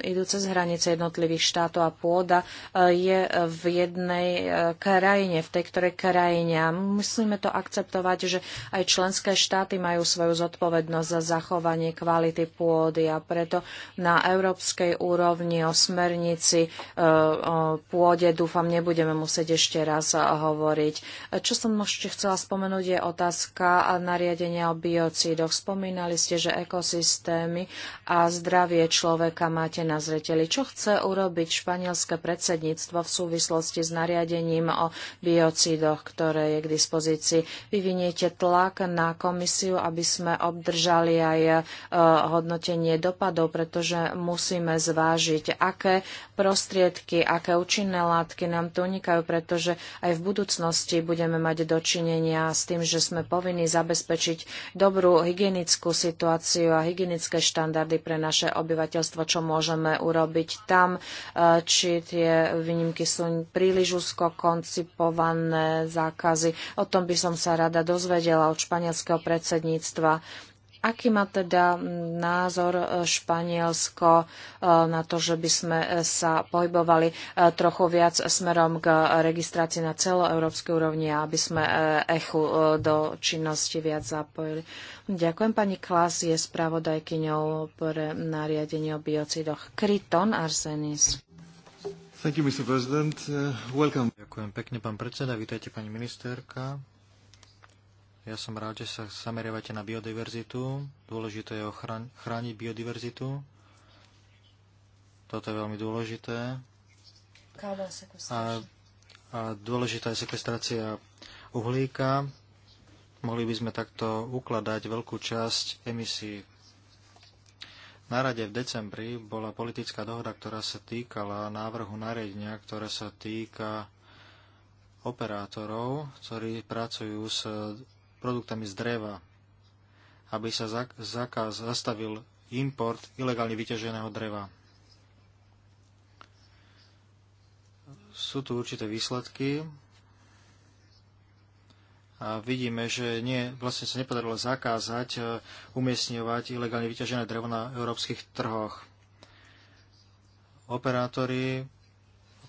idú cez hranice jednotlivých štátov a pôda je v jednej e, krajine, v tej ktorej krajine. A musíme to akceptovať, že aj členské štáty majú svoju zodpovednosť za zachovanie kvality pôdy a preto na európskej úrovni o smernici e, o pôde dúfam nebudeme musieť ešte raz hovoriť. E, čo som ešte chcela spomenúť je otázka nariadenia o biocídoch. Spomínali ste, že ekosystémy a zdravie človeka máte na zreteli. Čo chce urobiť španielské predsedníctvo predsedníctvo v súvislosti s nariadením o biocidoch, ktoré je k dispozícii. Vyviniete tlak na komisiu, aby sme obdržali aj e, hodnotenie dopadov, pretože musíme zvážiť, aké prostriedky, aké účinné látky nám tu unikajú, pretože aj v budúcnosti budeme mať dočinenia s tým, že sme povinní zabezpečiť dobrú hygienickú situáciu a hygienické štandardy pre naše obyvateľstvo, čo môžeme urobiť tam, e, či tie že výnimky sú príliš úzko koncipované zákazy. O tom by som sa rada dozvedela od španielského predsedníctva. Aký má teda názor e, Španielsko e, na to, že by sme e, sa pohybovali trochu viac smerom k registrácii na celoeurópskej úrovni a aby sme echu do činnosti viac zapojili? Ďakujem. Pani Klas je spravodajkyňou pre nariadenie o biocidoch. Kryton Arsenis. Thank you, Mr. President. Uh, welcome. Ďakujem pekne, pán predseda. Vítajte, pani ministerka. Ja som rád, že sa zameriavate na biodiverzitu. Dôležité je ochraň, chrániť biodiverzitu. Toto je veľmi dôležité. A, a dôležitá je sekvestrácia uhlíka. Mohli by sme takto ukladať veľkú časť emisí na rade v decembri bola politická dohoda, ktorá sa týkala návrhu nariadenia, ktoré sa týka operátorov, ktorí pracujú s produktami z dreva, aby sa zakaz zastavil import ilegálne vyťaženého dreva. Sú tu určité výsledky, a vidíme, že nie, vlastne sa nepodarilo zakázať e, umiestňovať ilegálne vyťažené drevo na európskych trhoch. Operátori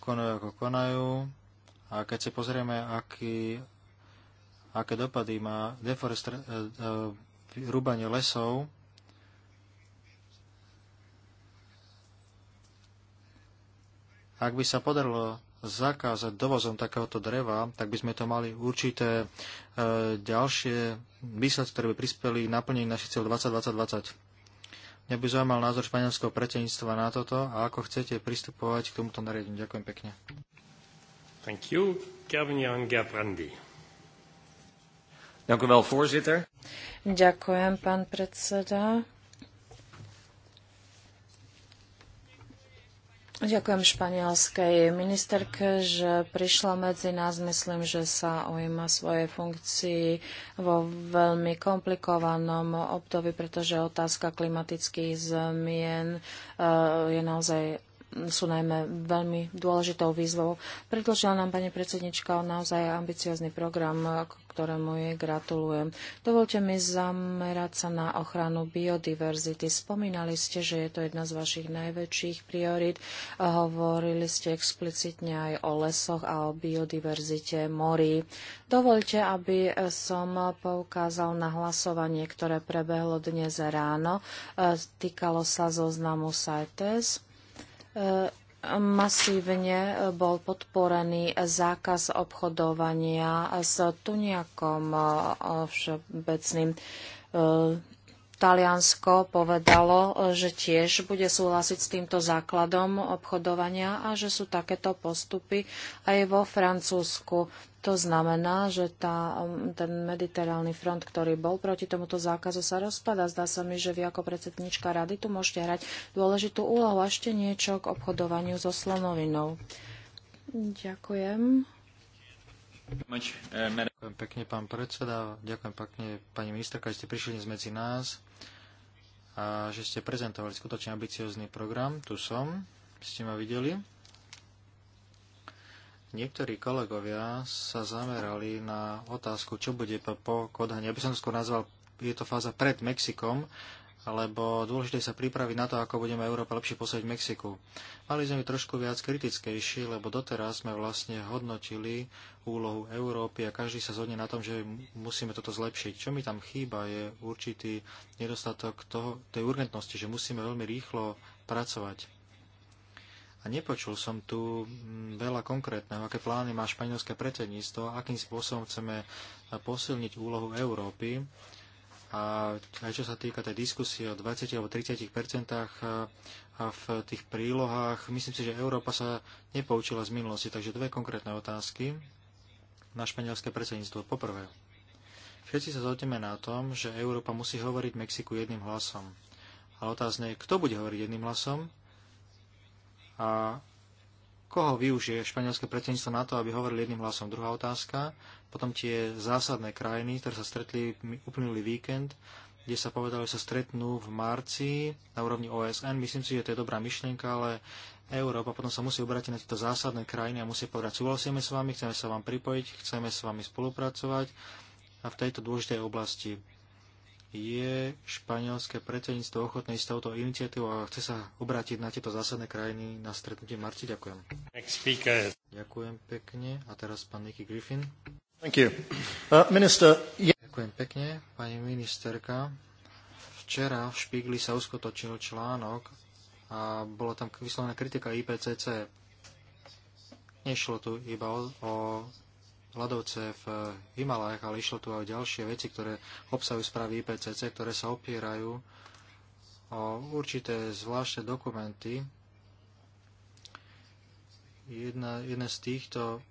konajú ako konajú a keď si pozrieme, aký, aké dopady má deforestre, e, rúbanie lesov, ak by sa podarilo zakázať dovozom takéhoto dreva, tak by sme to mali určité e, ďalšie výsledky, ktoré by prispeli k naplneniu našich cieľ 2020 Mňa by zaujímal názor španielského predsedníctva na toto a ako chcete pristupovať k tomuto nariadeniu. Ďakujem pekne. Thank you. Ďakujem, pán predseda. Ďakujem španielskej ministerke, že prišla medzi nás. Myslím, že sa ujíma svoje funkcii vo veľmi komplikovanom období, pretože otázka klimatických zmien eh, je naozaj sú najmä veľmi dôležitou výzvou. Predložila nám pani predsednička naozaj ambiciozný program, k ktorému jej gratulujem. Dovolte mi zamerať sa na ochranu biodiverzity. Spomínali ste, že je to jedna z vašich najväčších priorít. Hovorili ste explicitne aj o lesoch a o biodiverzite morí. Dovolte, aby som poukázal na hlasovanie, ktoré prebehlo dnes ráno. Týkalo sa zoznamu CITES Masívne bol podporený zákaz obchodovania s tuniakom eh, všeobecným eh, Taliansko povedalo, že tiež bude súhlasiť s týmto základom obchodovania a že sú takéto postupy aj vo Francúzsku. To znamená, že tá, ten mediterálny front, ktorý bol proti tomuto zákazu, sa rozpada. Zdá sa mi, že vy ako predsednička rady tu môžete hrať dôležitú úlohu. Ešte niečo k obchodovaniu so slonovinou. Ďakujem. Ďakujem pekne, pán predseda. Ďakujem pekne, pani ministerka, že ste prišli dnes medzi nás a že ste prezentovali skutočne ambiciózny program. Tu som, ste ma videli. Niektorí kolegovia sa zamerali na otázku, čo bude po Kodhane. Ja by som to skôr nazval, je to fáza pred Mexikom, lebo dôležité sa pripraviť na to, ako budeme Európa lepšie posadiť v Mexiku. Mali sme byť trošku viac kritickejší, lebo doteraz sme vlastne hodnotili úlohu Európy a každý sa zhodne na tom, že musíme toto zlepšiť. Čo mi tam chýba je určitý nedostatok toho, tej urgentnosti, že musíme veľmi rýchlo pracovať. A nepočul som tu mm, veľa konkrétneho, aké plány má španielské predsedníctvo, akým spôsobom chceme posilniť úlohu Európy a aj čo sa týka tej diskusie o 20 alebo 30 percentách a v tých prílohách, myslím si, že Európa sa nepoučila z minulosti. Takže dve konkrétne otázky na španielské predsedníctvo. Poprvé, všetci sa zhodneme na tom, že Európa musí hovoriť Mexiku jedným hlasom. Ale otázne je, kto bude hovoriť jedným hlasom a koho využije španielské predsedníctvo na to, aby hovorili jedným hlasom. Druhá otázka. Potom tie zásadné krajiny, ktoré sa stretli uplynulý víkend, kde sa povedalo, že sa stretnú v marci na úrovni OSN. Myslím si, že to je dobrá myšlienka, ale Európa potom sa musí obrátiť na tieto zásadné krajiny a musí povedať, súhlasíme s vami, chceme sa vám pripojiť, chceme s vami spolupracovať a v tejto dôležitej oblasti je španielské predsedníctvo ochotné s touto iniciatívou a chce sa obrátiť na tieto zásadné krajiny na stretnutie Marti? Ďakujem. Ďakujem pekne. A teraz pán Nicky Griffin. Uh, minister... Ďakujem pekne. Pani ministerka, včera v Špigli sa uskutočil článok a bola tam vyslovená kritika IPCC. Nešlo tu iba o, o ľadovce v eh, Himalajach, ale išlo tu aj o ďalšie veci, ktoré obsahujú správy IPCC, ktoré sa opierajú o určité zvláštne dokumenty. Jedna, jedna z týchto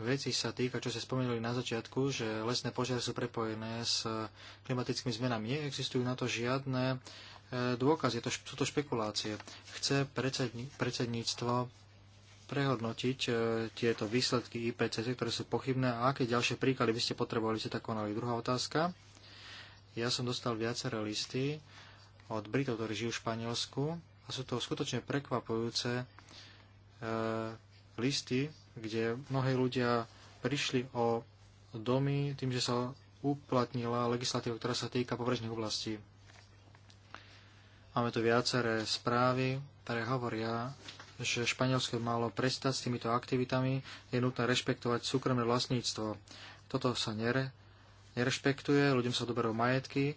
vecí sa týka, čo ste spomenuli na začiatku, že lesné požiare sú prepojené s eh, klimatickými zmenami. Neexistujú na to žiadne eh, dôkazy, to, sú to špekulácie. Chce predsedníctvo prehodnotiť e, tieto výsledky IPCC, ktoré sú pochybné a aké ďalšie príklady by ste potrebovali, ste tak konali. Druhá otázka. Ja som dostal viaceré listy od Britov, ktorí žijú v Španielsku a sú to skutočne prekvapujúce e, listy, kde mnohí ľudia prišli o domy tým, že sa uplatnila legislatíva, ktorá sa týka pobrežných oblastí. Máme tu viaceré správy, ktoré hovoria že Španielsko malo prestať s týmito aktivitami, je nutné rešpektovať súkromné vlastníctvo. Toto sa nere, nerešpektuje, ľuďom sa doberú majetky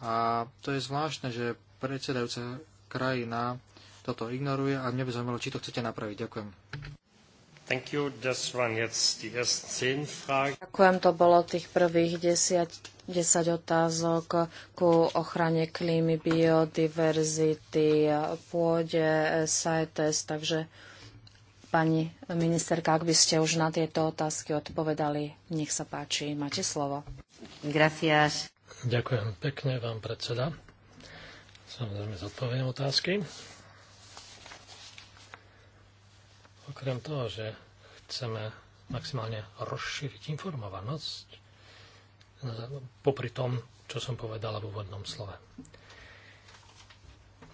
a to je zvláštne, že predsedajúca krajina toto ignoruje a mne by zaujímalo, či to chcete napraviť. Ďakujem. Ďakujem, to bolo tých prvých 10, 10 otázok ku ochrane klímy, biodiverzity, pôde, CITES, takže pani ministerka, ak by ste už na tieto otázky odpovedali, nech sa páči, máte slovo. Gracias. Ďakujem pekne vám, predseda. Samozrejme, zodpoviem otázky. Okrem toho, že chceme maximálne rozšíriť informovanosť, popri tom, čo som povedala v úvodnom slove.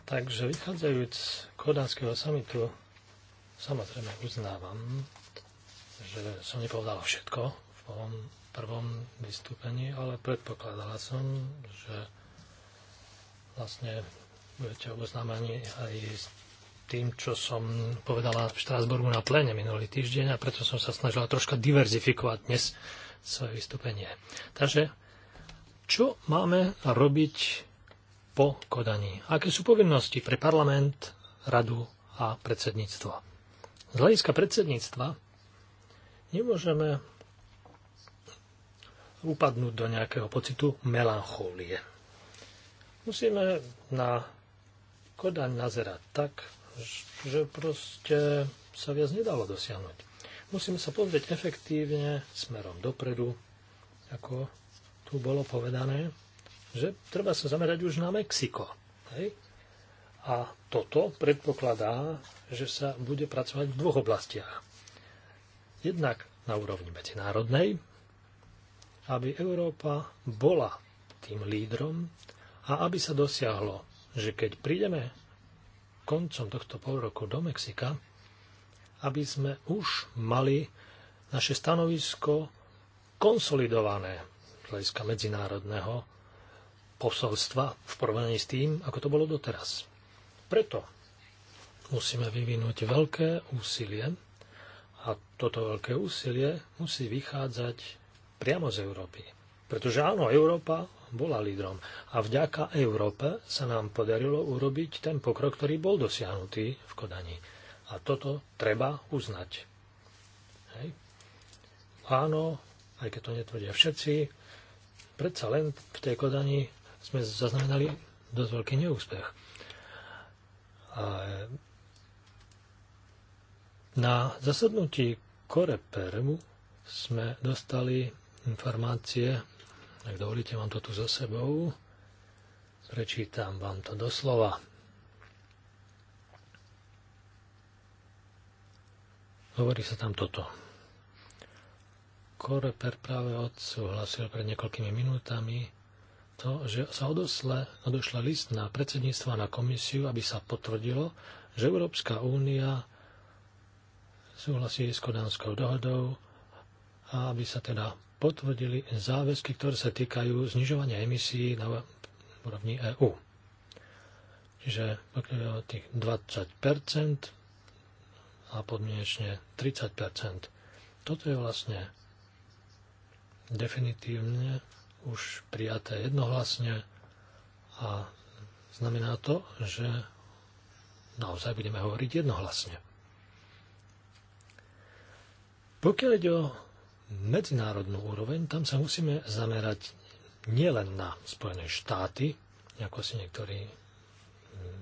Takže vychádzajúc z kodanského samitu, samozrejme uznávam, že som nepovedala všetko v tom prvom vystúpení, ale predpokladala som, že vlastne budete oboznámení aj s tým, čo som povedala v Štrásburgu na plene minulý týždeň a preto som sa snažila troška diverzifikovať dnes svoje vystúpenie. Takže, čo máme robiť po kodaní? Aké sú povinnosti pre parlament, radu a predsedníctvo? Z hľadiska predsedníctva nemôžeme upadnúť do nejakého pocitu melanchólie. Musíme na Kodaň nazerať tak, že proste sa viac nedalo dosiahnuť. Musíme sa pozrieť efektívne smerom dopredu, ako tu bolo povedané, že treba sa zamerať už na Mexiko. Hej? A toto predpokladá, že sa bude pracovať v dvoch oblastiach. Jednak na úrovni medzinárodnej, aby Európa bola tým lídrom a aby sa dosiahlo, že keď prídeme koncom tohto roku do Mexika, aby sme už mali naše stanovisko konsolidované z hľadiska medzinárodného posolstva v porovnaní s tým, ako to bolo doteraz. Preto musíme vyvinúť veľké úsilie a toto veľké úsilie musí vychádzať priamo z Európy. Pretože áno, Európa bola lídrom. A vďaka Európe sa nám podarilo urobiť ten pokrok, ktorý bol dosiahnutý v Kodani. A toto treba uznať. Hej. Áno, aj keď to netvrdia všetci, predsa len v tej Kodani sme zaznamenali dosť veľký neúspech. A na zasadnutí Koreperu sme dostali informácie ak dovolíte, mám to tu za sebou. Prečítam vám to doslova. Hovorí sa tam toto. Koreper práve odsúhlasil pred niekoľkými minútami to, že sa odosle, odošla list na predsedníctvo na komisiu, aby sa potvrdilo, že Európska únia súhlasí s Kodanskou dohodou a aby sa teda potvrdili záväzky, ktoré sa týkajú znižovania emisí na úrovni EÚ. Čiže pokiaľ tých 20 a podmienečne 30 Toto je vlastne definitívne už prijaté jednohlasne a znamená to, že naozaj budeme hovoriť jednohlasne. Pokiaľ ide o medzinárodnú úroveň, tam sa musíme zamerať nielen na Spojené štáty, ako si niektorí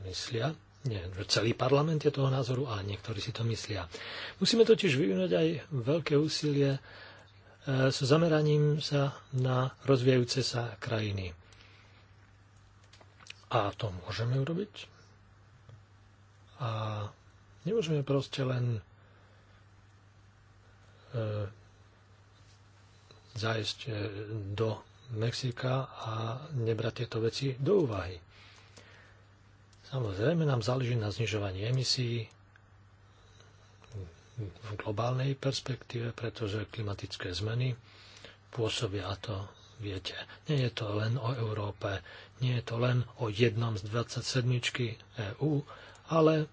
myslia, nie, celý parlament je toho názoru, ale niektorí si to myslia. Musíme totiž vyvinúť aj veľké úsilie e, s zameraním sa na rozvíjajúce sa krajiny. A to môžeme urobiť. A nemôžeme proste len e, zájsť e, do Mexika a nebrať tieto veci do úvahy. Samozrejme nám záleží na znižovaní emisí v globálnej perspektíve, pretože klimatické zmeny pôsobia a to viete. Nie je to len o Európe, nie je to len o jednom z 27 EÚ, ale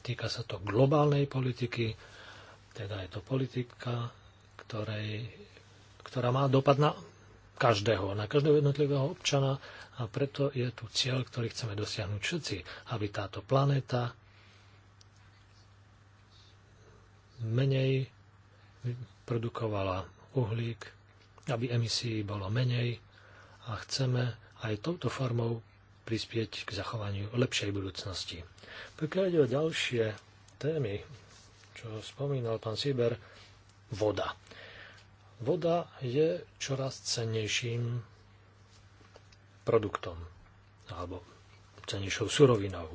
týka sa to globálnej politiky, teda je to politika, ktorej ktorá má dopad na každého, na každého jednotlivého občana a preto je tu cieľ, ktorý chceme dosiahnuť všetci, aby táto planéta menej produkovala uhlík, aby emisí bolo menej a chceme aj touto formou prispieť k zachovaniu lepšej budúcnosti. Pokiaľ ide o ďalšie témy, čo spomínal pán Sieber, voda voda je čoraz cennejším produktom alebo cennejšou surovinou.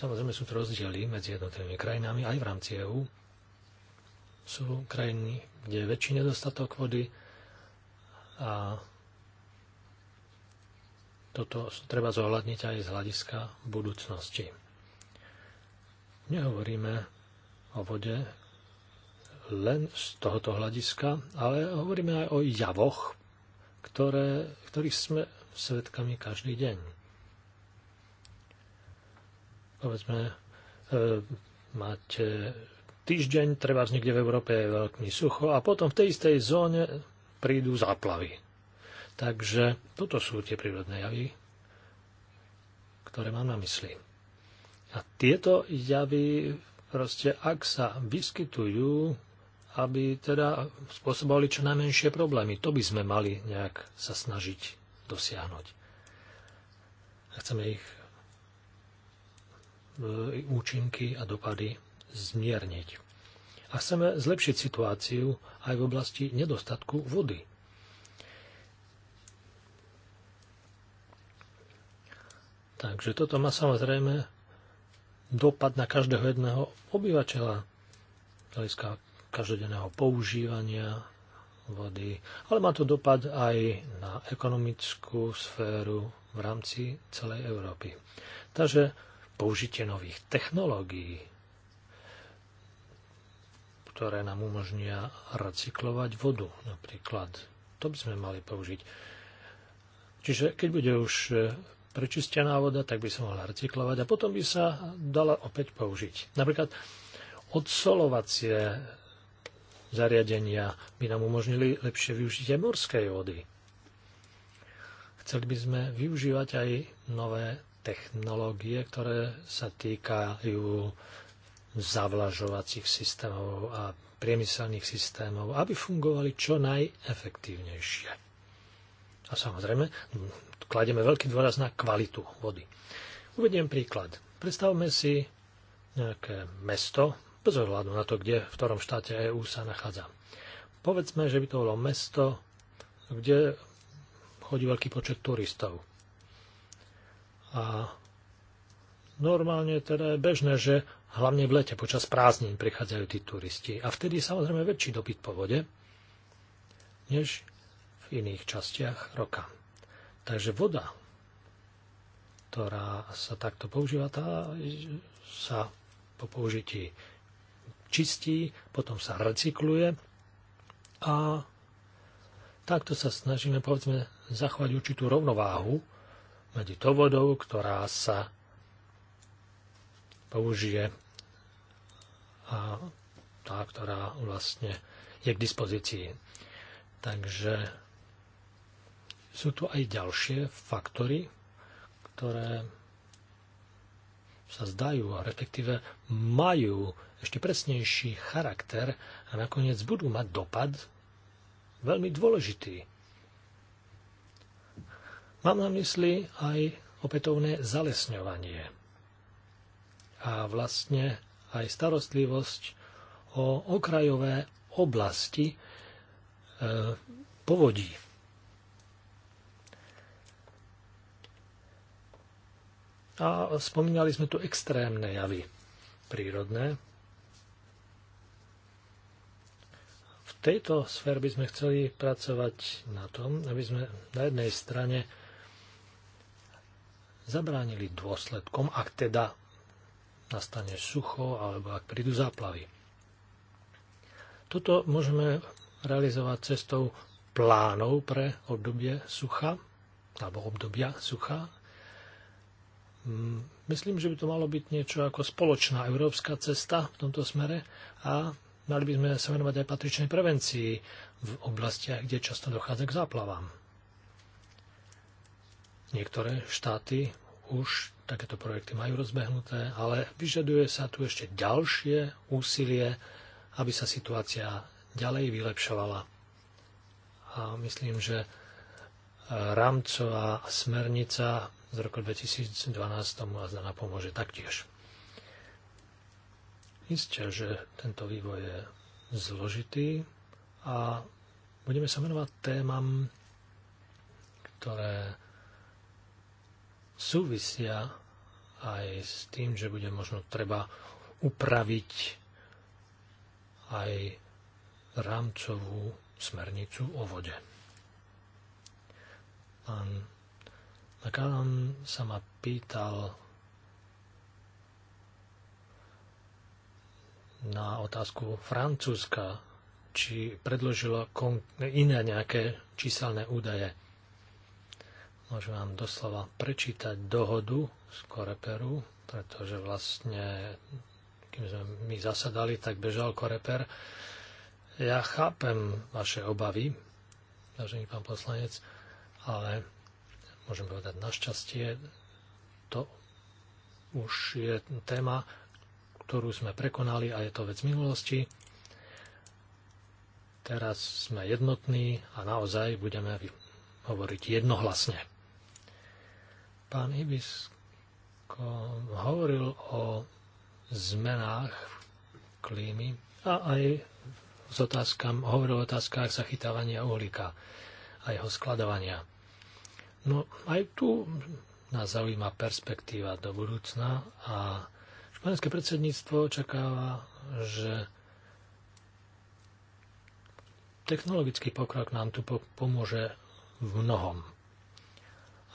Samozrejme sú to rozdiely medzi jednotlivými krajinami aj v rámci EÚ. Sú krajiny, kde je väčší nedostatok vody a toto treba zohľadniť aj z hľadiska budúcnosti. Nehovoríme o vode, len z tohoto hľadiska, ale hovoríme aj o javoch, ktoré, ktorých sme svetkami každý deň. Povedzme, e, máte týždeň, treba niekde v Európe je veľmi sucho a potom v tej istej zóne prídu záplavy. Takže toto sú tie prírodné javy, ktoré mám na mysli. A tieto javy proste, ak sa vyskytujú aby teda spôsobovali čo najmenšie problémy. To by sme mali nejak sa snažiť dosiahnuť. A chceme ich e, účinky a dopady zmierniť. A chceme zlepšiť situáciu aj v oblasti nedostatku vody. Takže toto má samozrejme dopad na každého jedného obyvateľa hľadiska každodenného používania vody, ale má to dopad aj na ekonomickú sféru v rámci celej Európy. Takže použitie nových technológií, ktoré nám umožnia recyklovať vodu napríklad. To by sme mali použiť. Čiže keď bude už prečistená voda, tak by sa mohla recyklovať a potom by sa dala opäť použiť. Napríklad odsolovacie zariadenia by nám umožnili lepšie využitie morskej vody. Chceli by sme využívať aj nové technológie, ktoré sa týkajú zavlažovacích systémov a priemyselných systémov, aby fungovali čo najefektívnejšie. A samozrejme, kladieme veľký dôraz na kvalitu vody. Uvediem príklad. Predstavme si nejaké mesto bez ohľadu na to, kde, v ktorom štáte EÚ sa nachádza. Povedzme, že by to bolo mesto, kde chodí veľký počet turistov. A normálne teda je bežné, že hlavne v lete počas prázdnin prichádzajú tí turisti. A vtedy samozrejme väčší dopyt po vode, než v iných častiach roka. Takže voda, ktorá sa takto používa, tá sa po použití čistí, potom sa recykluje a takto sa snažíme povedzme zachovať určitú rovnováhu medzi to vodou, ktorá sa použije a tá, ktorá vlastne je k dispozícii. Takže sú tu aj ďalšie faktory, ktoré sa zdajú, a respektíve majú ešte presnejší charakter a nakoniec budú mať dopad veľmi dôležitý. Mám na mysli aj opätovné zalesňovanie a vlastne aj starostlivosť o okrajové oblasti e, povodí a spomínali sme tu extrémne javy prírodné. V tejto sfére by sme chceli pracovať na tom, aby sme na jednej strane zabránili dôsledkom, ak teda nastane sucho alebo ak prídu záplavy. Toto môžeme realizovať cestou plánov pre obdobie sucha alebo obdobia sucha Mm, myslím, že by to malo byť niečo ako spoločná európska cesta v tomto smere a mali by sme sa venovať aj patričnej prevencii v oblastiach, kde často dochádza k záplavám. Niektoré štáty už takéto projekty majú rozbehnuté, ale vyžaduje sa tu ešte ďalšie úsilie, aby sa situácia ďalej vylepšovala. A myslím, že rámcová smernica z roku 2012 tomu a zdaná pomôže taktiež. Isté, že tento vývoj je zložitý a budeme sa venovať témam, ktoré súvisia aj s tým, že bude možno treba upraviť aj rámcovú smernicu o vode. Pán a Kalan sa ma pýtal na otázku Francúzska, či predložilo iné nejaké číselné údaje. Môžem vám doslova prečítať dohodu z Koreperu, pretože vlastne, kým sme my zasadali, tak bežal Koreper. Ja chápem vaše obavy, vážený pán poslanec, ale môžem povedať našťastie, to už je téma, ktorú sme prekonali a je to vec minulosti. Teraz sme jednotní a naozaj budeme hovoriť jednohlasne. Pán Ibis hovoril o zmenách klímy a aj s otázkam, hovoril o otázkach zachytávania uhlíka a jeho skladovania. No aj tu nás zaujíma perspektíva do budúcna a španielské predsedníctvo očakáva, že technologický pokrok nám tu pomôže v mnohom.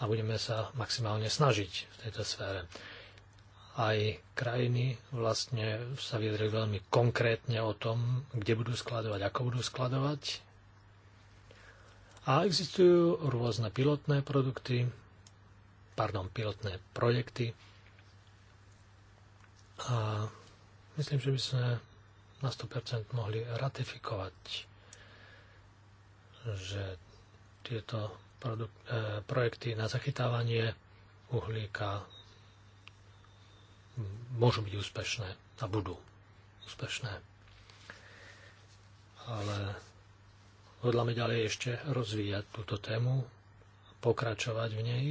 A budeme sa maximálne snažiť v tejto sfére. Aj krajiny vlastne sa vyjadrili veľmi konkrétne o tom, kde budú skladovať, ako budú skladovať a existujú rôzne pilotné produkty, pardon, pilotné projekty. A myslím, že by sme na 100% mohli ratifikovať, že tieto produk- e, projekty na zachytávanie uhlíka môžu byť úspešné a budú úspešné. Ale hodláme ďalej ešte rozvíjať túto tému, pokračovať v nej.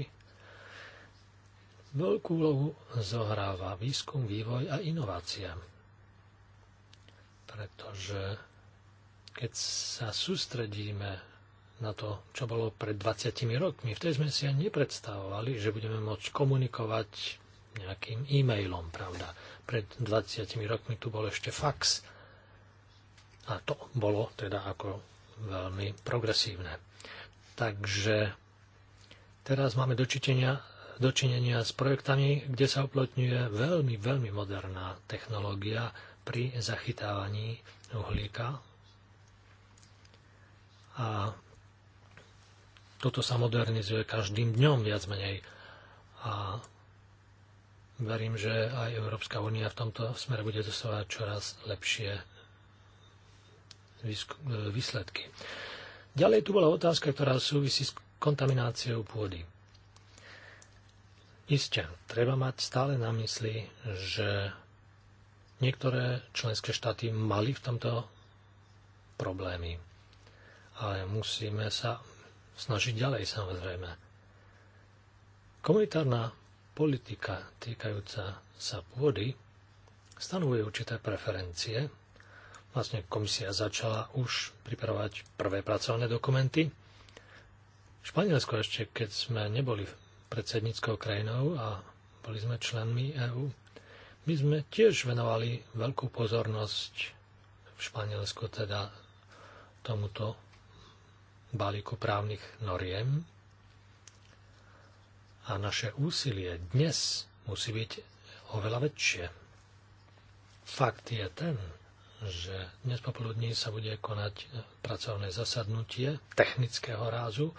Veľkú úlohu zohráva výskum, vývoj a inovácia. Pretože keď sa sústredíme na to, čo bolo pred 20 rokmi, vtedy sme si ani nepredstavovali, že budeme môcť komunikovať nejakým e-mailom, pravda. Pred 20 rokmi tu bol ešte fax. A to bolo teda ako veľmi progresívne. Takže teraz máme dočinenia, dočinenia s projektami, kde sa uplotňuje veľmi, veľmi moderná technológia pri zachytávaní uhlíka. A toto sa modernizuje každým dňom viac menej. A verím, že aj Európska únia v tomto smere bude dostávať čoraz lepšie E, výsledky. Ďalej tu bola otázka, ktorá súvisí s kontamináciou pôdy. Isté, treba mať stále na mysli, že niektoré členské štáty mali v tomto problémy. Ale musíme sa snažiť ďalej samozrejme. Komunitárna politika týkajúca sa pôdy stanovuje určité preferencie vlastne komisia začala už pripravovať prvé pracovné dokumenty. Španielsko ešte, keď sme neboli predsedníckou krajinou a boli sme členmi EÚ, my sme tiež venovali veľkú pozornosť v Španielsku teda tomuto balíku právnych noriem a naše úsilie dnes musí byť oveľa väčšie. Fakt je ten, že dnes popoludní sa bude konať pracovné zasadnutie technického rázu e,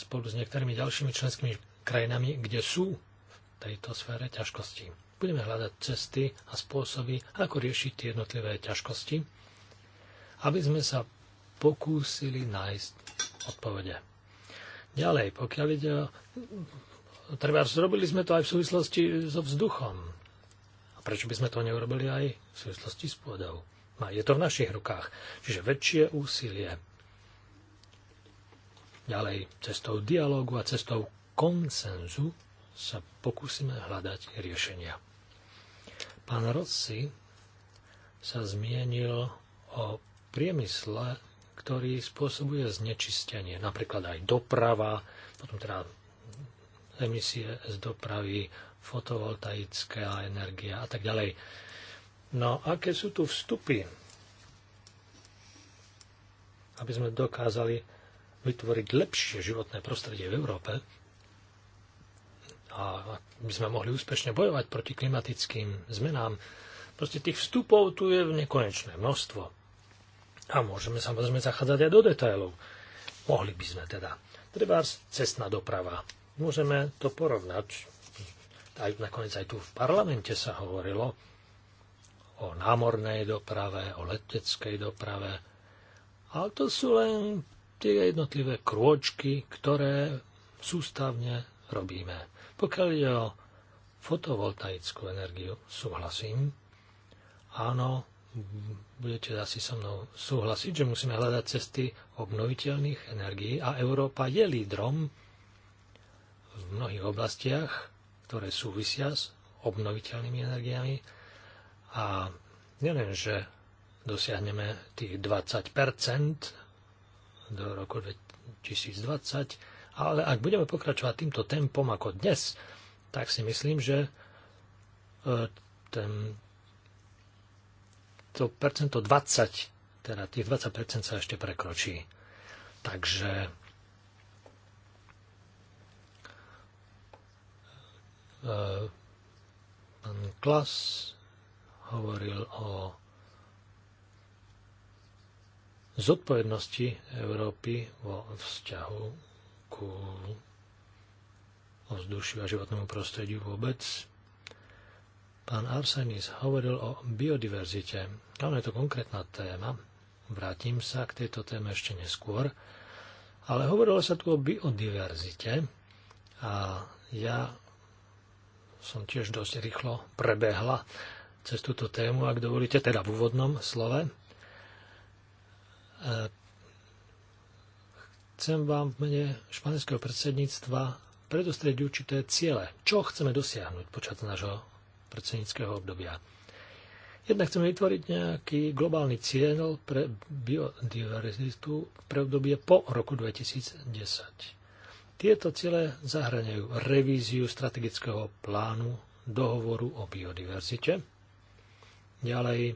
spolu s niektorými ďalšími členskými krajinami, kde sú v tejto sfére ťažkosti. Budeme hľadať cesty a spôsoby, ako riešiť tie jednotlivé ťažkosti, aby sme sa pokúsili nájsť odpovede. Ďalej, pokiaľ ide o... Treba, zrobili sme to aj v súvislosti so vzduchom prečo by sme to neurobili aj v súvislosti s pôdou? A je to v našich rukách. Čiže väčšie úsilie. Ďalej, cestou dialógu a cestou konsenzu sa pokúsime hľadať riešenia. Pán Rossi sa zmienil o priemysle, ktorý spôsobuje znečistenie, napríklad aj doprava, potom teda emisie z dopravy, fotovoltaická energia a tak ďalej. No aké sú tu vstupy, aby sme dokázali vytvoriť lepšie životné prostredie v Európe a aby sme mohli úspešne bojovať proti klimatickým zmenám. Proste tých vstupov tu je nekonečné množstvo. A môžeme samozrejme zachádzať aj do detailov. Mohli by sme teda. Treba cestná doprava. Môžeme to porovnať aj nakoniec aj tu v parlamente sa hovorilo o námornej doprave, o leteckej doprave. Ale to sú len tie jednotlivé krôčky, ktoré sústavne robíme. Pokiaľ ide o fotovoltaickú energiu, súhlasím. Áno, budete asi so mnou súhlasiť, že musíme hľadať cesty obnoviteľných energií a Európa je lídrom v mnohých oblastiach ktoré súvisia s obnoviteľnými energiami a nielen, že dosiahneme tých 20 do roku 2020, ale ak budeme pokračovať týmto tempom ako dnes, tak si myslím, že e, ten, to percento 20, teda tých 20% sa ešte prekročí. Takže E, pán Klas hovoril o zodpovednosti Európy vo vzťahu ku ovzdušiu a životnému prostrediu vôbec. Pán Arsenis hovoril o biodiverzite. Áno, je to konkrétna téma. Vrátim sa k tejto téme ešte neskôr. Ale hovorilo sa tu o biodiverzite a ja som tiež dosť rýchlo prebehla cez túto tému, ak dovolíte, teda v úvodnom slove. E, chcem vám v mene španielského predsedníctva predostrieť určité ciele, čo chceme dosiahnuť počas nášho predsedníckého obdobia. Jednak chceme vytvoriť nejaký globálny cieľ pre biodiverzitu pre obdobie po roku 2010. Tieto ciele zahraňajú revíziu strategického plánu dohovoru o biodiverzite. Ďalej, e,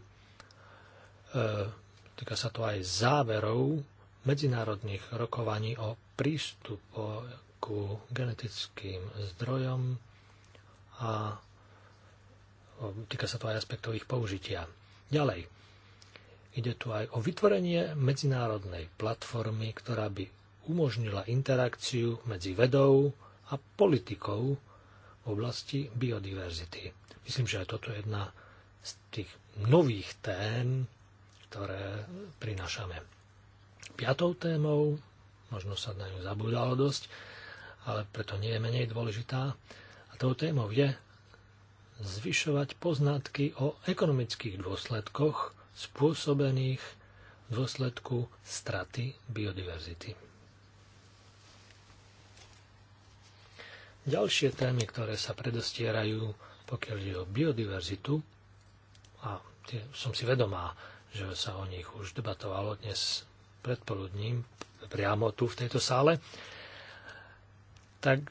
týka sa to aj záverov medzinárodných rokovaní o prístupu ku genetickým zdrojom a týka sa to aj aspektov ich použitia. Ďalej, ide tu aj o vytvorenie medzinárodnej platformy, ktorá by umožnila interakciu medzi vedou a politikou v oblasti biodiverzity. Myslím, že aj toto je jedna z tých nových tém, ktoré prinášame. Piatou témou, možno sa na ňu zabudalo dosť, ale preto nie je menej dôležitá, a tou témou je zvyšovať poznatky o ekonomických dôsledkoch spôsobených v dôsledku straty biodiverzity. Ďalšie témy, ktoré sa predostierajú, pokiaľ ide o biodiverzitu, a tie, som si vedomá, že sa o nich už debatovalo dnes predpoludním priamo tu v tejto sále, tak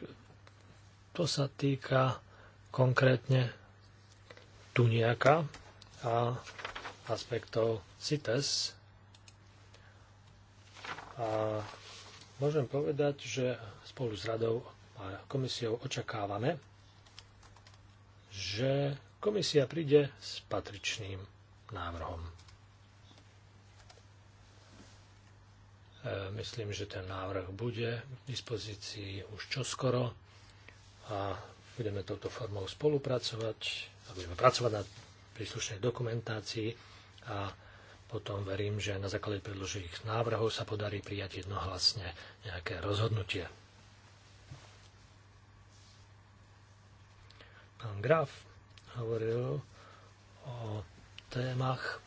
to sa týka konkrétne tuniaka a aspektov CITES. A môžem povedať, že spolu s radou a komisiou očakávame, že komisia príde s patričným návrhom. E, myslím, že ten návrh bude k dispozícii už čoskoro a budeme touto formou spolupracovať a budeme pracovať na príslušnej dokumentácii a potom verím, že na základe predložených návrhov sa podarí prijať jednohlasne nejaké rozhodnutie. pán Graf hovoril o témach,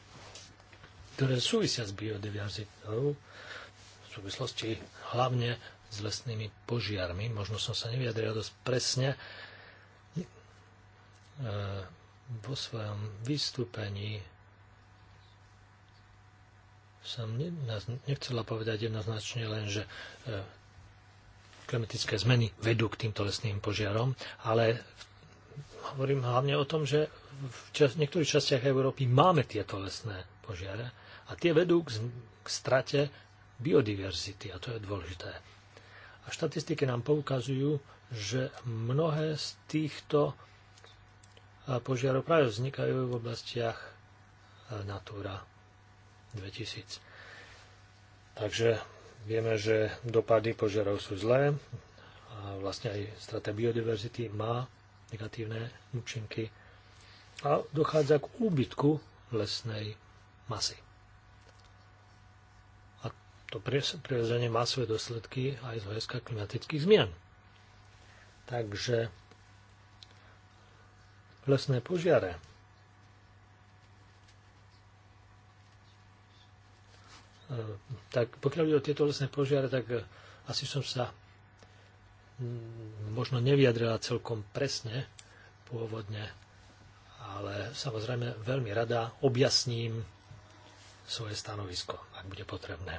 ktoré súvisia s biodiverzitou v súvislosti hlavne s lesnými požiarmi. Možno som sa nevyjadril dosť presne e, vo svojom vystúpení som nechcela povedať jednoznačne len, že e, klimatické zmeny vedú k týmto lesným požiarom, ale v hovorím hlavne o tom, že v, čas, v niektorých častiach Európy máme tieto lesné požiare a tie vedú k, k strate biodiverzity a to je dôležité. A štatistiky nám poukazujú, že mnohé z týchto požiarov práve vznikajú v oblastiach Natura 2000. Takže vieme, že dopady požiarov sú zlé a vlastne aj strata biodiverzity má negatívne účinky a dochádza k úbytku lesnej masy. A to prirodzene má svoje dôsledky aj z hľadiska klimatických zmien. Takže lesné požiare e, tak pokiaľ ide o tieto lesné požiare, tak asi som sa Mm, možno nevyjadrila celkom presne pôvodne, ale samozrejme veľmi rada objasním svoje stanovisko, ak bude potrebné.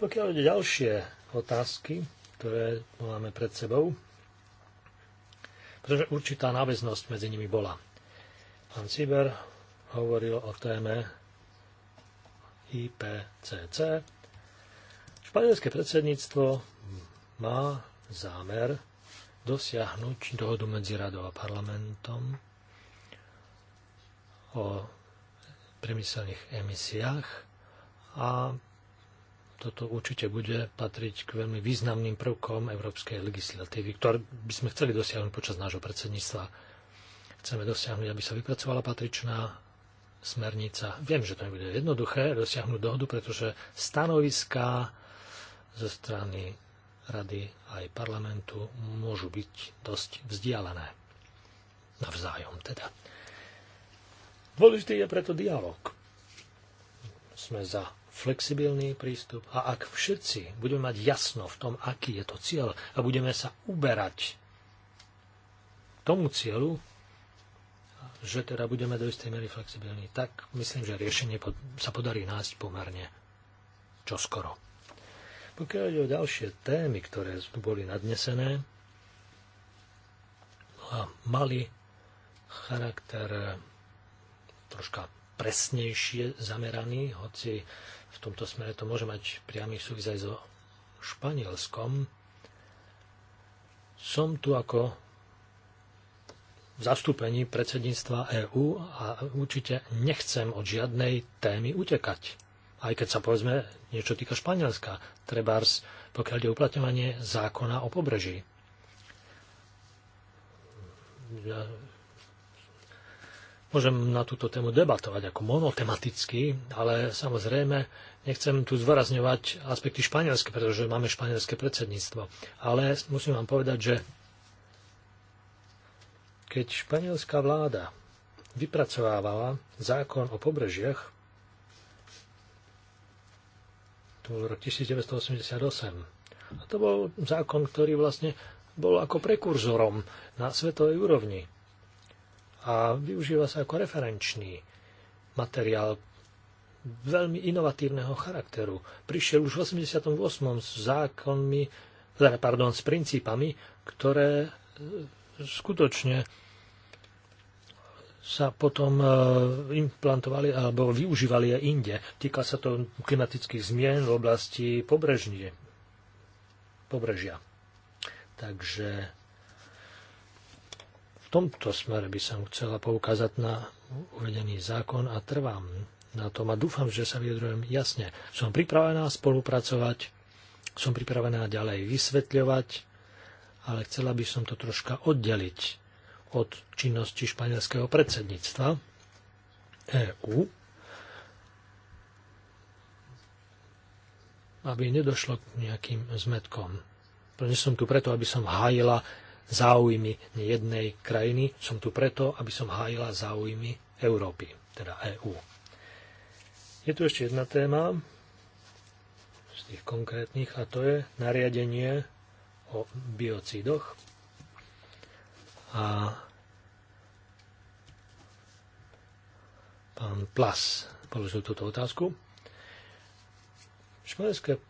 Pokiaľ ide ďalšie otázky, ktoré máme pred sebou, pretože určitá náväznosť medzi nimi bola. Pán Ciber hovoril o téme IPCC. Španielské predsedníctvo má zámer dosiahnuť dohodu medzi radou a parlamentom o priemyselných emisiách a toto určite bude patriť k veľmi významným prvkom európskej legislatívy, ktoré by sme chceli dosiahnuť počas nášho predsedníctva. Chceme dosiahnuť, aby sa vypracovala patričná smernica. Viem, že to nebude jednoduché dosiahnuť dohodu, pretože stanoviská zo strany rady aj parlamentu môžu byť dosť vzdialené. Navzájom teda. Dôležitý je preto dialog. Sme za flexibilný prístup a ak všetci budeme mať jasno v tom, aký je to cieľ a budeme sa uberať tomu cieľu, že teda budeme do istej miery flexibilní, tak myslím, že riešenie sa podarí nájsť pomerne čoskoro. Pokiaľ ide o ďalšie témy, ktoré tu boli nadnesené a mali charakter troška presnejšie zameraný, hoci v tomto smere to môže mať priamy súvis aj so Španielskom. Som tu ako v zastúpení predsedníctva EÚ a určite nechcem od žiadnej témy utekať aj keď sa povedzme niečo týka Španielska, trebárs pokiaľ je uplatňovanie zákona o pobreží. Ja môžem na túto tému debatovať ako monotematicky, ale samozrejme nechcem tu zvorazňovať aspekty španielske, pretože máme španielske predsedníctvo. Ale musím vám povedať, že keď španielská vláda vypracovávala zákon o pobrežiach, roku 1988. A to bol zákon, ktorý vlastne bol ako prekurzorom na svetovej úrovni a využíva sa ako referenčný materiál veľmi inovatívneho charakteru. Prišiel už v 88. s zákonmi, teda, pardon, s princípami, ktoré e, skutočne sa potom e, implantovali alebo využívali aj inde. Týka sa to klimatických zmien v oblasti pobrežnie, pobrežia. Takže v tomto smere by som chcela poukázať na uvedený zákon a trvám na tom a dúfam, že sa vyjadrujem jasne. Som pripravená spolupracovať, som pripravená ďalej vysvetľovať, ale chcela by som to troška oddeliť od činnosti španielského predsedníctva EÚ, aby nedošlo k nejakým zmetkom. Pretože som tu preto, aby som hájila záujmy jednej krajiny, som tu preto, aby som hájila záujmy Európy, teda EÚ. Je tu ešte jedna téma z tých konkrétnych a to je nariadenie o biocídoch, a pán Plas položil túto otázku. Španielské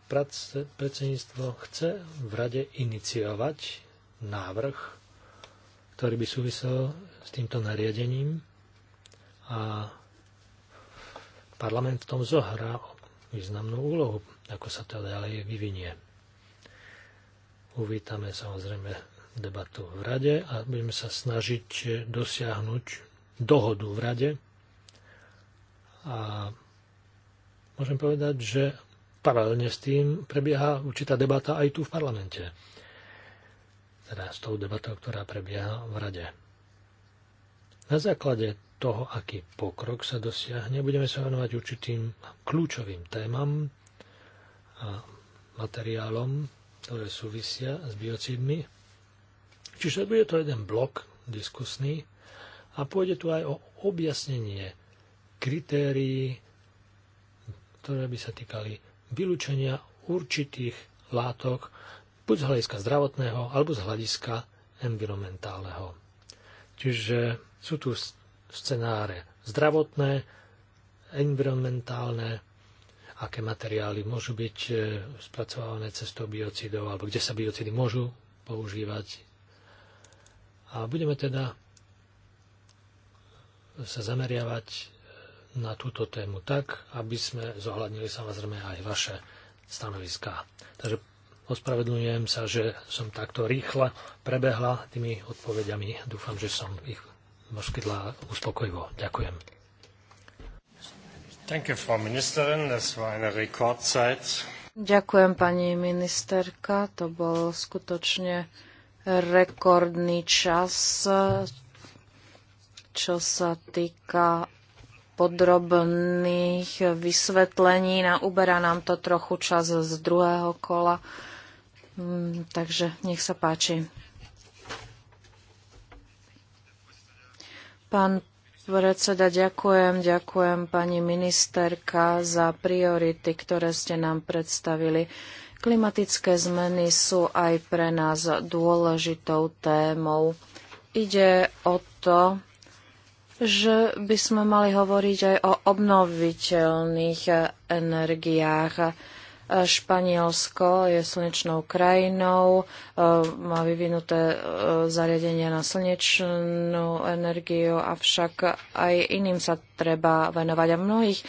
predsedníctvo chce v rade iniciovať návrh, ktorý by súvisel s týmto nariadením a parlament v tom zohrá významnú úlohu, ako sa to ďalej vyvinie. Uvítame samozrejme debatu v rade a budeme sa snažiť dosiahnuť dohodu v rade. A môžem povedať, že paralelne s tým prebieha určitá debata aj tu v parlamente. Teda s tou debatou, ktorá prebieha v rade. Na základe toho, aký pokrok sa dosiahne, budeme sa venovať určitým kľúčovým témam a materiálom, ktoré súvisia s biocidmi Čiže bude to jeden blok diskusný a pôjde tu aj o objasnenie kritérií, ktoré by sa týkali vylúčenia určitých látok, buď z hľadiska zdravotného, alebo z hľadiska environmentálneho. Čiže sú tu scenáre zdravotné, environmentálne, aké materiály môžu byť e, spracované cestou biocidov, alebo kde sa biocidy môžu používať a budeme teda sa zameriavať na túto tému tak, aby sme zohľadnili samozrejme aj vaše stanoviská. Takže ospravedlňujem sa, že som takto rýchlo prebehla tými odpovediami. Dúfam, že som ich poskytla uspokojivo. Ďakujem. Ďakujem, pani ministerka. To bol skutočne rekordný čas, čo sa týka podrobných vysvetlení. Uberá nám to trochu čas z druhého kola. Mm, takže nech sa páči. Pán predseda, ďakujem, ďakujem pani ministerka za priority, ktoré ste nám predstavili. Klimatické zmeny sú aj pre nás dôležitou témou. Ide o to, že by sme mali hovoriť aj o obnoviteľných energiách. Španielsko je slnečnou krajinou, e, má vyvinuté e, zariadenia na slnečnú energiu, avšak aj iným sa treba venovať. A v mnohých e,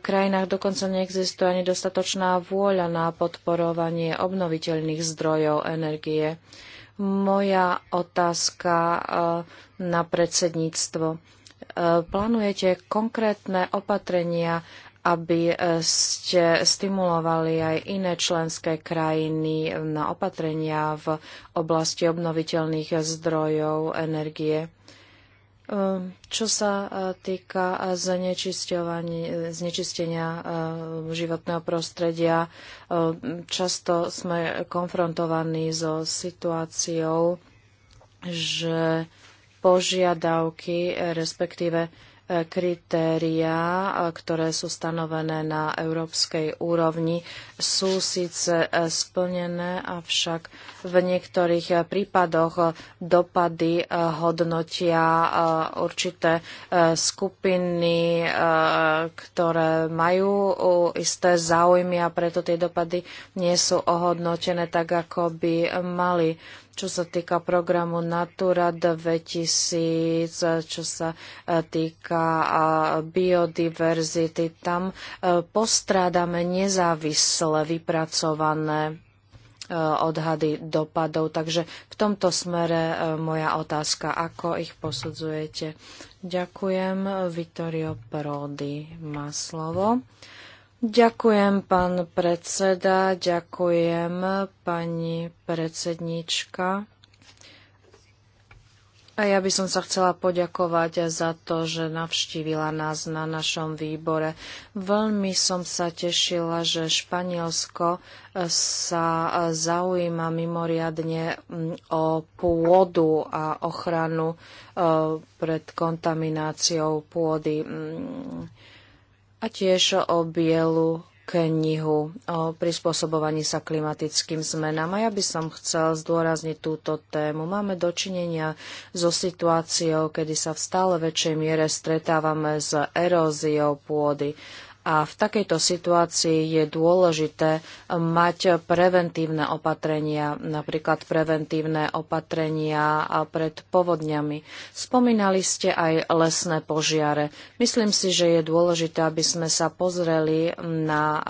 krajinách dokonca neexistuje ani dostatočná vôľa na podporovanie obnoviteľných zdrojov energie. Moja otázka na predsedníctvo plánujete konkrétne opatrenia, aby e, ste stimulovali aj iné členské krajiny na opatrenia v oblasti obnoviteľných zdrojov energie. E, čo sa e, týka znečistenia životného prostredia, často sme konfrontovaní so situáciou, že požiadavky, respektíve kritériá, ktoré sú stanovené na európskej úrovni, sú síce e, splnené, avšak v niektorých e, prípadoch dopady e, hodnotia určité skupiny, ktoré majú isté záujmy a preto tie dopady nie sú ohodnotené tak, ako by mali čo sa týka programu Natura 2000, čo sa e, týka biodiverzity, tam e, postrádame nezávisle vypracované e, odhady dopadov. Takže v tomto smere moja otázka, ako ich posudzujete. Ďakujem. Vittorio Prodi má slovo. Ďakujem, pán predseda, ďakujem, pani predsedníčka. A ja by som sa chcela poďakovať za to, že navštívila nás na našom výbore. Veľmi som sa tešila, že Španielsko sa zaujíma mimoriadne mm, o pôdu a ochranu e, pred kontamináciou pôdy mm, a tiež o bielu knihu o prispôsobovaní sa klimatickým zmenám. A ja by som chcel zdôrazniť túto tému. Máme dočinenia so situáciou, kedy sa v stále väčšej miere stretávame s eróziou pôdy. A v takejto situácii je dôležité mať preventívne opatrenia, napríklad preventívne opatrenia pred povodňami. Spomínali ste aj lesné požiare. Myslím si, že je dôležité, aby sme sa pozreli na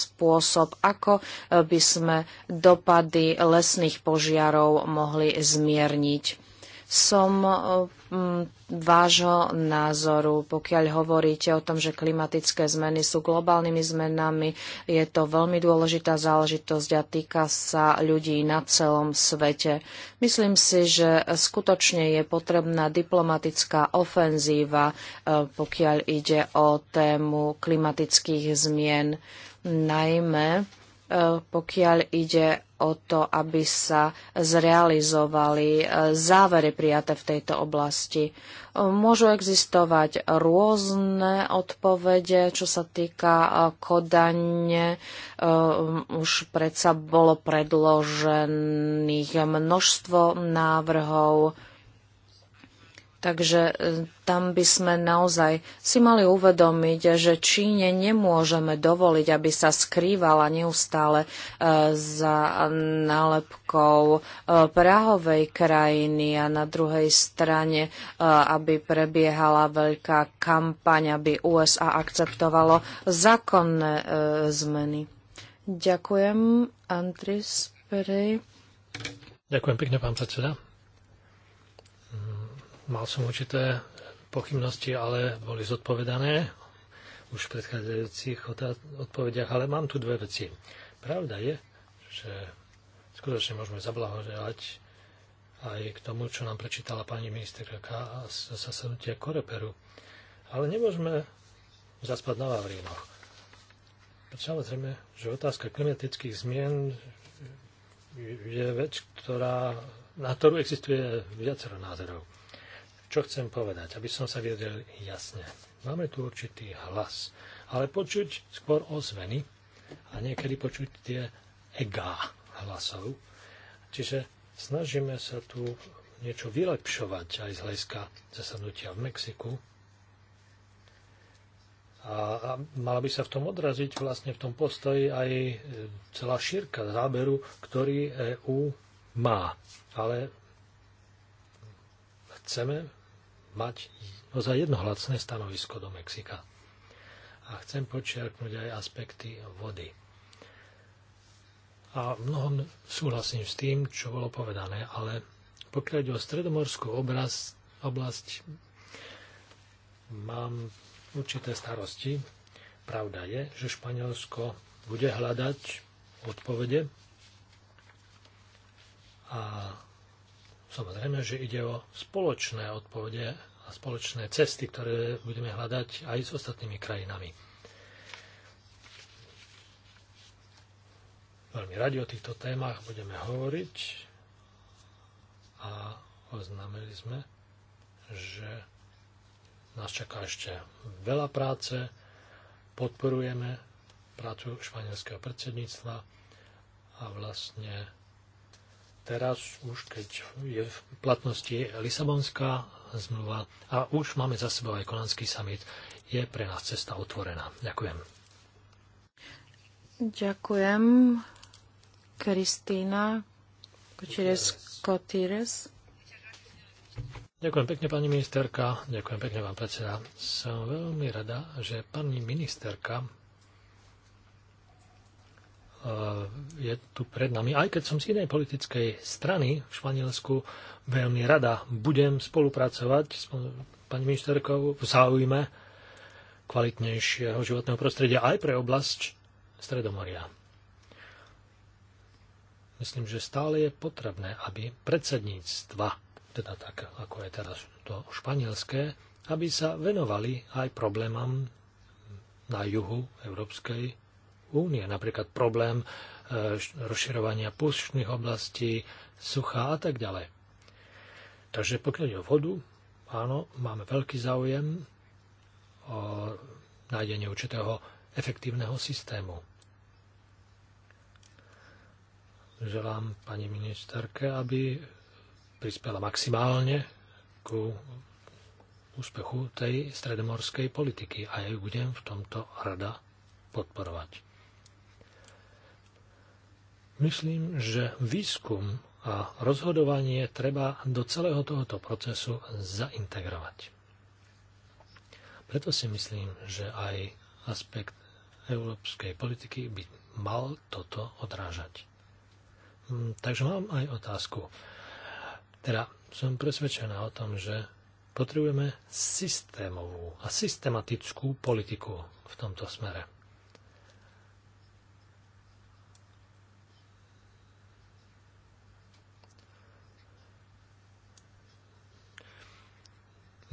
spôsob, ako by sme dopady lesných požiarov mohli zmierniť som vášho názoru, pokiaľ hovoríte o tom, že klimatické zmeny sú globálnymi zmenami, je to veľmi dôležitá záležitosť a týka sa ľudí na celom svete. Myslím si, že skutočne je potrebná diplomatická ofenzíva, e, pokiaľ ide o tému klimatických zmien, najmä e, pokiaľ ide o to, aby sa zrealizovali e, závery prijaté v tejto oblasti. E, môžu existovať rôzne odpovede, čo sa týka e, kodanie. Už predsa bolo predložených množstvo návrhov Takže e, tam by sme naozaj si mali uvedomiť, že Číne nemôžeme dovoliť, aby sa skrývala neustále e, za nálepkou e, Prahovej krajiny a na druhej strane, aby prebiehala veľká kampaň, aby USA akceptovalo zákonné zmeny. Ďakujem, Andris Perej. Ďakujem pekne, pán predseda. Mal som určité pochybnosti, ale boli zodpovedané už v predchádzajúcich odpovediach, ale mám tu dve veci. Pravda je, že skutočne môžeme zablahoželať aj k tomu, čo nám prečítala pani ministerka z zasadnutia Koreperu. Ale nemôžeme zaspať na Vavrinoch. Samozrejme, že otázka klimatických zmien je vec, ktorá, na ktorú existuje viacero názorov. Čo chcem povedať, aby som sa vyjadril jasne. Máme tu určitý hlas, ale počuť skôr ozveny a niekedy počuť tie egá hlasov. Čiže snažíme sa tu niečo vylepšovať aj z hľadiska zasadnutia v Mexiku. A, a mala by sa v tom odraziť vlastne v tom postoji aj e, celá šírka záberu, ktorý EÚ má. Ale chceme mať za jednohlasné stanovisko do Mexika. A chcem počiarknúť aj aspekty vody. A mnohom súhlasím s tým, čo bolo povedané, ale pokiaľ ide o stredomorskú obraz, oblasť, mám určité starosti. Pravda je, že Španielsko bude hľadať odpovede a Samozrejme, že ide o spoločné odpovede a spoločné cesty, ktoré budeme hľadať aj s ostatnými krajinami. Veľmi radi o týchto témach budeme hovoriť a oznámili sme, že nás čaká ešte veľa práce. Podporujeme prácu španielského predsedníctva a vlastne teraz už keď je v platnosti Lisabonská zmluva a už máme za sebou aj konanský summit, je pre nás cesta otvorená. Ďakujem. Ďakujem. Kristýna Kočires Kotires. Ďakujem pekne, pani ministerka. Ďakujem pekne, pán predseda. Som veľmi rada, že pani ministerka Eh, je tu pred nami. Aj keď som z inej politickej strany v Španielsku, veľmi rada budem spolupracovať s pani ministerkou v záujme kvalitnejšieho životného prostredia aj pre oblasť Stredomoria. Myslím, že stále je potrebné, aby predsedníctva, teda tak ako je teraz to španielské, aby sa venovali aj problémam na juhu Európskej únie, napríklad problém e, rozširovania púšťných oblastí, sucha a tak ďalej. Takže pokiaľ je o vodu, áno, máme veľký záujem o nájdenie určitého efektívneho systému. Želám pani ministerke, aby prispela maximálne ku úspechu tej stredomorskej politiky a ja ju budem v tomto rada podporovať. Myslím, že výskum a rozhodovanie treba do celého tohoto procesu zaintegrovať. Preto si myslím, že aj aspekt európskej politiky by mal toto odrážať. Mm, takže mám aj otázku. Teda som presvedčená o tom, že potrebujeme systémovú a systematickú politiku v tomto smere.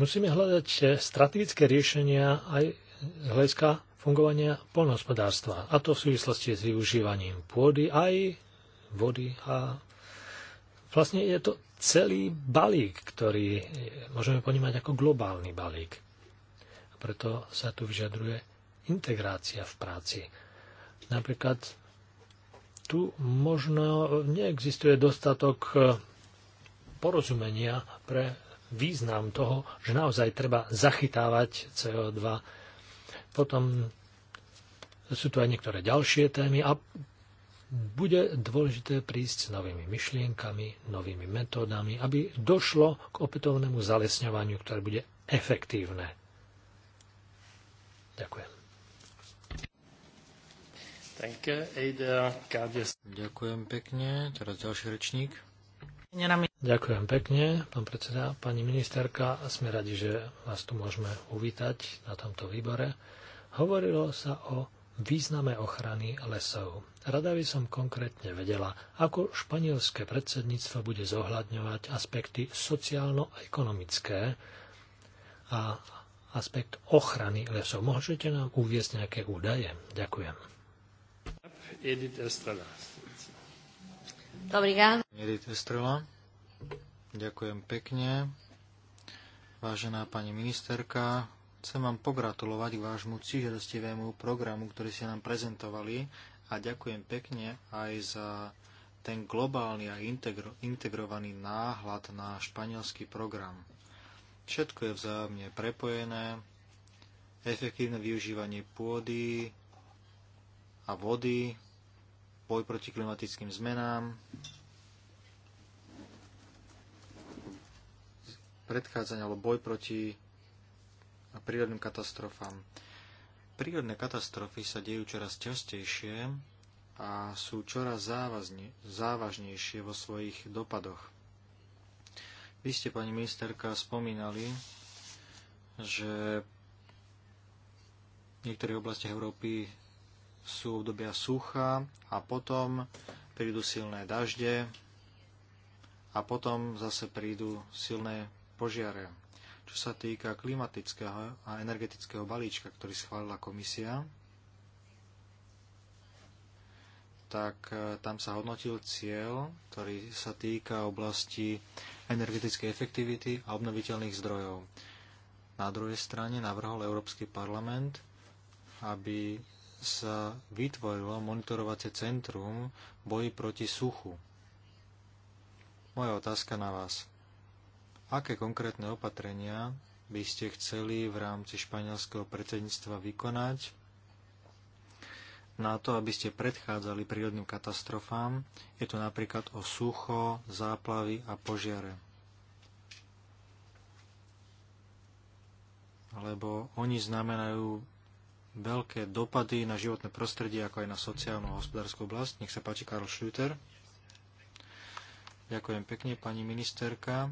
Musíme hľadať eh, strategické riešenia aj hľadiska fungovania poľnohospodárstva. a to v súvislosti s využívaním pôdy aj vody a vlastne je to celý balík, ktorý eh, môžeme ponímať ako globálny balík. A preto sa tu vyžadruje integrácia v práci. Napríklad tu možno neexistuje dostatok eh, porozumenia pre význam toho, že naozaj treba zachytávať CO2. Potom sú tu aj niektoré ďalšie témy a bude dôležité prísť s novými myšlienkami, novými metódami, aby došlo k opätovnému zalesňovaniu, ktoré bude efektívne. Ďakujem. Ďakujem pekne. Teraz ďalší rečník. Ďakujem pekne, pán predseda, pani ministerka. Sme radi, že vás tu môžeme uvítať na tomto výbore. Hovorilo sa o význame ochrany lesov. Rada by som konkrétne vedela, ako španielské predsedníctvo bude zohľadňovať aspekty sociálno-ekonomické a aspekt ochrany lesov. Môžete nám uviezť nejaké údaje? Ďakujem. Edith Estrada. Obrigado. Ďakujem pekne. Vážená pani ministerka, chcem vám pogratulovať k vášmu cížadostivému programu, ktorý ste nám prezentovali a ďakujem pekne aj za ten globálny a integro, integrovaný náhľad na španielský program. Všetko je vzájomne prepojené, efektívne využívanie pôdy a vody, boj proti klimatickým zmenám, predchádzanie alebo boj proti prírodným katastrofám. Prírodné katastrofy sa dejú čoraz častejšie a sú čoraz závazne, závažnejšie vo svojich dopadoch. Vy ste, pani ministerka, spomínali, že v niektorých oblastiach Európy sú obdobia sucha a potom prídu silné dažde a potom zase prídu silné požiare. Čo sa týka klimatického a energetického balíčka, ktorý schválila komisia, tak e, tam sa hodnotil cieľ, ktorý sa týka oblasti energetickej efektivity a obnoviteľných zdrojov. Na druhej strane navrhol Európsky parlament, aby sa vytvorilo monitorovacie centrum boji proti suchu. Moja otázka na vás. Aké konkrétne opatrenia by ste chceli v rámci španielského predsedníctva vykonať na to, aby ste predchádzali prírodným katastrofám. Je to napríklad o sucho, záplavy a požiare. Lebo oni znamenajú veľké dopady na životné prostredie, ako aj na sociálnu a hospodárskú oblasť. Nech sa páči, Karl Schlüter. Ďakujem pekne, pani ministerka.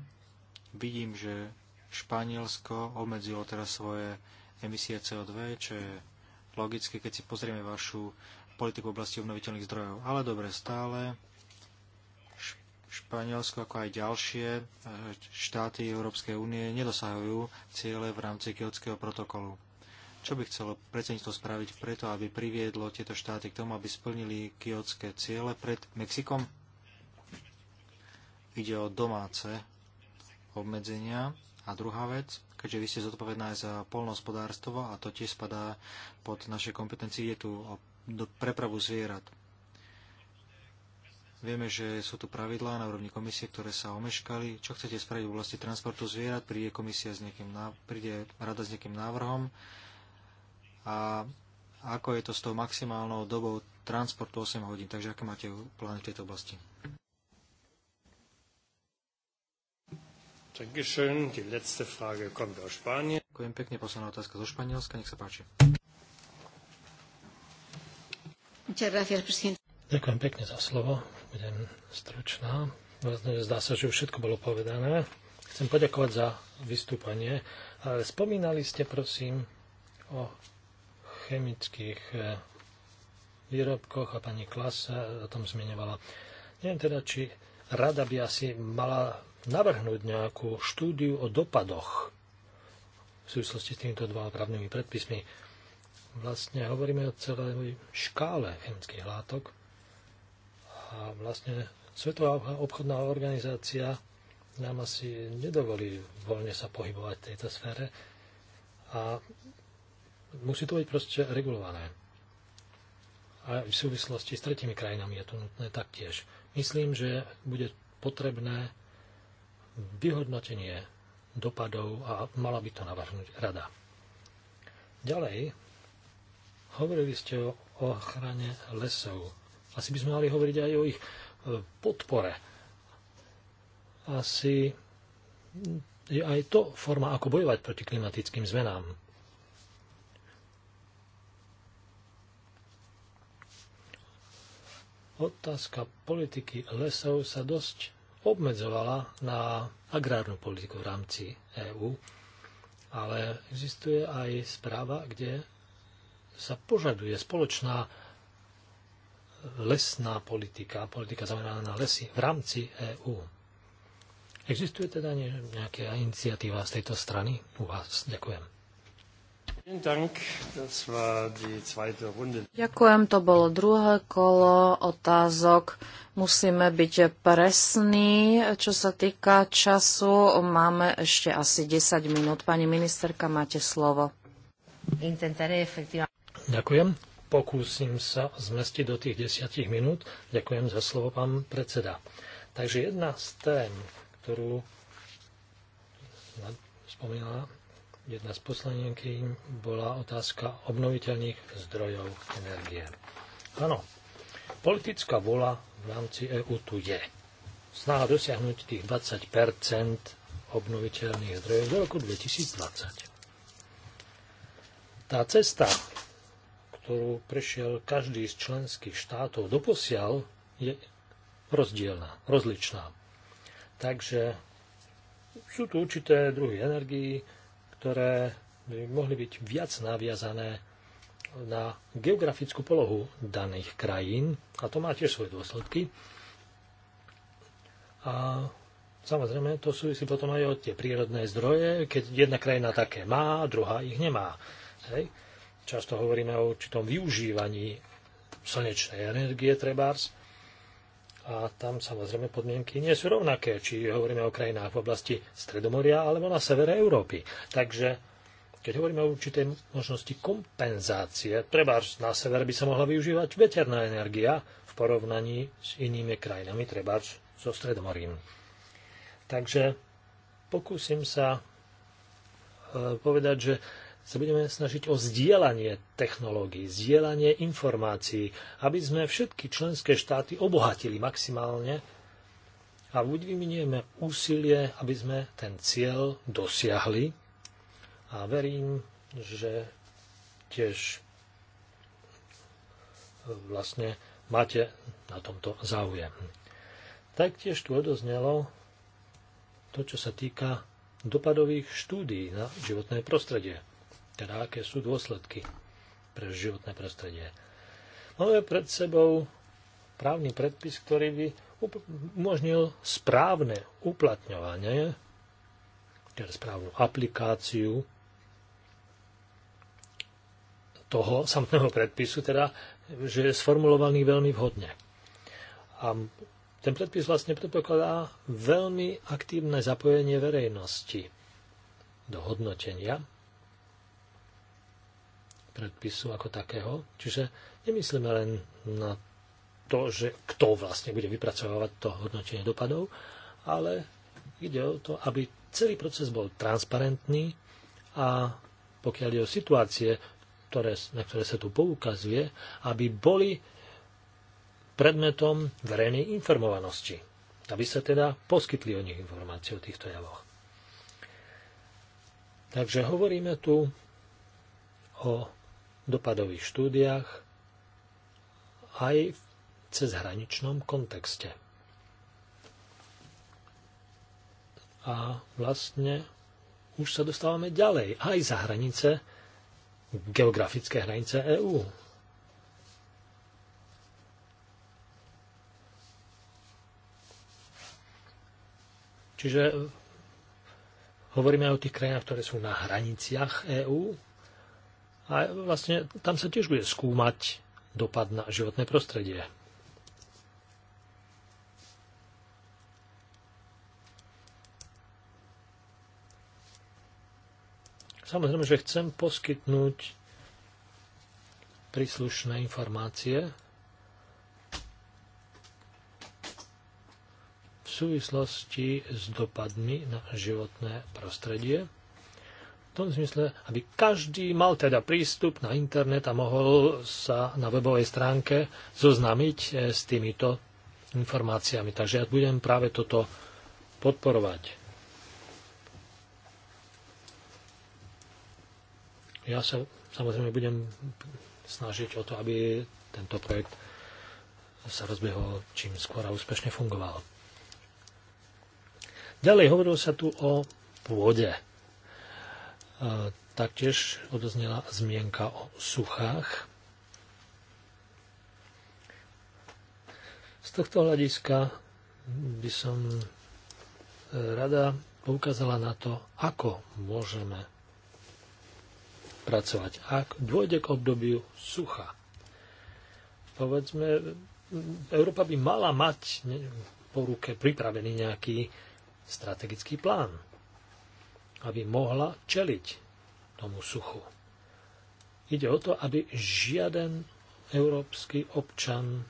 Vidím, že Španielsko obmedzilo teraz svoje emisie CO2, čo je logické, keď si pozrieme vašu politiku v oblasti obnoviteľných zdrojov. Ale dobre, stále Španielsko, ako aj ďalšie e, štáty Európskej únie nedosahujú ciele v rámci Kyotského protokolu. Čo by chcelo predsedníctvo spraviť preto, aby priviedlo tieto štáty k tomu, aby splnili kiotské ciele pred Mexikom? Ide o domáce obmedzenia. A druhá vec, keďže vy ste zodpovedná aj za polnohospodárstvo a to tiež spadá pod naše kompetencie, je tu o prepravu zvierat. Vieme, že sú tu pravidlá na úrovni komisie, ktoré sa omeškali. Čo chcete spraviť v oblasti transportu zvierat? Príde komisia s návrhom, príde rada s nejakým návrhom a ako je to s tou maximálnou dobou transportu 8 hodín. Takže aké máte plány v tejto oblasti? Ďakujem pekne, posledná otázka zo Španielska, nech sa páči. Ďakujem pekne za slovo, budem stručná. Vlastne zdá sa, že už všetko bolo povedané. Chcem poďakovať za vystúpanie. Spomínali ste, prosím, o chemických eh, výrobkoch a pani Klas eh, o tom zmiňovala. Neviem teda, či rada by asi mala navrhnúť nejakú štúdiu o dopadoch v súvislosti s týmito dvoma právnymi predpismi. Vlastne hovoríme o celej škále chemických látok a vlastne Svetová obchodná organizácia nám asi nedovolí voľne sa pohybovať v tejto sfére a Musí to byť proste regulované. A v súvislosti s tretimi krajinami je to nutné taktiež. Myslím, že bude potrebné vyhodnotenie dopadov a mala by to navrhnúť rada. Ďalej, hovorili ste o ochrane lesov. Asi by sme mali hovoriť aj o ich e, podpore. Asi je aj to forma, ako bojovať proti klimatickým zmenám. otázka politiky lesov sa dosť obmedzovala na agrárnu politiku v rámci EÚ, ale existuje aj správa, kde sa požaduje spoločná lesná politika, politika zameraná na lesy v rámci EÚ. Existuje teda nejaká iniciatíva z tejto strany u vás? Ďakujem. Ďakujem, to bolo druhé kolo otázok. Musíme byť presní, čo sa týka času. Máme ešte asi 10 minút. Pani ministerka, máte slovo. Ďakujem. Pokúsim sa zmestiť do tých 10 minút. Ďakujem za slovo, pán predseda. Takže jedna z tém, ktorú spomínala jedna z poslanienky bola otázka obnoviteľných zdrojov energie. Áno, politická vola v rámci EÚ tu je. Snaha dosiahnuť tých 20 obnoviteľných zdrojov do roku 2020. Tá cesta, ktorú prešiel každý z členských štátov doposiaľ, je rozdielna, rozličná. Takže sú tu určité druhy energii ktoré by mohli byť viac naviazané na geografickú polohu daných krajín a to má tiež svoje dôsledky. A samozrejme to súvisí potom aj o tie prírodné zdroje, keď jedna krajina také má, druhá ich nemá. Hej. Často hovoríme o určitom využívaní slnečnej energie trebárs a tam samozrejme podmienky nie sú rovnaké, či hovoríme o krajinách v oblasti Stredomoria alebo na severe Európy. Takže keď hovoríme o určitej možnosti kompenzácie, treba na sever by sa mohla využívať veterná energia v porovnaní s inými krajinami, treba so Stredomorím. Takže pokúsim sa e, povedať, že sa budeme snažiť o zdieľanie technológií, zdieľanie informácií, aby sme všetky členské štáty obohatili maximálne a vyvinieme úsilie, aby sme ten cieľ dosiahli. A verím, že tiež e, vlastne máte na tomto záujem. Taktiež tu odoznelo to, čo sa týka dopadových štúdí na životné prostredie teda aké sú dôsledky pre životné prostredie. Máme pred sebou právny predpis, ktorý by umožnil správne uplatňovanie, teda správnu aplikáciu toho samotného predpisu, teda, že je sformulovaný veľmi vhodne. A ten predpis vlastne predpokladá veľmi aktívne zapojenie verejnosti do hodnotenia predpisu ako takého. Čiže nemyslíme len na to, že kto vlastne bude vypracovávať to hodnotenie dopadov, ale ide o to, aby celý proces bol transparentný a pokiaľ je o situácie, ktoré, na ktoré sa tu poukazuje, aby boli predmetom verejnej informovanosti. Aby sa teda poskytli o nich informácie o týchto javoch. Takže hovoríme tu o dopadových štúdiách aj v cezhraničnom kontexte. A vlastne už sa dostávame ďalej, aj za hranice, geografické hranice EÚ. Čiže hovoríme aj o tých krajinách, ktoré sú na hraniciach EÚ, a vlastne tam sa tiež bude skúmať dopad na životné prostredie. Samozrejme, že chcem poskytnúť príslušné informácie v súvislosti s dopadmi na životné prostredie v tom zmysle, aby každý mal teda prístup na internet a mohol sa na webovej stránke zoznámiť e, s týmito informáciami. Takže ja budem práve toto podporovať. Ja sa samozrejme budem snažiť o to, aby tento projekt sa rozbehol čím skôr a úspešne fungoval. Ďalej hovorilo sa tu o pôde taktiež odoznela zmienka o suchách. Z tohto hľadiska by som e, rada poukázala na to, ako môžeme pracovať, ak dôjde k obdobiu sucha. Povedzme, Európa by mala mať po ruke pripravený nejaký strategický plán aby mohla čeliť tomu suchu. Ide o to, aby žiaden európsky občan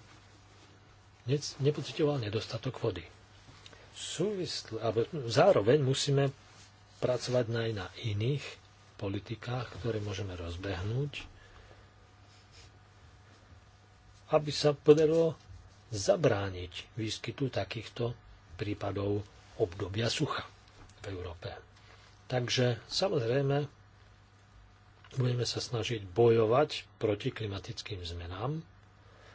nepocitoval nedostatok vody. Súvisl, alebo zároveň musíme pracovať aj na iných politikách, ktoré môžeme rozbehnúť, aby sa podarilo zabrániť výskytu takýchto prípadov obdobia sucha v Európe. Takže samozrejme budeme sa snažiť bojovať proti klimatickým zmenám,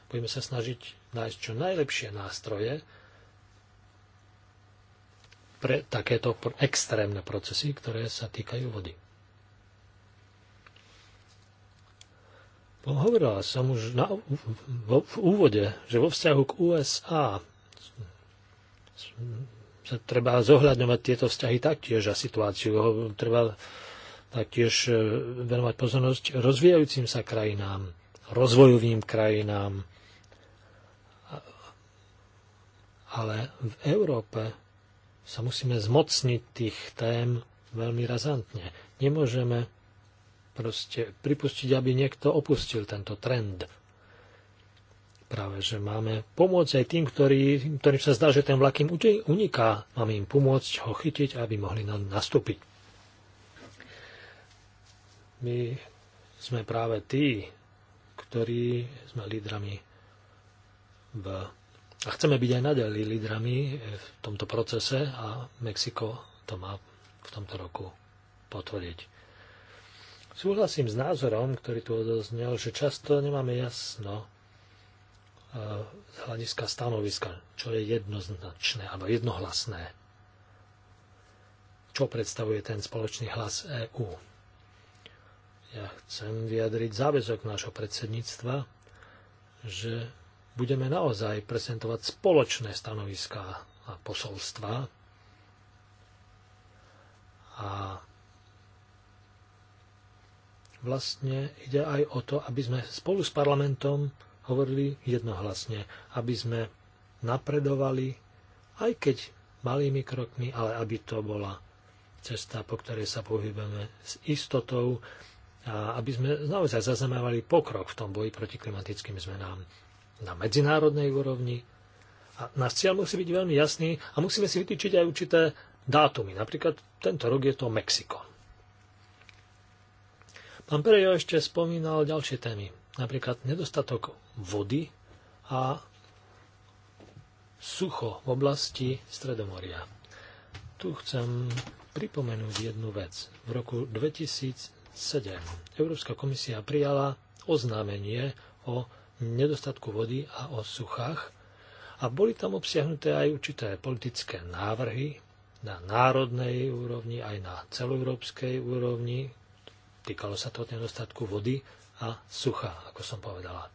budeme sa snažiť nájsť čo najlepšie nástroje pre takéto extrémne procesy, ktoré sa týkajú vody. Hovorila som už na, v, v, v úvode, že vo vzťahu k USA treba zohľadňovať tieto vzťahy taktiež a situáciu. Treba taktiež e, venovať pozornosť rozvíjajúcim sa krajinám, rozvojovým krajinám. Ale v Európe sa musíme zmocniť tých tém veľmi razantne. Nemôžeme proste pripustiť, aby niekto opustil tento trend práve, že máme pomôcť aj tým, ktorý, ktorým sa zdá, že ten vlak im uniká. Máme im pomôcť ho chytiť, aby mohli na, nastúpiť. My sme práve tí, ktorí sme lídrami v a chceme byť aj naďalej lídrami v tomto procese a Mexiko to má v tomto roku potvrdiť. Súhlasím s názorom, ktorý tu odoznel, že často nemáme jasno z hľadiska stanoviska, čo je jednoznačné alebo jednohlasné. Čo predstavuje ten spoločný hlas EÚ? Ja chcem vyjadriť záväzok nášho predsedníctva, že budeme naozaj prezentovať spoločné stanoviská a posolstva a vlastne ide aj o to, aby sme spolu s parlamentom hovorili jednohlasne, aby sme napredovali, aj keď malými krokmi, ale aby to bola cesta, po ktorej sa pohybujeme s istotou a aby sme naozaj zaznamenávali pokrok v tom boji proti klimatickým zmenám na medzinárodnej úrovni. A náš cieľ musí byť veľmi jasný a musíme si vytýčiť aj určité dátumy. Napríklad tento rok je to Mexiko. Pán Perejo ešte spomínal ďalšie témy napríklad nedostatok vody a sucho v oblasti Stredomoria. Tu chcem pripomenúť jednu vec. V roku 2007 Európska komisia prijala oznámenie o nedostatku vody a o suchách a boli tam obsiahnuté aj určité politické návrhy na národnej úrovni, aj na celoeurópskej úrovni. Týkalo sa to nedostatku vody a suchá, ako som povedala.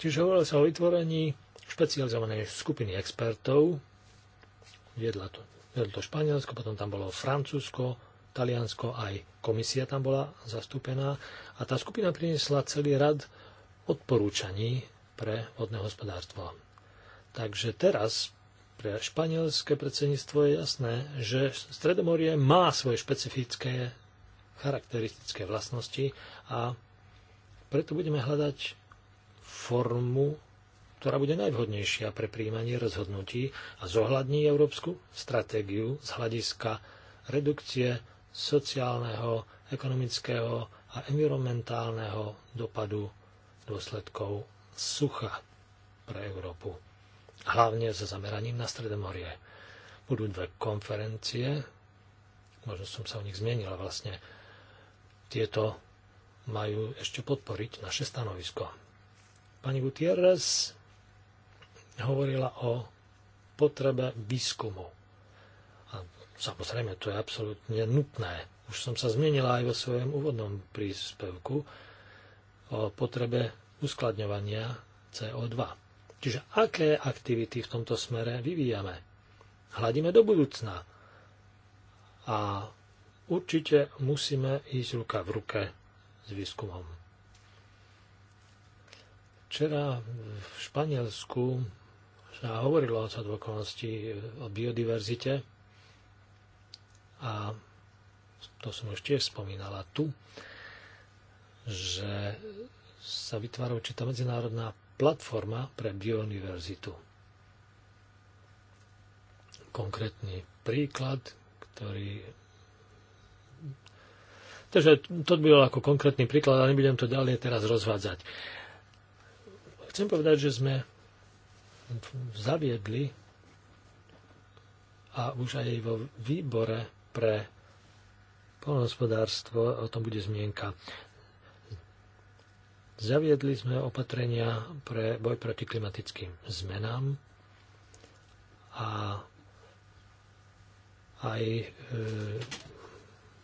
Čiže hovorilo sa o vytvorení špecializovanej skupiny expertov. Viedla to, viedla to Španielsko, potom tam bolo Francúzsko, Taliansko, aj komisia tam bola zastúpená. A tá skupina priniesla celý rad odporúčaní pre vodné hospodárstvo. Takže teraz pre španielské predsedníctvo je jasné, že Stredomorie má svoje špecifické charakteristické vlastnosti a preto budeme hľadať formu, ktorá bude najvhodnejšia pre príjmanie rozhodnutí a zohľadní európsku stratégiu z hľadiska redukcie sociálneho, ekonomického a environmentálneho dopadu dôsledkov sucha pre Európu. Hlavne za zameraním na Stredomorie. Budú dve konferencie, možno som sa o nich zmienil, vlastne, tieto majú ešte podporiť naše stanovisko. Pani Gutierrez hovorila o potrebe výskumu. A samozrejme, to je absolútne nutné. Už som sa zmenila aj vo svojom úvodnom príspevku o potrebe uskladňovania CO2. Čiže aké aktivity v tomto smere vyvíjame? Hľadíme do budúcna. A určite musíme ísť ruka v ruke s výskumom. Včera v Španielsku sa hovorilo o sadvokonosti, o biodiverzite a to som už tiež spomínala tu, že sa vytvára určitá medzinárodná platforma pre biodiverzitu. Konkrétny príklad, ktorý Takže to by bol ako konkrétny príklad, ale nebudem to ďalej teraz rozvádzať. Chcem povedať, že sme zaviedli a už aj vo výbore pre polnospodárstvo, o tom bude zmienka. Zaviedli sme opatrenia pre boj proti klimatickým zmenám a aj e,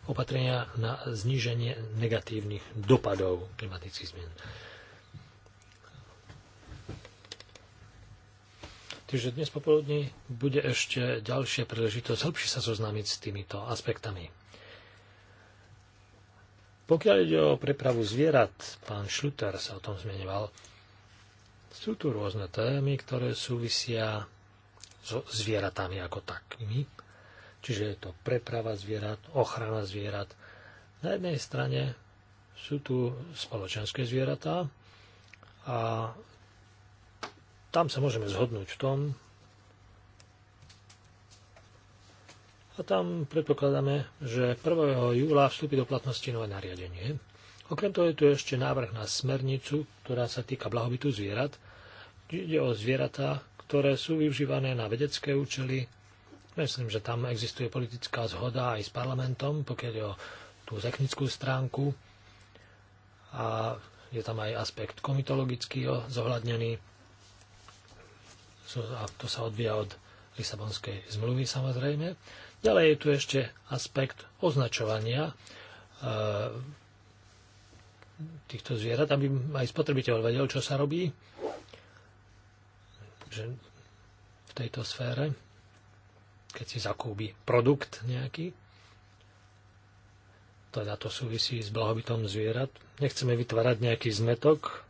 opatrenia na zníženie negatívnych dopadov klimatických zmien. Takže dnes popoludní bude ešte ďalšia príležitosť hĺbšie sa zoznámiť s týmito aspektami. Pokiaľ ide o prepravu zvierat, pán Šluter sa o tom zmienoval, sú tu rôzne témy, ktoré súvisia so zvieratami ako takými, Čiže je to preprava zvierat, ochrana zvierat. Na jednej strane sú tu spoločenské zvieratá a tam sa môžeme zhodnúť v tom, a tam predpokladáme, že 1. júla vstúpi do platnosti nové nariadenie. Okrem toho je tu ešte návrh na smernicu, ktorá sa týka blahobytu zvierat. Ide o zvieratá, ktoré sú využívané na vedecké účely, Myslím, že tam existuje politická zhoda aj s parlamentom, pokiaľ je o tú technickú stránku a je tam aj aspekt komitologický zohľadnený a to sa odvíja od Lisabonskej zmluvy samozrejme. Ďalej je tu ešte aspekt označovania e, týchto zvierat, aby aj spotrebiteľ vedel, čo sa robí že v tejto sfére keď si zakúbi produkt nejaký, teda to súvisí s blahobytom zvierat. Nechceme vytvárať nejaký zmetok,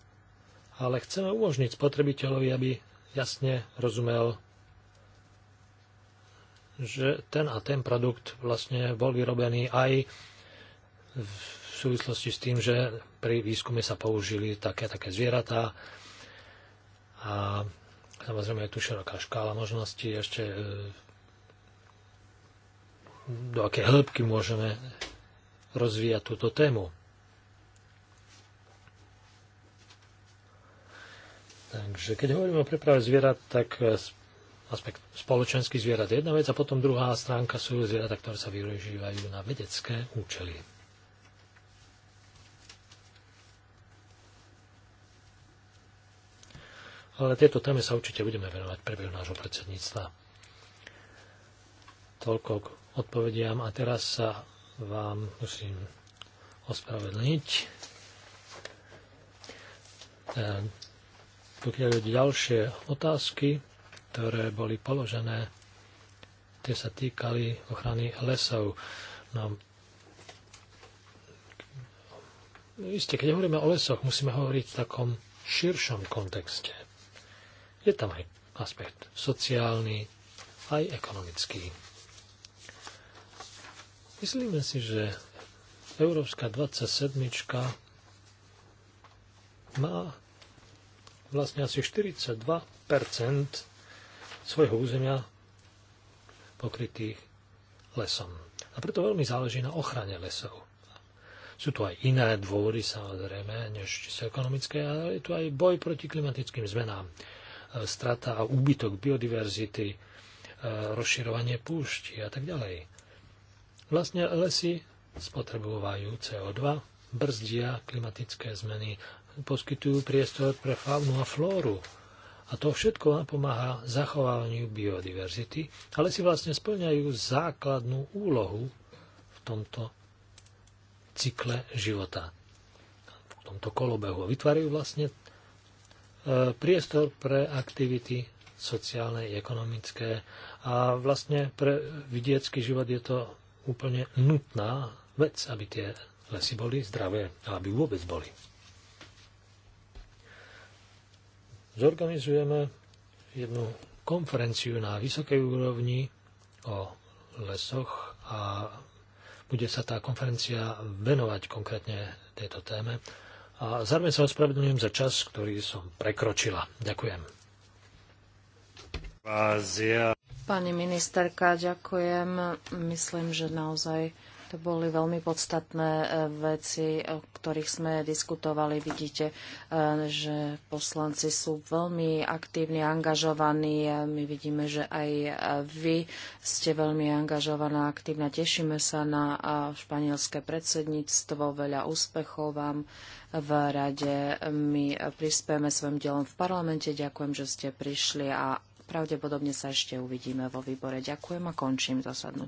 ale chceme umožniť spotrebiteľovi, aby jasne rozumel, že ten a ten produkt vlastne bol vyrobený aj v súvislosti s tým, že pri výskume sa použili také také zvieratá a samozrejme je tu široká škála možností ešte e, do aké hĺbky môžeme rozvíjať túto tému. Takže keď hovoríme o preprave zvierat, tak e, aspekt spoločenských zvierat je jedna vec a potom druhá stránka sú zvieratá, ktoré sa využívajú na vedecké účely. Ale tieto téme sa určite budeme venovať priebehu nášho predsedníctva. Toľko odpovediam a teraz sa vám musím ospravedlniť. Ehm, pokiaľ je ďalšie otázky, ktoré boli položené, tie sa týkali ochrany lesov. No, Isté, keď hovoríme o lesoch, musíme hovoriť v takom širšom kontexte. Je tam aj aspekt sociálny, aj ekonomický. Myslíme si, že Európska 27 má vlastne asi 42 svojho územia pokrytých lesom. A preto veľmi záleží na ochrane lesov. Sú tu aj iné dôvody, samozrejme, než čisto ekonomické, ale je tu aj boj proti klimatickým zmenám, e, strata a úbytok biodiverzity, e, rozširovanie púšti a tak ďalej. Vlastne lesy spotrebovajú CO2, brzdia klimatické zmeny, poskytujú priestor pre faunu a flóru. A to všetko napomáha zachovávaniu biodiverzity, ale si vlastne splňajú základnú úlohu v tomto cykle života, v tomto kolobehu. Vytvárajú vlastne e, priestor pre aktivity sociálne, ekonomické a vlastne pre vidiecký život je to úplne nutná vec, aby tie lesy boli zdravé a aby vôbec boli. Zorganizujeme jednu konferenciu na vysokej úrovni o lesoch a bude sa tá konferencia venovať konkrétne tejto téme. A zároveň sa ospravedlňujem za čas, ktorý som prekročila. Ďakujem. Vázia. Pani ministerka, ďakujem. Myslím, že naozaj to boli veľmi podstatné e, veci, o ktorých sme diskutovali. Vidíte, e, že poslanci sú veľmi aktívni, angažovaní. my vidíme, že aj e, vy ste veľmi angažovaná, aktívna. Tešíme sa na španielské predsedníctvo. Veľa úspechov vám v rade. My prispieme svojim dielom v parlamente. Ďakujem, že ste prišli a Pravdepodobne sa ešte uvidíme vo výbore. Ďakujem a končím zasadnutie.